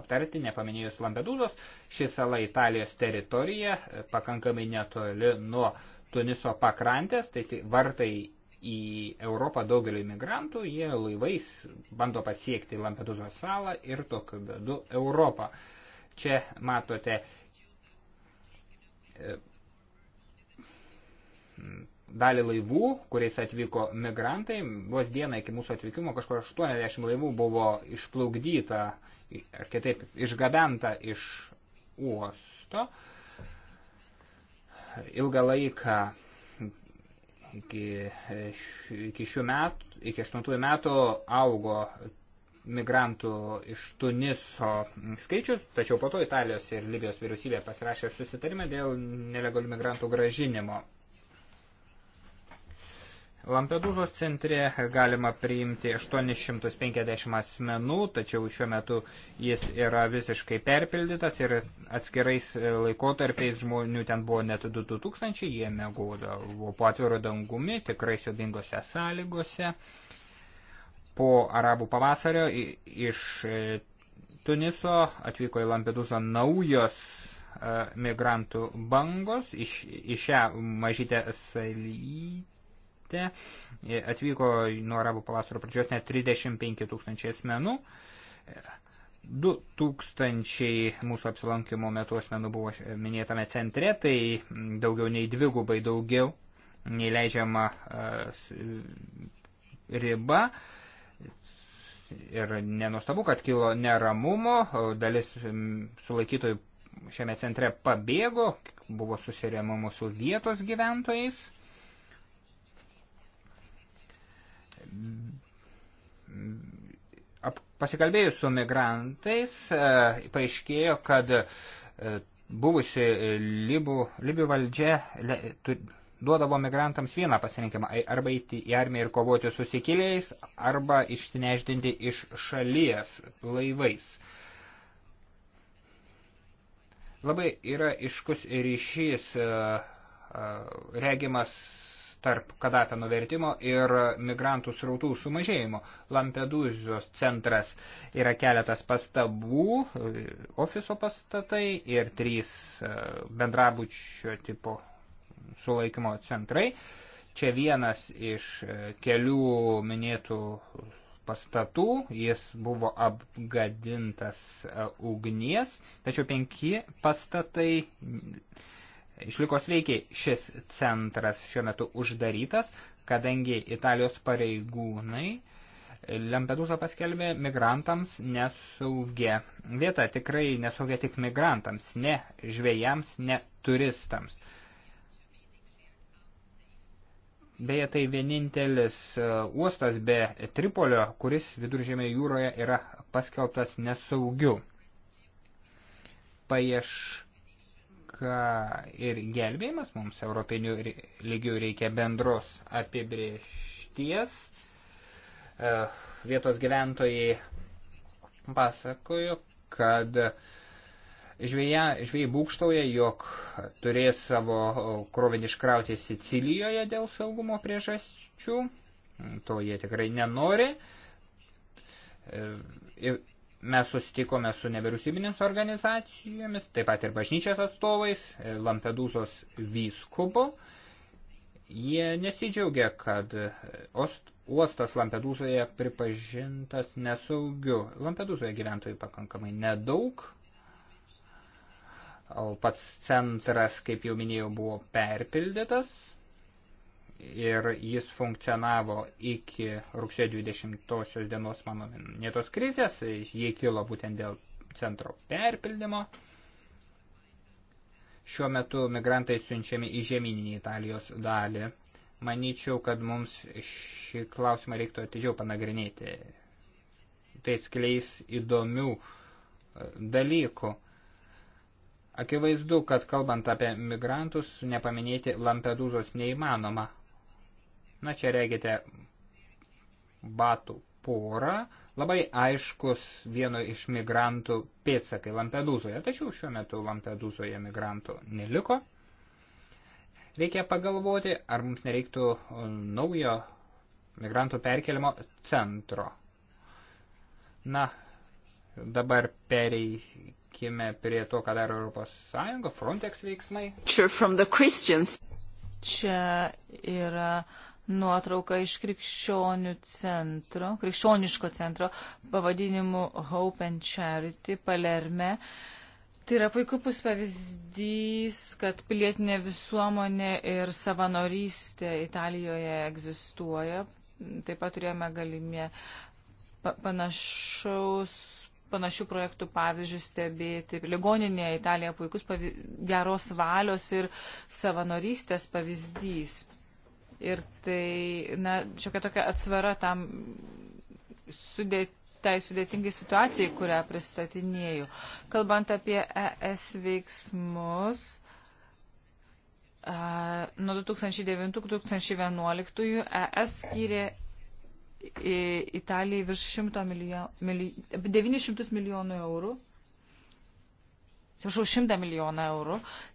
aptarti, nepaminėjus Lampedūzos. Ši sala Italijos teritorija e, pakankamai netoli nuo Tuniso pakrantės, tai vartai į Europą daugeliu imigrantų, jie laivais bando pasiekti Lampedūzos salą ir tokiu būdu Europą. Čia matote dalį laivų, kuriais atvyko migrantai. Vos dieną iki mūsų atvykimo kažkur 80 laivų buvo išplaukdyta, ar kitaip, išgabenta iš uosto. Ilgą laiką iki, iki šių metų, iki 8 metų augo migrantų iš Tuniso skaičius, tačiau po to Italijos ir Libijos vyriausybė pasirašė susitarimą dėl nelegalių migrantų gražinimo. Lampedūzos centre galima priimti 850 asmenų, tačiau šiuo metu jis yra visiškai perpildytas ir atskirais laikotarpiais žmonių ten buvo net 2000, jie mėgaudo po atviro dangumi, tikrai siubingose sąlygose. Uh, po arabų pavasario iš e, Tuniso atvyko į Lampedusą naujos e, migrantų bangos iš, iš šią mažytę salytę e, atvyko nuo arabų pavasario pradžios net 35 tūkstančiai asmenų 2 tūkstančiai mūsų apsilankimo metu asmenų buvo minėtame centre tai daugiau nei dvigubai daugiau nei leidžiama riba Ir nenustabu, kad kilo neramumo, dalis sulaikytojų šiame centre pabėgo, buvo susiremamo su vietos gyventojais. Pasikalbėjus su migrantais, e, paaiškėjo, kad e, buvusi Libų, Libių valdžia duodavo migrantams vieną pasirinkimą – arba įti į armiją ir kovoti su sikiliais, arba išsineždinti iš šalies laivais. Labai yra iškus ryšys e, e, regimas tarp Kadafio nuvertimo ir migrantų srautų sumažėjimo. Lampedūzijos centras yra keletas pastabų, e, ofiso pastatai ir trys bendrabučio tipo sulaikymo centrai. Čia vienas iš e, kelių minėtų pastatų, jis buvo apgadintas e, ugnies, tačiau penki pastatai išliko sveikiai. Šis centras šiuo metu uždarytas, kadangi Italijos pareigūnai e, Lampedusa paskelbė migrantams nesaugia vieta, tikrai nesaugia tik migrantams, ne žvėjams, ne turistams. Beje, tai vienintelis e, uostas be Tripolio, kuris viduržėmė jūroje yra paskelbtas nesaugiu. Paieška ir gelbėjimas mums europinių lygių reikia bendros apibriešties. E, vietos gyventojai pasakojo, kad uh, Žvėja, žvėjai būkštauja, jog turės savo krovinį iškrauti Sicilijoje dėl saugumo priežasčių. To jie tikrai nenori. E, mes susitikome su nevyriausybinėms organizacijomis, taip pat ir bažnyčios atstovais, e, Lampedūzos vyskupu. Jie nesidžiaugia, kad Ost uostas Lampedūzoje pripažintas nesaugiu. Lampedūzoje gyventojų pakankamai nedaug, O pats centras, kaip jau minėjau, buvo perpildytas ir jis funkcionavo iki rugsėjo 20 dienos mano minėtos krizės. Jie kilo būtent dėl centro perpildymo. Šiuo metu migrantai siunčiami į žemyninį Italijos dalį. Manyčiau, kad mums šį klausimą reiktų atidžiau panagrinėti. Tai skleis įdomių e, dalykų. Akivaizdu, kad kalbant apie migrantus, nepaminėti Lampedūzos neįmanoma. Na čia regite batų porą, labai aiškus vieno iš migrantų pėtsakai Lampedūzoje, tačiau šiuo metu Lampedūzoje migrantų neliko. Reikia pagalvoti, ar mums nereiktų naujo migrantų perkelimo centro. Na, dabar perei Kime prie to, ką daro Europos Sąjunga, Frontex veiksmai. Čia yra nuotrauka iš krikščionių centro, krikščioniško centro pavadinimu Hope and Charity Palerme. Tai yra puikus pavyzdys, kad pilietinė visuomonė ir savanorystė Italijoje egzistuoja. Taip pat turėjome galimybę panašaus panašių projektų pavyzdžių stebėti. Ligoninėje Italija puikus pavy... geros valios ir savanorystės pavyzdys. Ir tai, na, šiokia tokia atsvara tam sudėti tai sudėtingai situacijai, kurią pristatinėjau. Kalbant apie ES veiksmus, nuo 2009-2011 ES skyrė Italijai virš 100 milijonų, 900 milijonų eurų. Atsiprašau, 100 milijonų eurų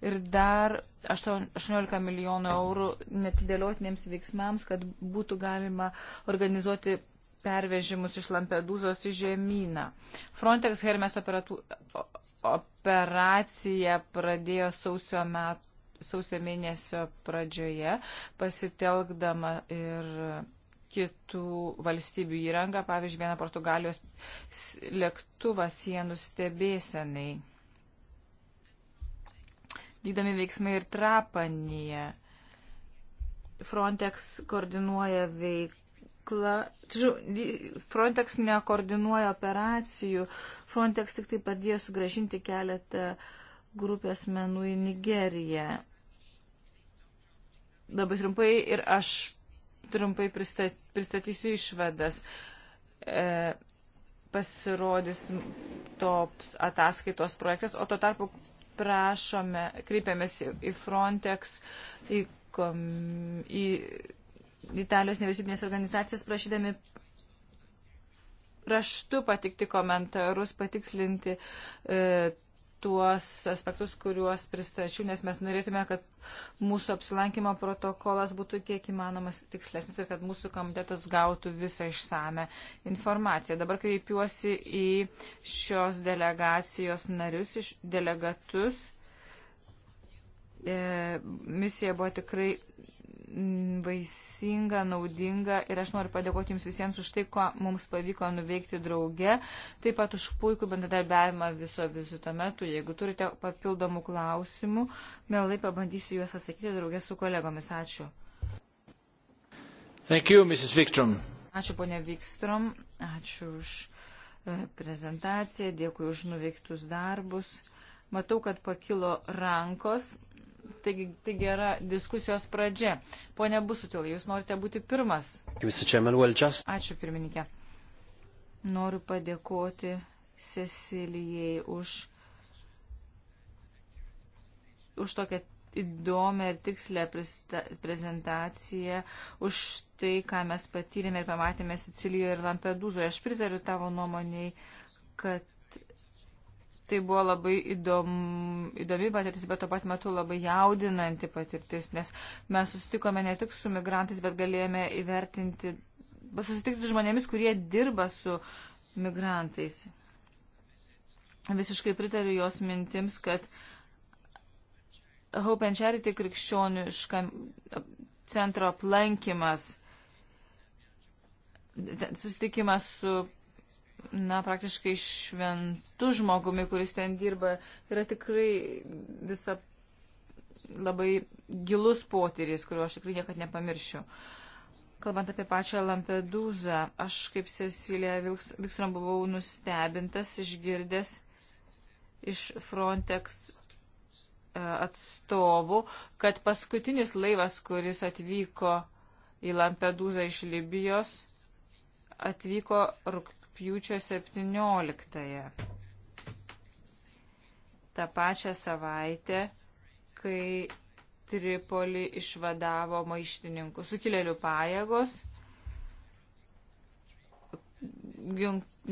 ir dar 18 milijonų eurų netidėliotinėms veiksmams, kad būtų galima organizuoti pervežimus iš Lampedūzos į žemyną. Frontex Hermes operatų, operacija pradėjo sausio metų sausio mėnesio pradžioje, pasitelkdama ir kitų valstybių įrangą, pavyzdžiui, vieną Portugalijos lėktuvą sienų stebėsenai. Vykdomi veiksmai ir trapanyje. Frontex koordinuoja veiklą veikla. Frontex nekoordinuoja operacijų. Frontex tik tai padėjo sugražinti keletą grupės menų į Nigeriją. Labai trumpai ir aš trumpai pristatysiu išvadas. E, pasirodys tops ataskaitos projektas, o tuo tarpu prašome, kreipiamės į Frontex, į, kom, į Italijos nevyriausybinės organizacijas, prašydami raštu patikti komentarus, patikslinti e, tuos aspektus, kuriuos pristačiau, nes mes norėtume, kad mūsų apsilankimo protokolas būtų kiek įmanomas tikslesnis ir kad mūsų komitetas gautų visą išsame informaciją. Dabar kreipiuosi į šios delegacijos narius, iš delegatus. E, misija buvo tikrai Mm, vaisinga, naudinga ir aš noriu padėkoti Jums visiems už tai, ko mums pavyko nuveikti drauge, taip pat už puikų bendradarbiavimą viso vizito metu. Jeigu turite papildomų klausimų, mielai pabandysiu juos atsakyti drauge su kolegomis. Ačiū. Thank you, Mrs. Vikstrom. Ačiū, ponė Vikstrom. Ačiū už e, prezentaciją, dėkui už nuveiktus darbus. Matau, kad pakilo rankos. Taigi, tai gera diskusijos pradžia. Pone Busutilai, jūs norite būti pirmas. Ačiū pirmininkė. Noriu padėkoti Cecilijai už, už tokią įdomią ir tikslę prezentaciją, už tai, ką mes patyrėme ir pamatėme Sicilijoje ir Lampedūzoje. Aš pritariu tavo nuomoniai, kad Tai buvo labai įdom, įdomi patirtis, bet to pat metu labai jaudinanti patirtis, nes mes susitikome ne tik su migrantais, bet galėjome įvertinti, susitikti su žmonėmis, kurie dirba su migrantais. Visiškai pritariu jos mintims, kad Hope and Charity krikščioniškam centro aplankimas, susitikimas su na, praktiškai šventų žmogumi, kuris ten dirba, yra tikrai visa labai gilus potyris, kuriuo aš tikrai niekad nepamiršiu. Kalbant apie pačią Lampedūzą, aš kaip Cecilija Vilkstrom buvau nustebintas, išgirdęs iš Frontex e, atstovų, kad paskutinis laivas, kuris atvyko į Lampedūzą iš Libijos, atvyko rūk, rūpjūčio 17-ąją. Ta pačią savaitę, kai Tripolį išvadavo maištininkų sukilėlių pajėgos,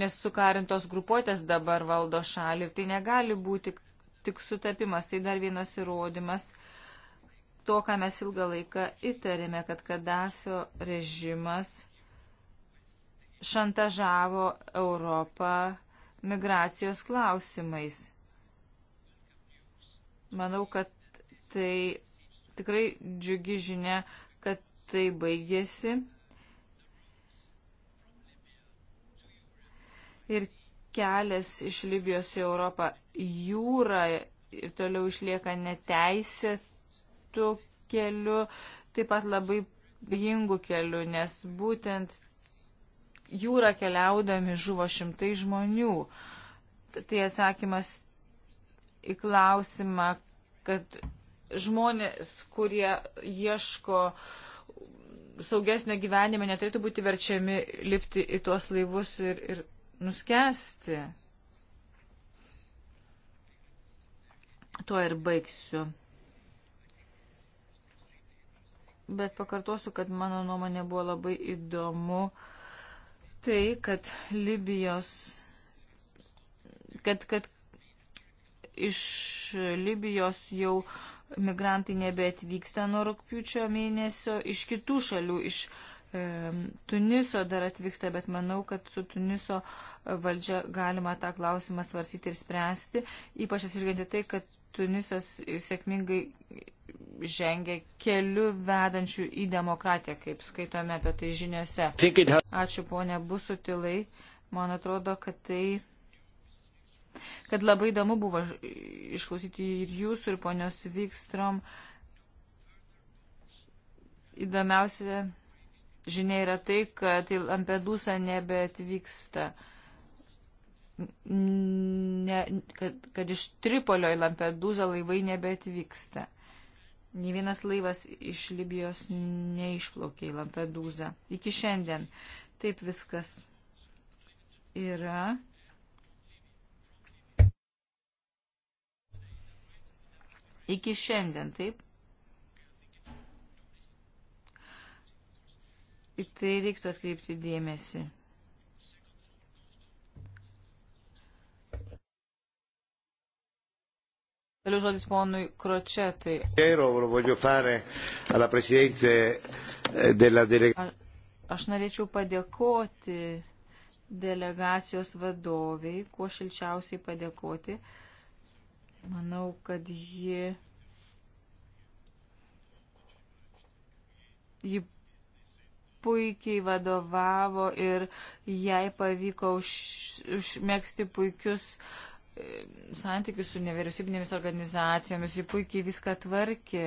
nes sukarintos grupuotės dabar valdo šalį ir tai negali būti tik sutapimas, tai dar vienas įrodymas to, ką mes ilgą laiką įtarėme, kad Kadafio režimas šantažavo Europą migracijos klausimais. Manau, kad tai tikrai džiugi žinia, kad tai baigėsi. Ir kelias iš Libijos į Europą jūra ir toliau išlieka neteisėtų keliu, taip pat labai pijingų keliu, nes būtent jūrą keliaudami žuvo šimtai žmonių. Tai atsakymas į klausimą, kad žmonės, kurie ieško saugesnio gyvenime, neturėtų būti verčiami lipti į tuos laivus ir, ir nuskesti. Tuo ir baigsiu. Bet pakartosiu, kad mano nuomonė buvo labai įdomu uh, tai, kad Libijos, kad, kad iš Libijos jau migrantai nebeatvyksta nuo rūpiučio mėnesio, iš kitų šalių, iš e, Tuniso dar atvyksta, bet manau, kad su Tuniso valdžia galima tą klausimą svarsyti ir spręsti, ypač atsižvelgiant į tai, kad Tunisas sėkmingai žengia keliu vedančių į demokratiją, kaip skaitome apie tai žiniuose. Ačiū ponė Busutilai. Man atrodo, kad tai. kad labai įdomu buvo išklausyti ir jūsų, ir ponios Vykstrom. Įdomiausia žinia yra tai, kad į Lampedusą nebeatvyksta ne, kad, kad iš Tripolio į Lampedūzą laivai nebeatvyksta. Nė vienas laivas iš Libijos neišplaukė į Lampedūzą. Iki šiandien taip viskas yra. Iki šiandien taip. Į tai reiktų atkreipti dėmesį. Vėliau žodis ponui Kročetai. Eh, aš norėčiau padėkoti delegacijos vadoviai, kuo šilčiausiai padėkoti. Manau, kad ji, ji puikiai vadovavo ir jai pavyko už, užmėgsti puikius uh, santykius su nevyriausybinėmis organizacijomis, ji puikiai viską tvarkė.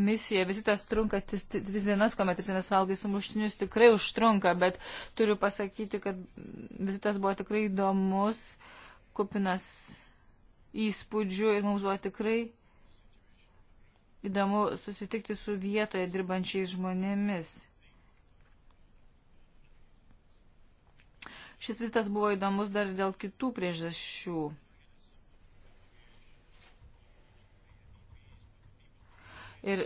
misija, vizitas trunka tris dienas, kuomet tris dienas valgai sumuštinius, tikrai užtrunka, bet turiu pasakyti, kad vizitas buvo tikrai įdomus, kupinas įspūdžių ir mums buvo tikrai įdomu susitikti su vietoje dirbančiais žmonėmis. Šis vizitas buvo įdomus dar dėl kitų priežasčių. Ir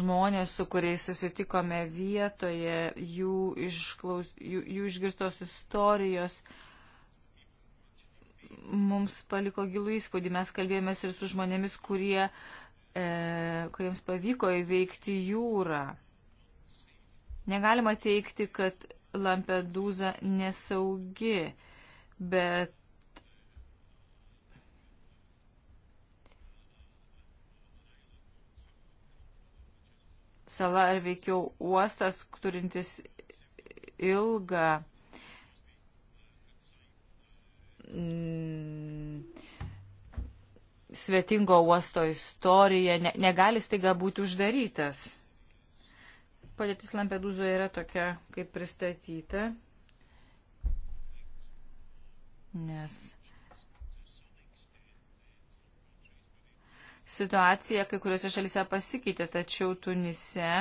žmonės, su kuriais susitikome vietoje, jų, išklaus, jų, jų išgirstos istorijos, uh, mums paliko gilų įspūdį. Mes kalbėjomės ir su žmonėmis, kurie, e, kuriems pavyko įveikti jūrą. Negalima teikti, kad Lampedūza nesaugi, bet sala ar veikiau uostas, turintis ilgą Mm, svetingo uosto istorija ne, negali staiga būti uždarytas. Padėtis Lampedūzoje yra tokia, kaip pristatyta, nes situacija kai kuriuose šalyse pasikeitė, tačiau Tunise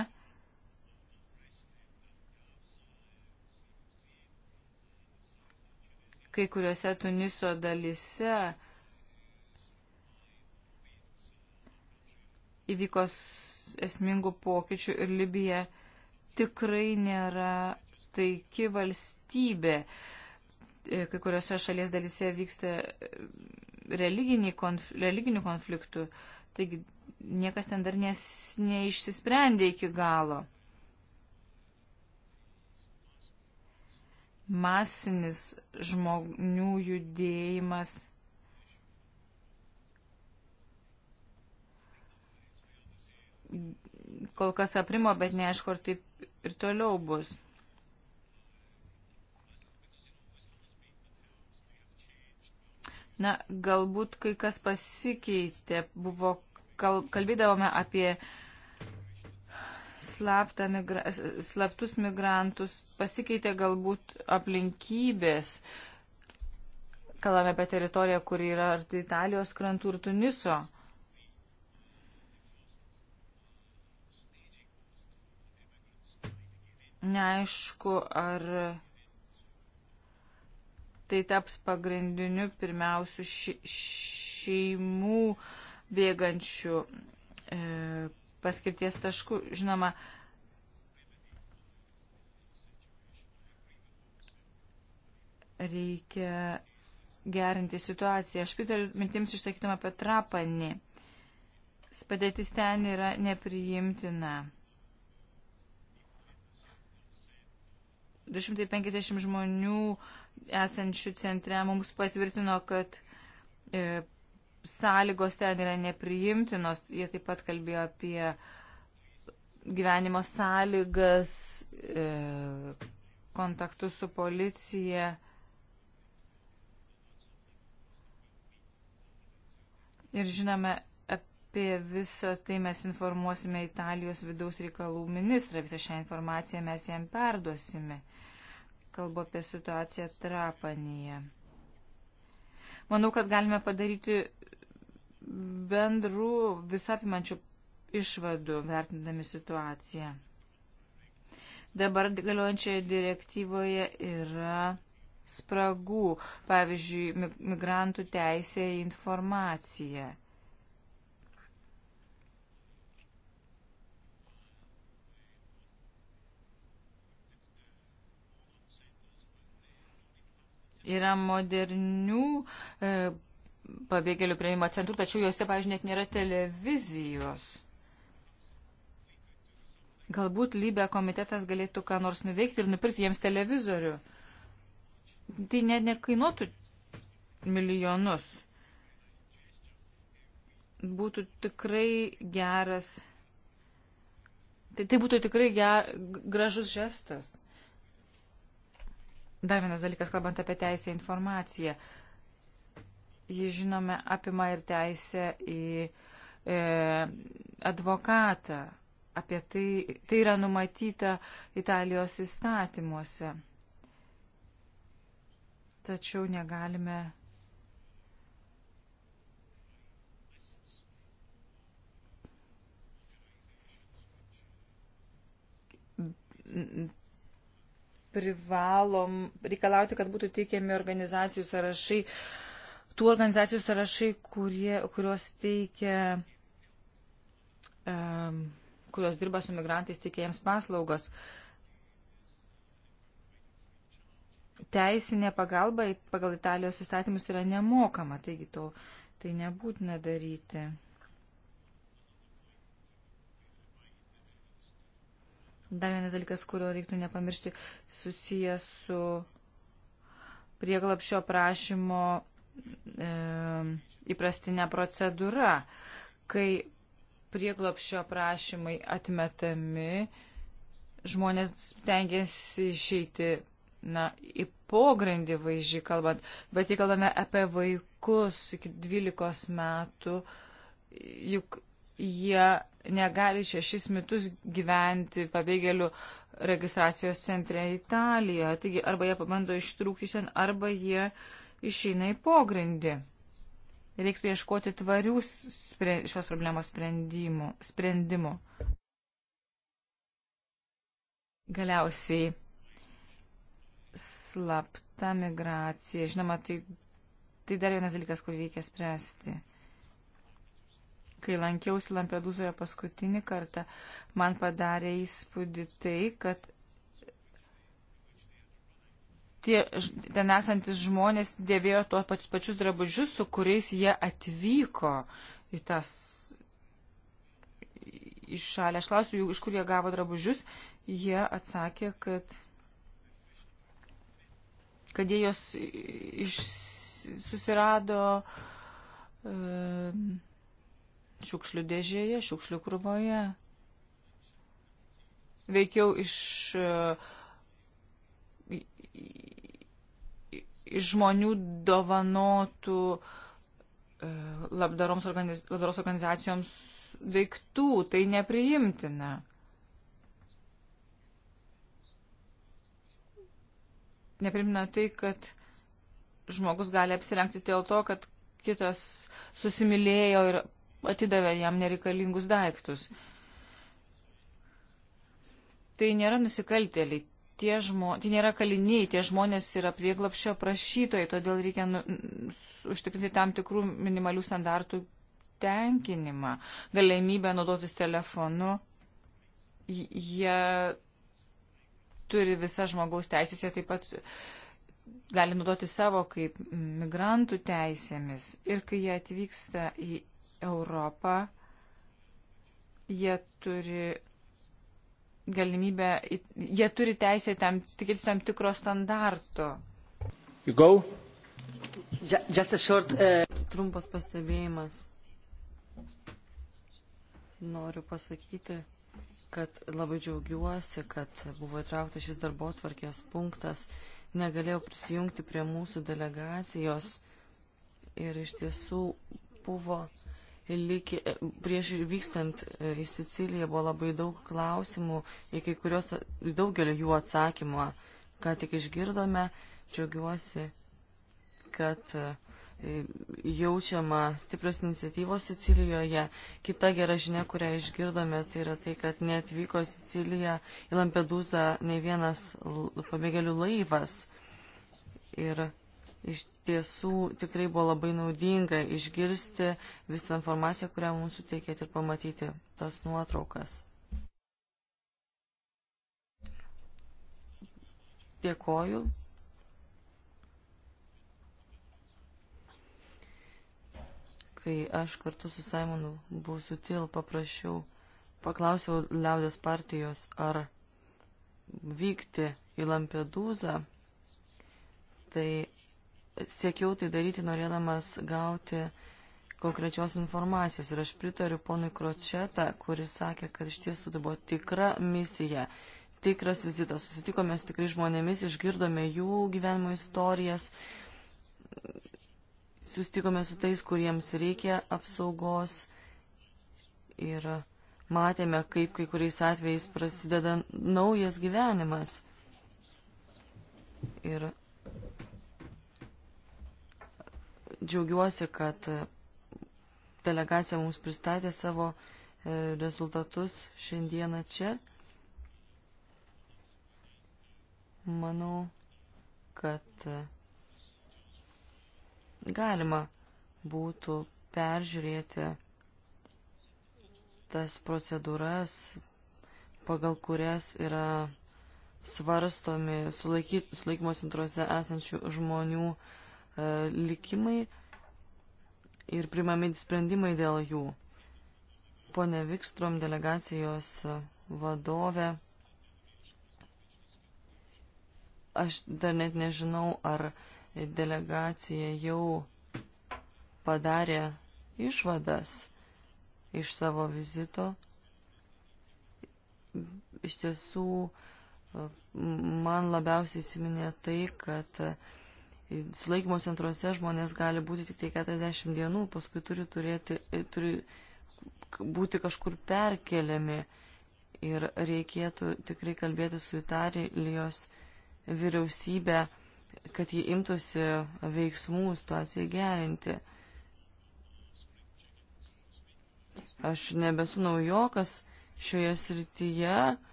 kai kuriuose Tuniso dalise įvyko esmingų pokyčių ir Libija tikrai nėra taiki valstybė. E, kai kuriuose šalies dalise vyksta e, konf, religinių konfliktų, taigi niekas ten dar nes, neišsisprendė iki galo. masinis žmonių judėjimas. Kol kas aprimo, bet neaišku, ar taip ir toliau bus. Na, galbūt kai kas pasikeitė, buvo, kal, kalbėdavome apie uh, slapta, migra, slaptus migrantus, pasikeitė galbūt aplinkybės. Kalame apie teritoriją, kur yra arti Italijos krantų ir Tuniso. Neaišku, ar tai taps pagrindiniu pirmiausių šeimų bėgančių e, paskirties taškų. Žinoma, reikia gerinti situaciją. Aš pritariu mintims išsakytum apie trapanį. Spadėtis ten yra nepriimtina. 250 žmonių esančių centre mums patvirtino, kad e, sąlygos ten yra nepriimtinos. Jie taip pat kalbėjo apie gyvenimo sąlygas, e, kontaktus su policija. Ir žinome, apie visą tai mes informuosime Italijos vidaus reikalų ministrą. Visą šią informaciją mes jam perduosime. Kalbu apie situaciją Trapanyje. Manau, kad galime padaryti bendrų visapimančių išvadų vertindami situaciją. Dabar galiojančioje direktyvoje yra spragų, pavyzdžiui, migrantų teisė į informaciją. Yra modernių e, pabėgėlių prieimimo centrų, tačiau juose, pažiūrėjau, net nėra televizijos. Galbūt lybė komitetas galėtų ką nors nuveikti ir nupirkti jiems televizorių. Tai net nekainuotų milijonus. Būtų tikrai geras. Tai, tai būtų tikrai ger, gražus žestas. Dar vienas dalykas, kalbant apie teisę informaciją. Uh, Ji, žinome, apima ir teisę į e, advokatą. Apie tai, tai yra numatyta Italijos įstatymuose. Tačiau negalime privalom reikalauti, kad būtų teikiami organizacijų sąrašai, tų organizacijų sąrašai, kurie, kurios teikia, um, kurios dirba su migrantais, teikia jiems paslaugos. Teisinė pagalba pagal Italijos įstatymus yra nemokama, taigi to tai nebūtina daryti. Dar vienas dalykas, kurio reiktų nepamiršti, susijęs su prieglapšio prašymo E, įprastinė procedūra, kai prieglopšio prašymai atmetami, žmonės tengiasi išeiti na, į pogrindį vaizdžiai kalbant, bet jei kalbame apie vaikus iki 12 metų, juk jie negali šešis metus gyventi pabėgėlių registracijos centre Italijoje. Taigi arba jie pabando ištrūkti šiandien, arba jie uh, išeina į pogrindį. Reiktų ieškoti tvarių spre, šios problemos sprendimų. sprendimų. Galiausiai slapta migracija. Žinoma, tai, tai dar vienas dalykas, kurį reikia spręsti. Kai lankiausi Lampedūzoje paskutinį kartą, man padarė įspūdį tai, kad tie ten esantis žmonės dėvėjo tuos pačius, pačius drabužius, su kuriais jie atvyko į tas į šalį. Aš klausiu jų, iš kur jie gavo drabužius. Jie atsakė, kad, kad jie jos iš, susirado e, šiukšlių dėžėje, šiukšlių krūvoje. Veikiau iš e, iš žmonių dovanotų e, labdaros organizacijoms daiktų. Tai nepriimtina. Nepriimtina tai, kad žmogus gali apsirengti dėl to, kad kitas susimylėjo ir atidavė jam nereikalingus daiktus. Tai nėra nusikaltėliai, tie žmonės, tai nėra kaliniai, tie žmonės yra prieglapščio prašytojai, todėl reikia nu, užtikrinti tam tikrų minimalių standartų tenkinimą, galimybę naudotis telefonu. Jie turi visą žmogaus teisės, jie taip pat gali naudoti savo kaip migrantų teisėmis. Ir kai jie atvyksta į Europą, jie turi galimybę, jie turi teisę tam, tikėtis tam tikro standarto. You go? Just a short. Uh... Trumpas pastebėjimas. Noriu pasakyti, kad labai džiaugiuosi, kad buvo įtrauktas šis darbo tvarkės punktas. Negalėjau prisijungti prie mūsų delegacijos ir iš tiesų buvo uh, likė, e, prieš vykstant e, į Siciliją buvo labai daug klausimų, į kai kurios daugelį jų atsakymą, ką tik išgirdome, džiaugiuosi, kad e, jaučiama stiprios iniciatyvos Sicilijoje. Kita gera žinia, kurią išgirdome, tai yra tai, kad neatvyko Sicilija į Lampedūzą nei vienas pabėgėlių laivas. Ir Iš tiesų tikrai buvo labai naudinga išgirsti visą informaciją, kurią mums suteikėt ir pamatyti tas nuotraukas. Dėkoju. Kai aš kartu su Simonu būsiu til, paprašiau, paklausiau liaudės partijos, ar vykti į Lampedūzą, tai siekiau tai daryti norėdamas gauti konkrečios informacijos ir aš pritariu ponui Kročeta, kuris sakė, kad iš tiesų tai buvo tikra misija, tikras vizitas. Susitikome su tikrai žmonėmis, išgirdome jų gyvenimo istorijas, sustikome su tais, kuriems reikia apsaugos ir matėme, kaip kai kuriais atvejais prasideda naujas gyvenimas. Ir džiaugiuosi, kad delegacija mums pristatė savo e, rezultatus šiandieną čia. Manau, kad e, galima būtų peržiūrėti tas procedūras, pagal kurias yra svarstomi sulaikymo centruose esančių žmonių uh, E, likimai ir primami sprendimai dėl jų. Pone Vikstrom, delegacijos vadovė, aš dar net nežinau, ar delegacija jau padarė išvadas iš savo vizito. Iš tiesų, man labiausiai įsiminė tai, kad sulaikymo centruose žmonės gali būti tik tai 40 dienų, paskui turi, turėti, e, turi būti kažkur perkeliami ir reikėtų tikrai kalbėti su Italijos vyriausybė, kad jie imtųsi veiksmų situacijai gerinti. Aš nebesu naujokas šioje srityje,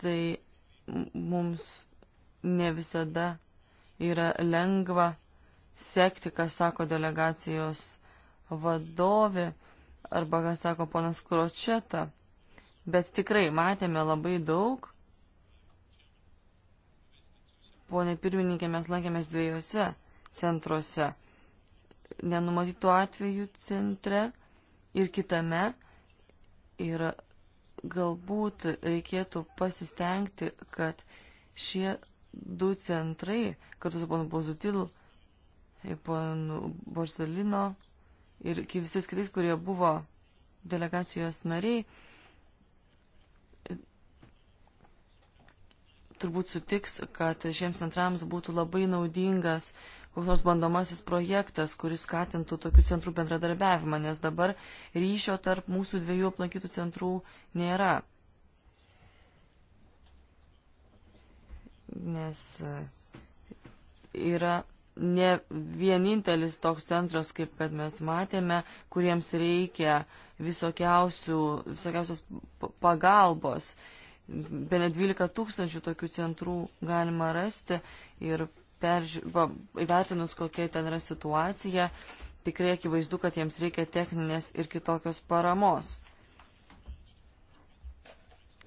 tai mums ne visada yra lengva sekti, ką sako delegacijos vadovė arba ką sako ponas Kročeta. Bet tikrai matėme labai daug. Pone pirmininkė, mes lankėmės dviejose centruose. Nenumatytų atvejų centre ir kitame. Ir galbūt reikėtų pasistengti, kad šie du centrai, kartu su ponu Bozutilu, ponu Borselino ir visais kitais, kurie buvo delegacijos nariai, turbūt sutiks, kad šiems centrams būtų labai naudingas koks nors bandomasis projektas, kuris skatintų tokių centrų bendradarbiavimą, nes dabar ryšio tarp mūsų dviejų aplankytų centrų nėra. nes e, yra ne vienintelis toks centras, kaip kad mes matėme, kuriems reikia visokiausios pagalbos. Be ne 12 tūkstančių tokių centrų galima rasti ir perži... va, įvertinus, kokia ten yra situacija, tikrai akivaizdu, kad jiems reikia techninės ir kitokios paramos.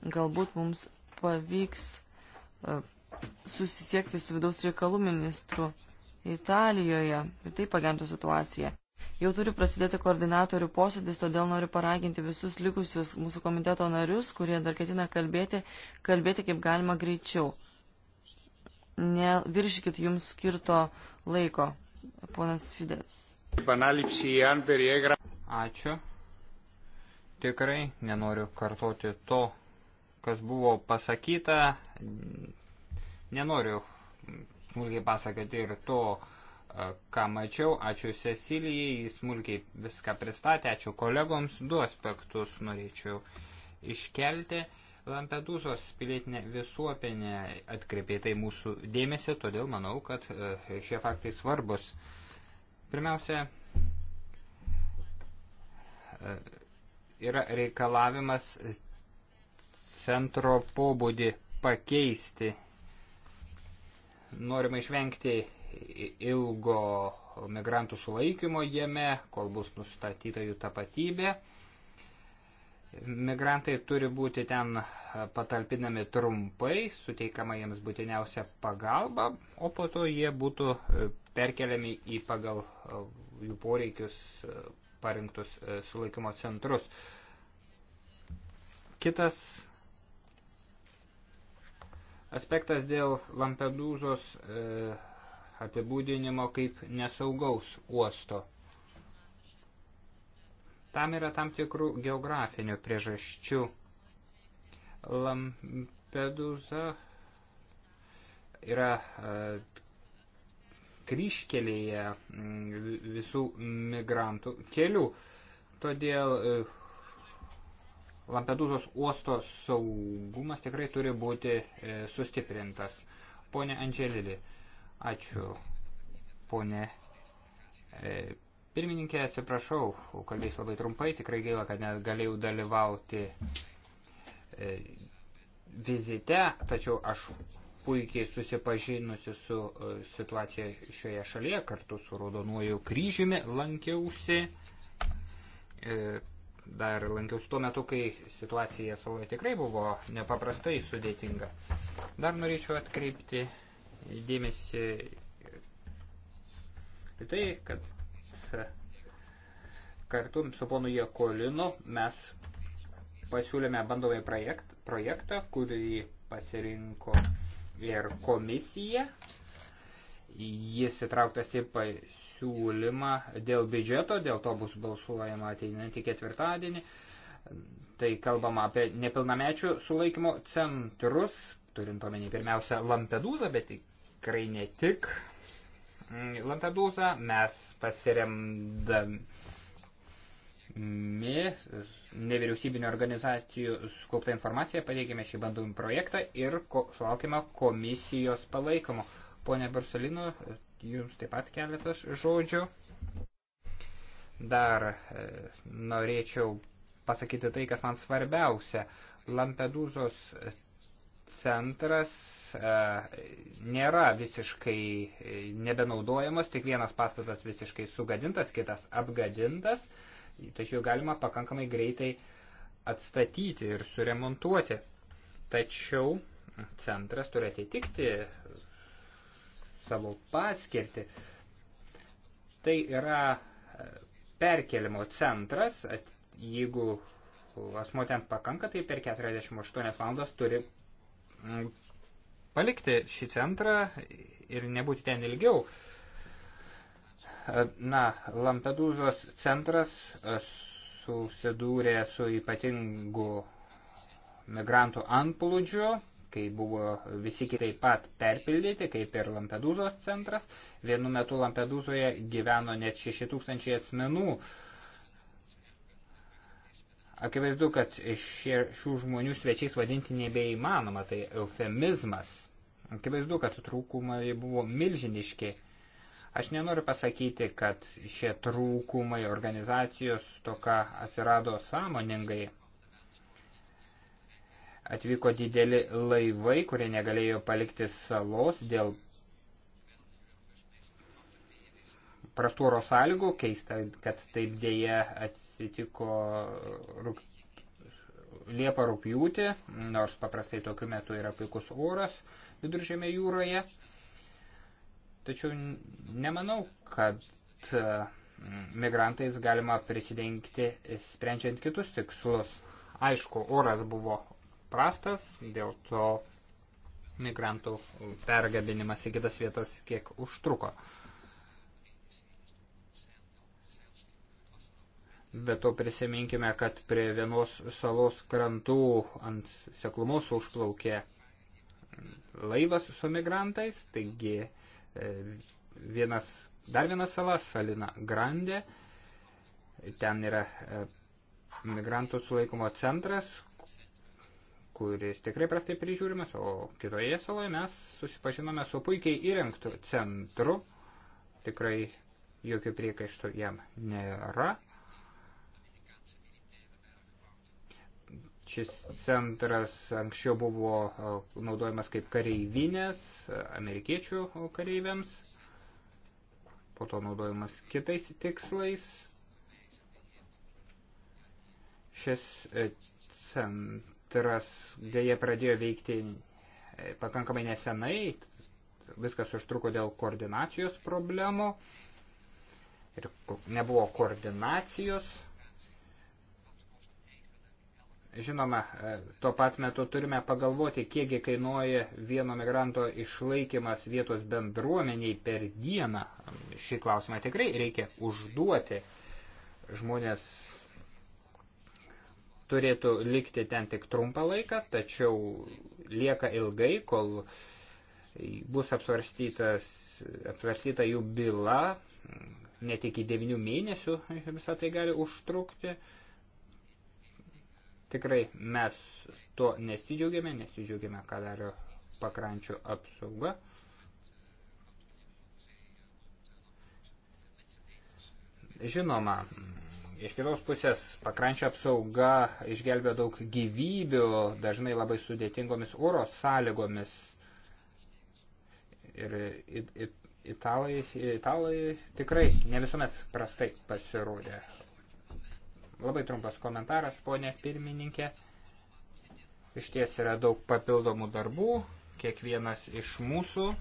Galbūt mums pavyks uh, susisiekti su vidaus reikalų ministru Italijoje ir tai pagentų situaciją. Jau turi prasidėti koordinatorių posėdis, todėl noriu paraginti visus likusius mūsų komiteto narius, kurie dar ketina kalbėti, kalbėti kaip galima greičiau. Neviršykit jums skirto laiko, ponas Fides. Ačiū. Tikrai nenoriu kartoti to, kas buvo pasakyta, Nenoriu smulkiai pasakoti ir to, e, ką mačiau. Ačiū Cecilijai, jis smulkiai viską pristatė. Ačiū kolegoms. Du aspektus norėčiau iškelti. Lampedūzos pilietinė visuopenė atkreipė tai mūsų dėmesį, todėl manau, kad e, šie faktai svarbus. Pirmiausia, e, yra reikalavimas centro pobūdį pakeisti norima išvengti ilgo migrantų sulaikymo jame, kol bus nustatyta jų tapatybė. Migrantai turi būti ten patalpinami trumpai, suteikama jiems būtiniausia pagalba, o po to jie būtų e, perkeliami į pagal e, jų poreikius e, parinktus sulaikymo centrus. Kitas Aspektas dėl Lampedūzos e, apibūdinimo kaip nesaugaus uosto. Tam yra tam tikrų geografinių priežasčių. Lampedūza yra e, kryškelėje visų migrantų kelių. Todėl e, Lampedūzos uosto saugumas tikrai turi būti e, sustiprintas. Pone Andželili, ačiū. Pone e, pirmininkė, atsiprašau, kalbėjus labai trumpai, tikrai gaila, kad net galėjau dalyvauti e, vizite, tačiau aš puikiai susipažinusi su situacija šioje šalyje, kartu su Raudonuoju kryžiumi lankiausi dar lankiausi tuo metu, kai situacija saloje tikrai buvo nepaprastai sudėtinga. Dar norėčiau atkreipti dėmesį į tai, kad kartu su ponu Jekolinu mes pasiūlėme bandomai projekt, projektą, kurį pasirinko ir komisija. Jis įtrauktas į pasiūlymą pasiūlymą dėl biudžeto, dėl to bus balsuojama ateinantį ketvirtadienį. Tai kalbama apie nepilnamečių sulaikymo centrus, turint omeny pirmiausia Lampedūzą, bet tikrai ne tik Lampedūzą. Mes pasiremdami nevyriausybinio organizacijų skauptą informaciją pateikėme šį bandomį projektą ir ko, sulaukime komisijos palaikomo. Pone Barcelino, jums taip pat keletas žodžių. Dar e, norėčiau pasakyti tai, kas man svarbiausia. Lampedūzos centras e, nėra visiškai e, nebenaudojamas, tik vienas pastatas visiškai sugadintas, kitas apgadintas, tačiau galima pakankamai greitai atstatyti ir suremontuoti. Tačiau centras turi atitikti savo paskirtį. Tai yra e, perkelimo centras, jeigu asmo ten pakanka, tai per 48 valandas turi palikti šį centrą ir nebūti ten ilgiau. E, na, Lampedūzos centras e, susidūrė su ypatingu migrantų antplūdžiu kai buvo visi kitaip pat perpildyti, kaip ir Lampedūzos centras. Vienu metu Lampedūzoje gyveno net 6000 asmenų. Akivaizdu, kad šie, šių žmonių svečiais vadinti nebeįmanoma, tai eufemizmas. Akivaizdu, kad trūkumai buvo milžiniški. Aš nenoriu pasakyti, kad šie trūkumai organizacijos toka atsirado sąmoningai atvyko dideli laivai, kurie negalėjo palikti salos dėl prastų oro sąlygų. Keista, kad taip dėja atsitiko rūp... Liepa rūpjūtį, nors paprastai tokiu metu yra puikus oras viduržėme jūroje. Tačiau nemanau, kad e, migrantais galima prisidengti, e, sprendžiant kitus tikslus. Aišku, oras buvo prastas, dėl to migrantų pergabinimas į kitas vietas kiek užtruko. Bet to prisiminkime, kad prie vienos salos krantų ant seklumos užplaukė laivas su migrantais, taigi e, vienas, dar vienas sala, Salina Grande, ten yra e, migrantų sulaikomo centras, kuris tikrai prastai prižiūrimas, o kitoje saloje mes susipažinome su puikiai įrengtu centru, tikrai jokių priekaištų jam nėra. Šis centras anksčiau buvo naudojamas kaip kareivinės e, amerikiečių kareiviams, po to naudojamas kitais tikslais. Šis e, centras centras dėje pradėjo veikti e, pakankamai nesenai, viskas užtruko dėl koordinacijos problemų ir nebuvo koordinacijos. Žinoma, e, tuo pat metu turime pagalvoti, kiekgi kainuoja vieno migranto išlaikymas vietos bendruomeniai per dieną. Šį klausimą tikrai reikia užduoti. Žmonės turėtų likti ten tik trumpą laiką, tačiau lieka ilgai, kol bus apsvarstyta jų byla, net iki 9 mėnesių visą tai gali užtrukti. Tikrai mes to nesidžiaugiame, nesidžiaugiame, ką daro pakrančių apsauga. Žinoma, Iš kitos pusės pakrančio apsauga išgelbė daug gyvybių, dažnai labai sudėtingomis oro sąlygomis. Ir it, it, italai, italai tikrai ne visuomet prastai pasirodė. Labai trumpas komentaras, ponė pirmininkė. Iš ties yra daug papildomų darbų, kiekvienas iš mūsų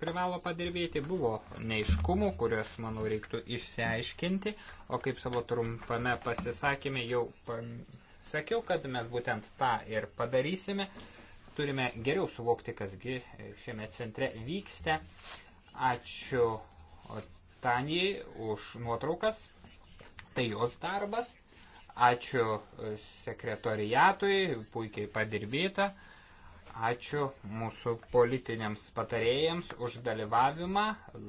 privalo padirbėti, buvo neiškumų, kuriuos, manau, reiktų išsiaiškinti, o kaip savo trumpame pasisakymė jau sakiau, kad mes būtent tą ir padarysime, turime geriau suvokti, kasgi šiame centre vyksta. Ačiū Tanijai už nuotraukas, tai jos darbas. Ačiū sekretoriatui, puikiai padirbėta. Ačiū mūsų politiniams patarėjams už dalyvavimą.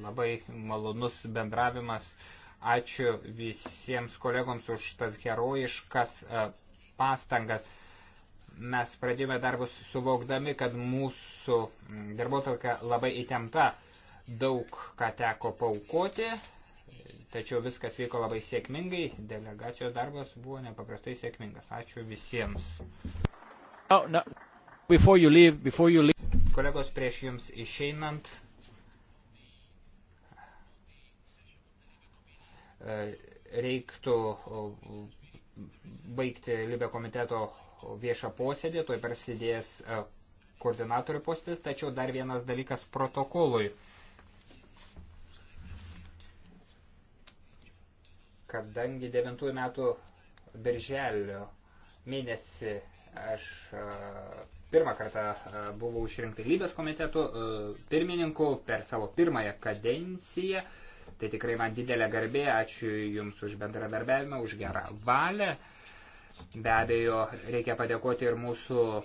Labai malonus bendravimas. Ačiū visiems kolegoms už tas herojiškas e, pastangas. Mes pradėjome darbus suvokdami, kad mūsų darbotvarka labai įtempta. Daug ką teko paukoti, tačiau viskas vyko labai sėkmingai. Delegacijos darbas buvo nepaprastai sėkmingas. Ačiū visiems. Oh, no. Before you leave, before you leave. Kolegos, prieš jums išeinant, e, reiktų baigti Libė komiteto viešą posėdį, tuoj prasidės e, koordinatorių postis, tačiau dar vienas dalykas protokolui. Kadangi 9 metų birželio mėnesį aš e, Pirmą kartą e, buvau išrinkta lybės komitetų e, pirmininku per savo pirmąją kadenciją. Tai tikrai man didelė garbė. Ačiū Jums už bendradarbiavimą, už gerą valią. Be abejo, reikia padėkoti ir mūsų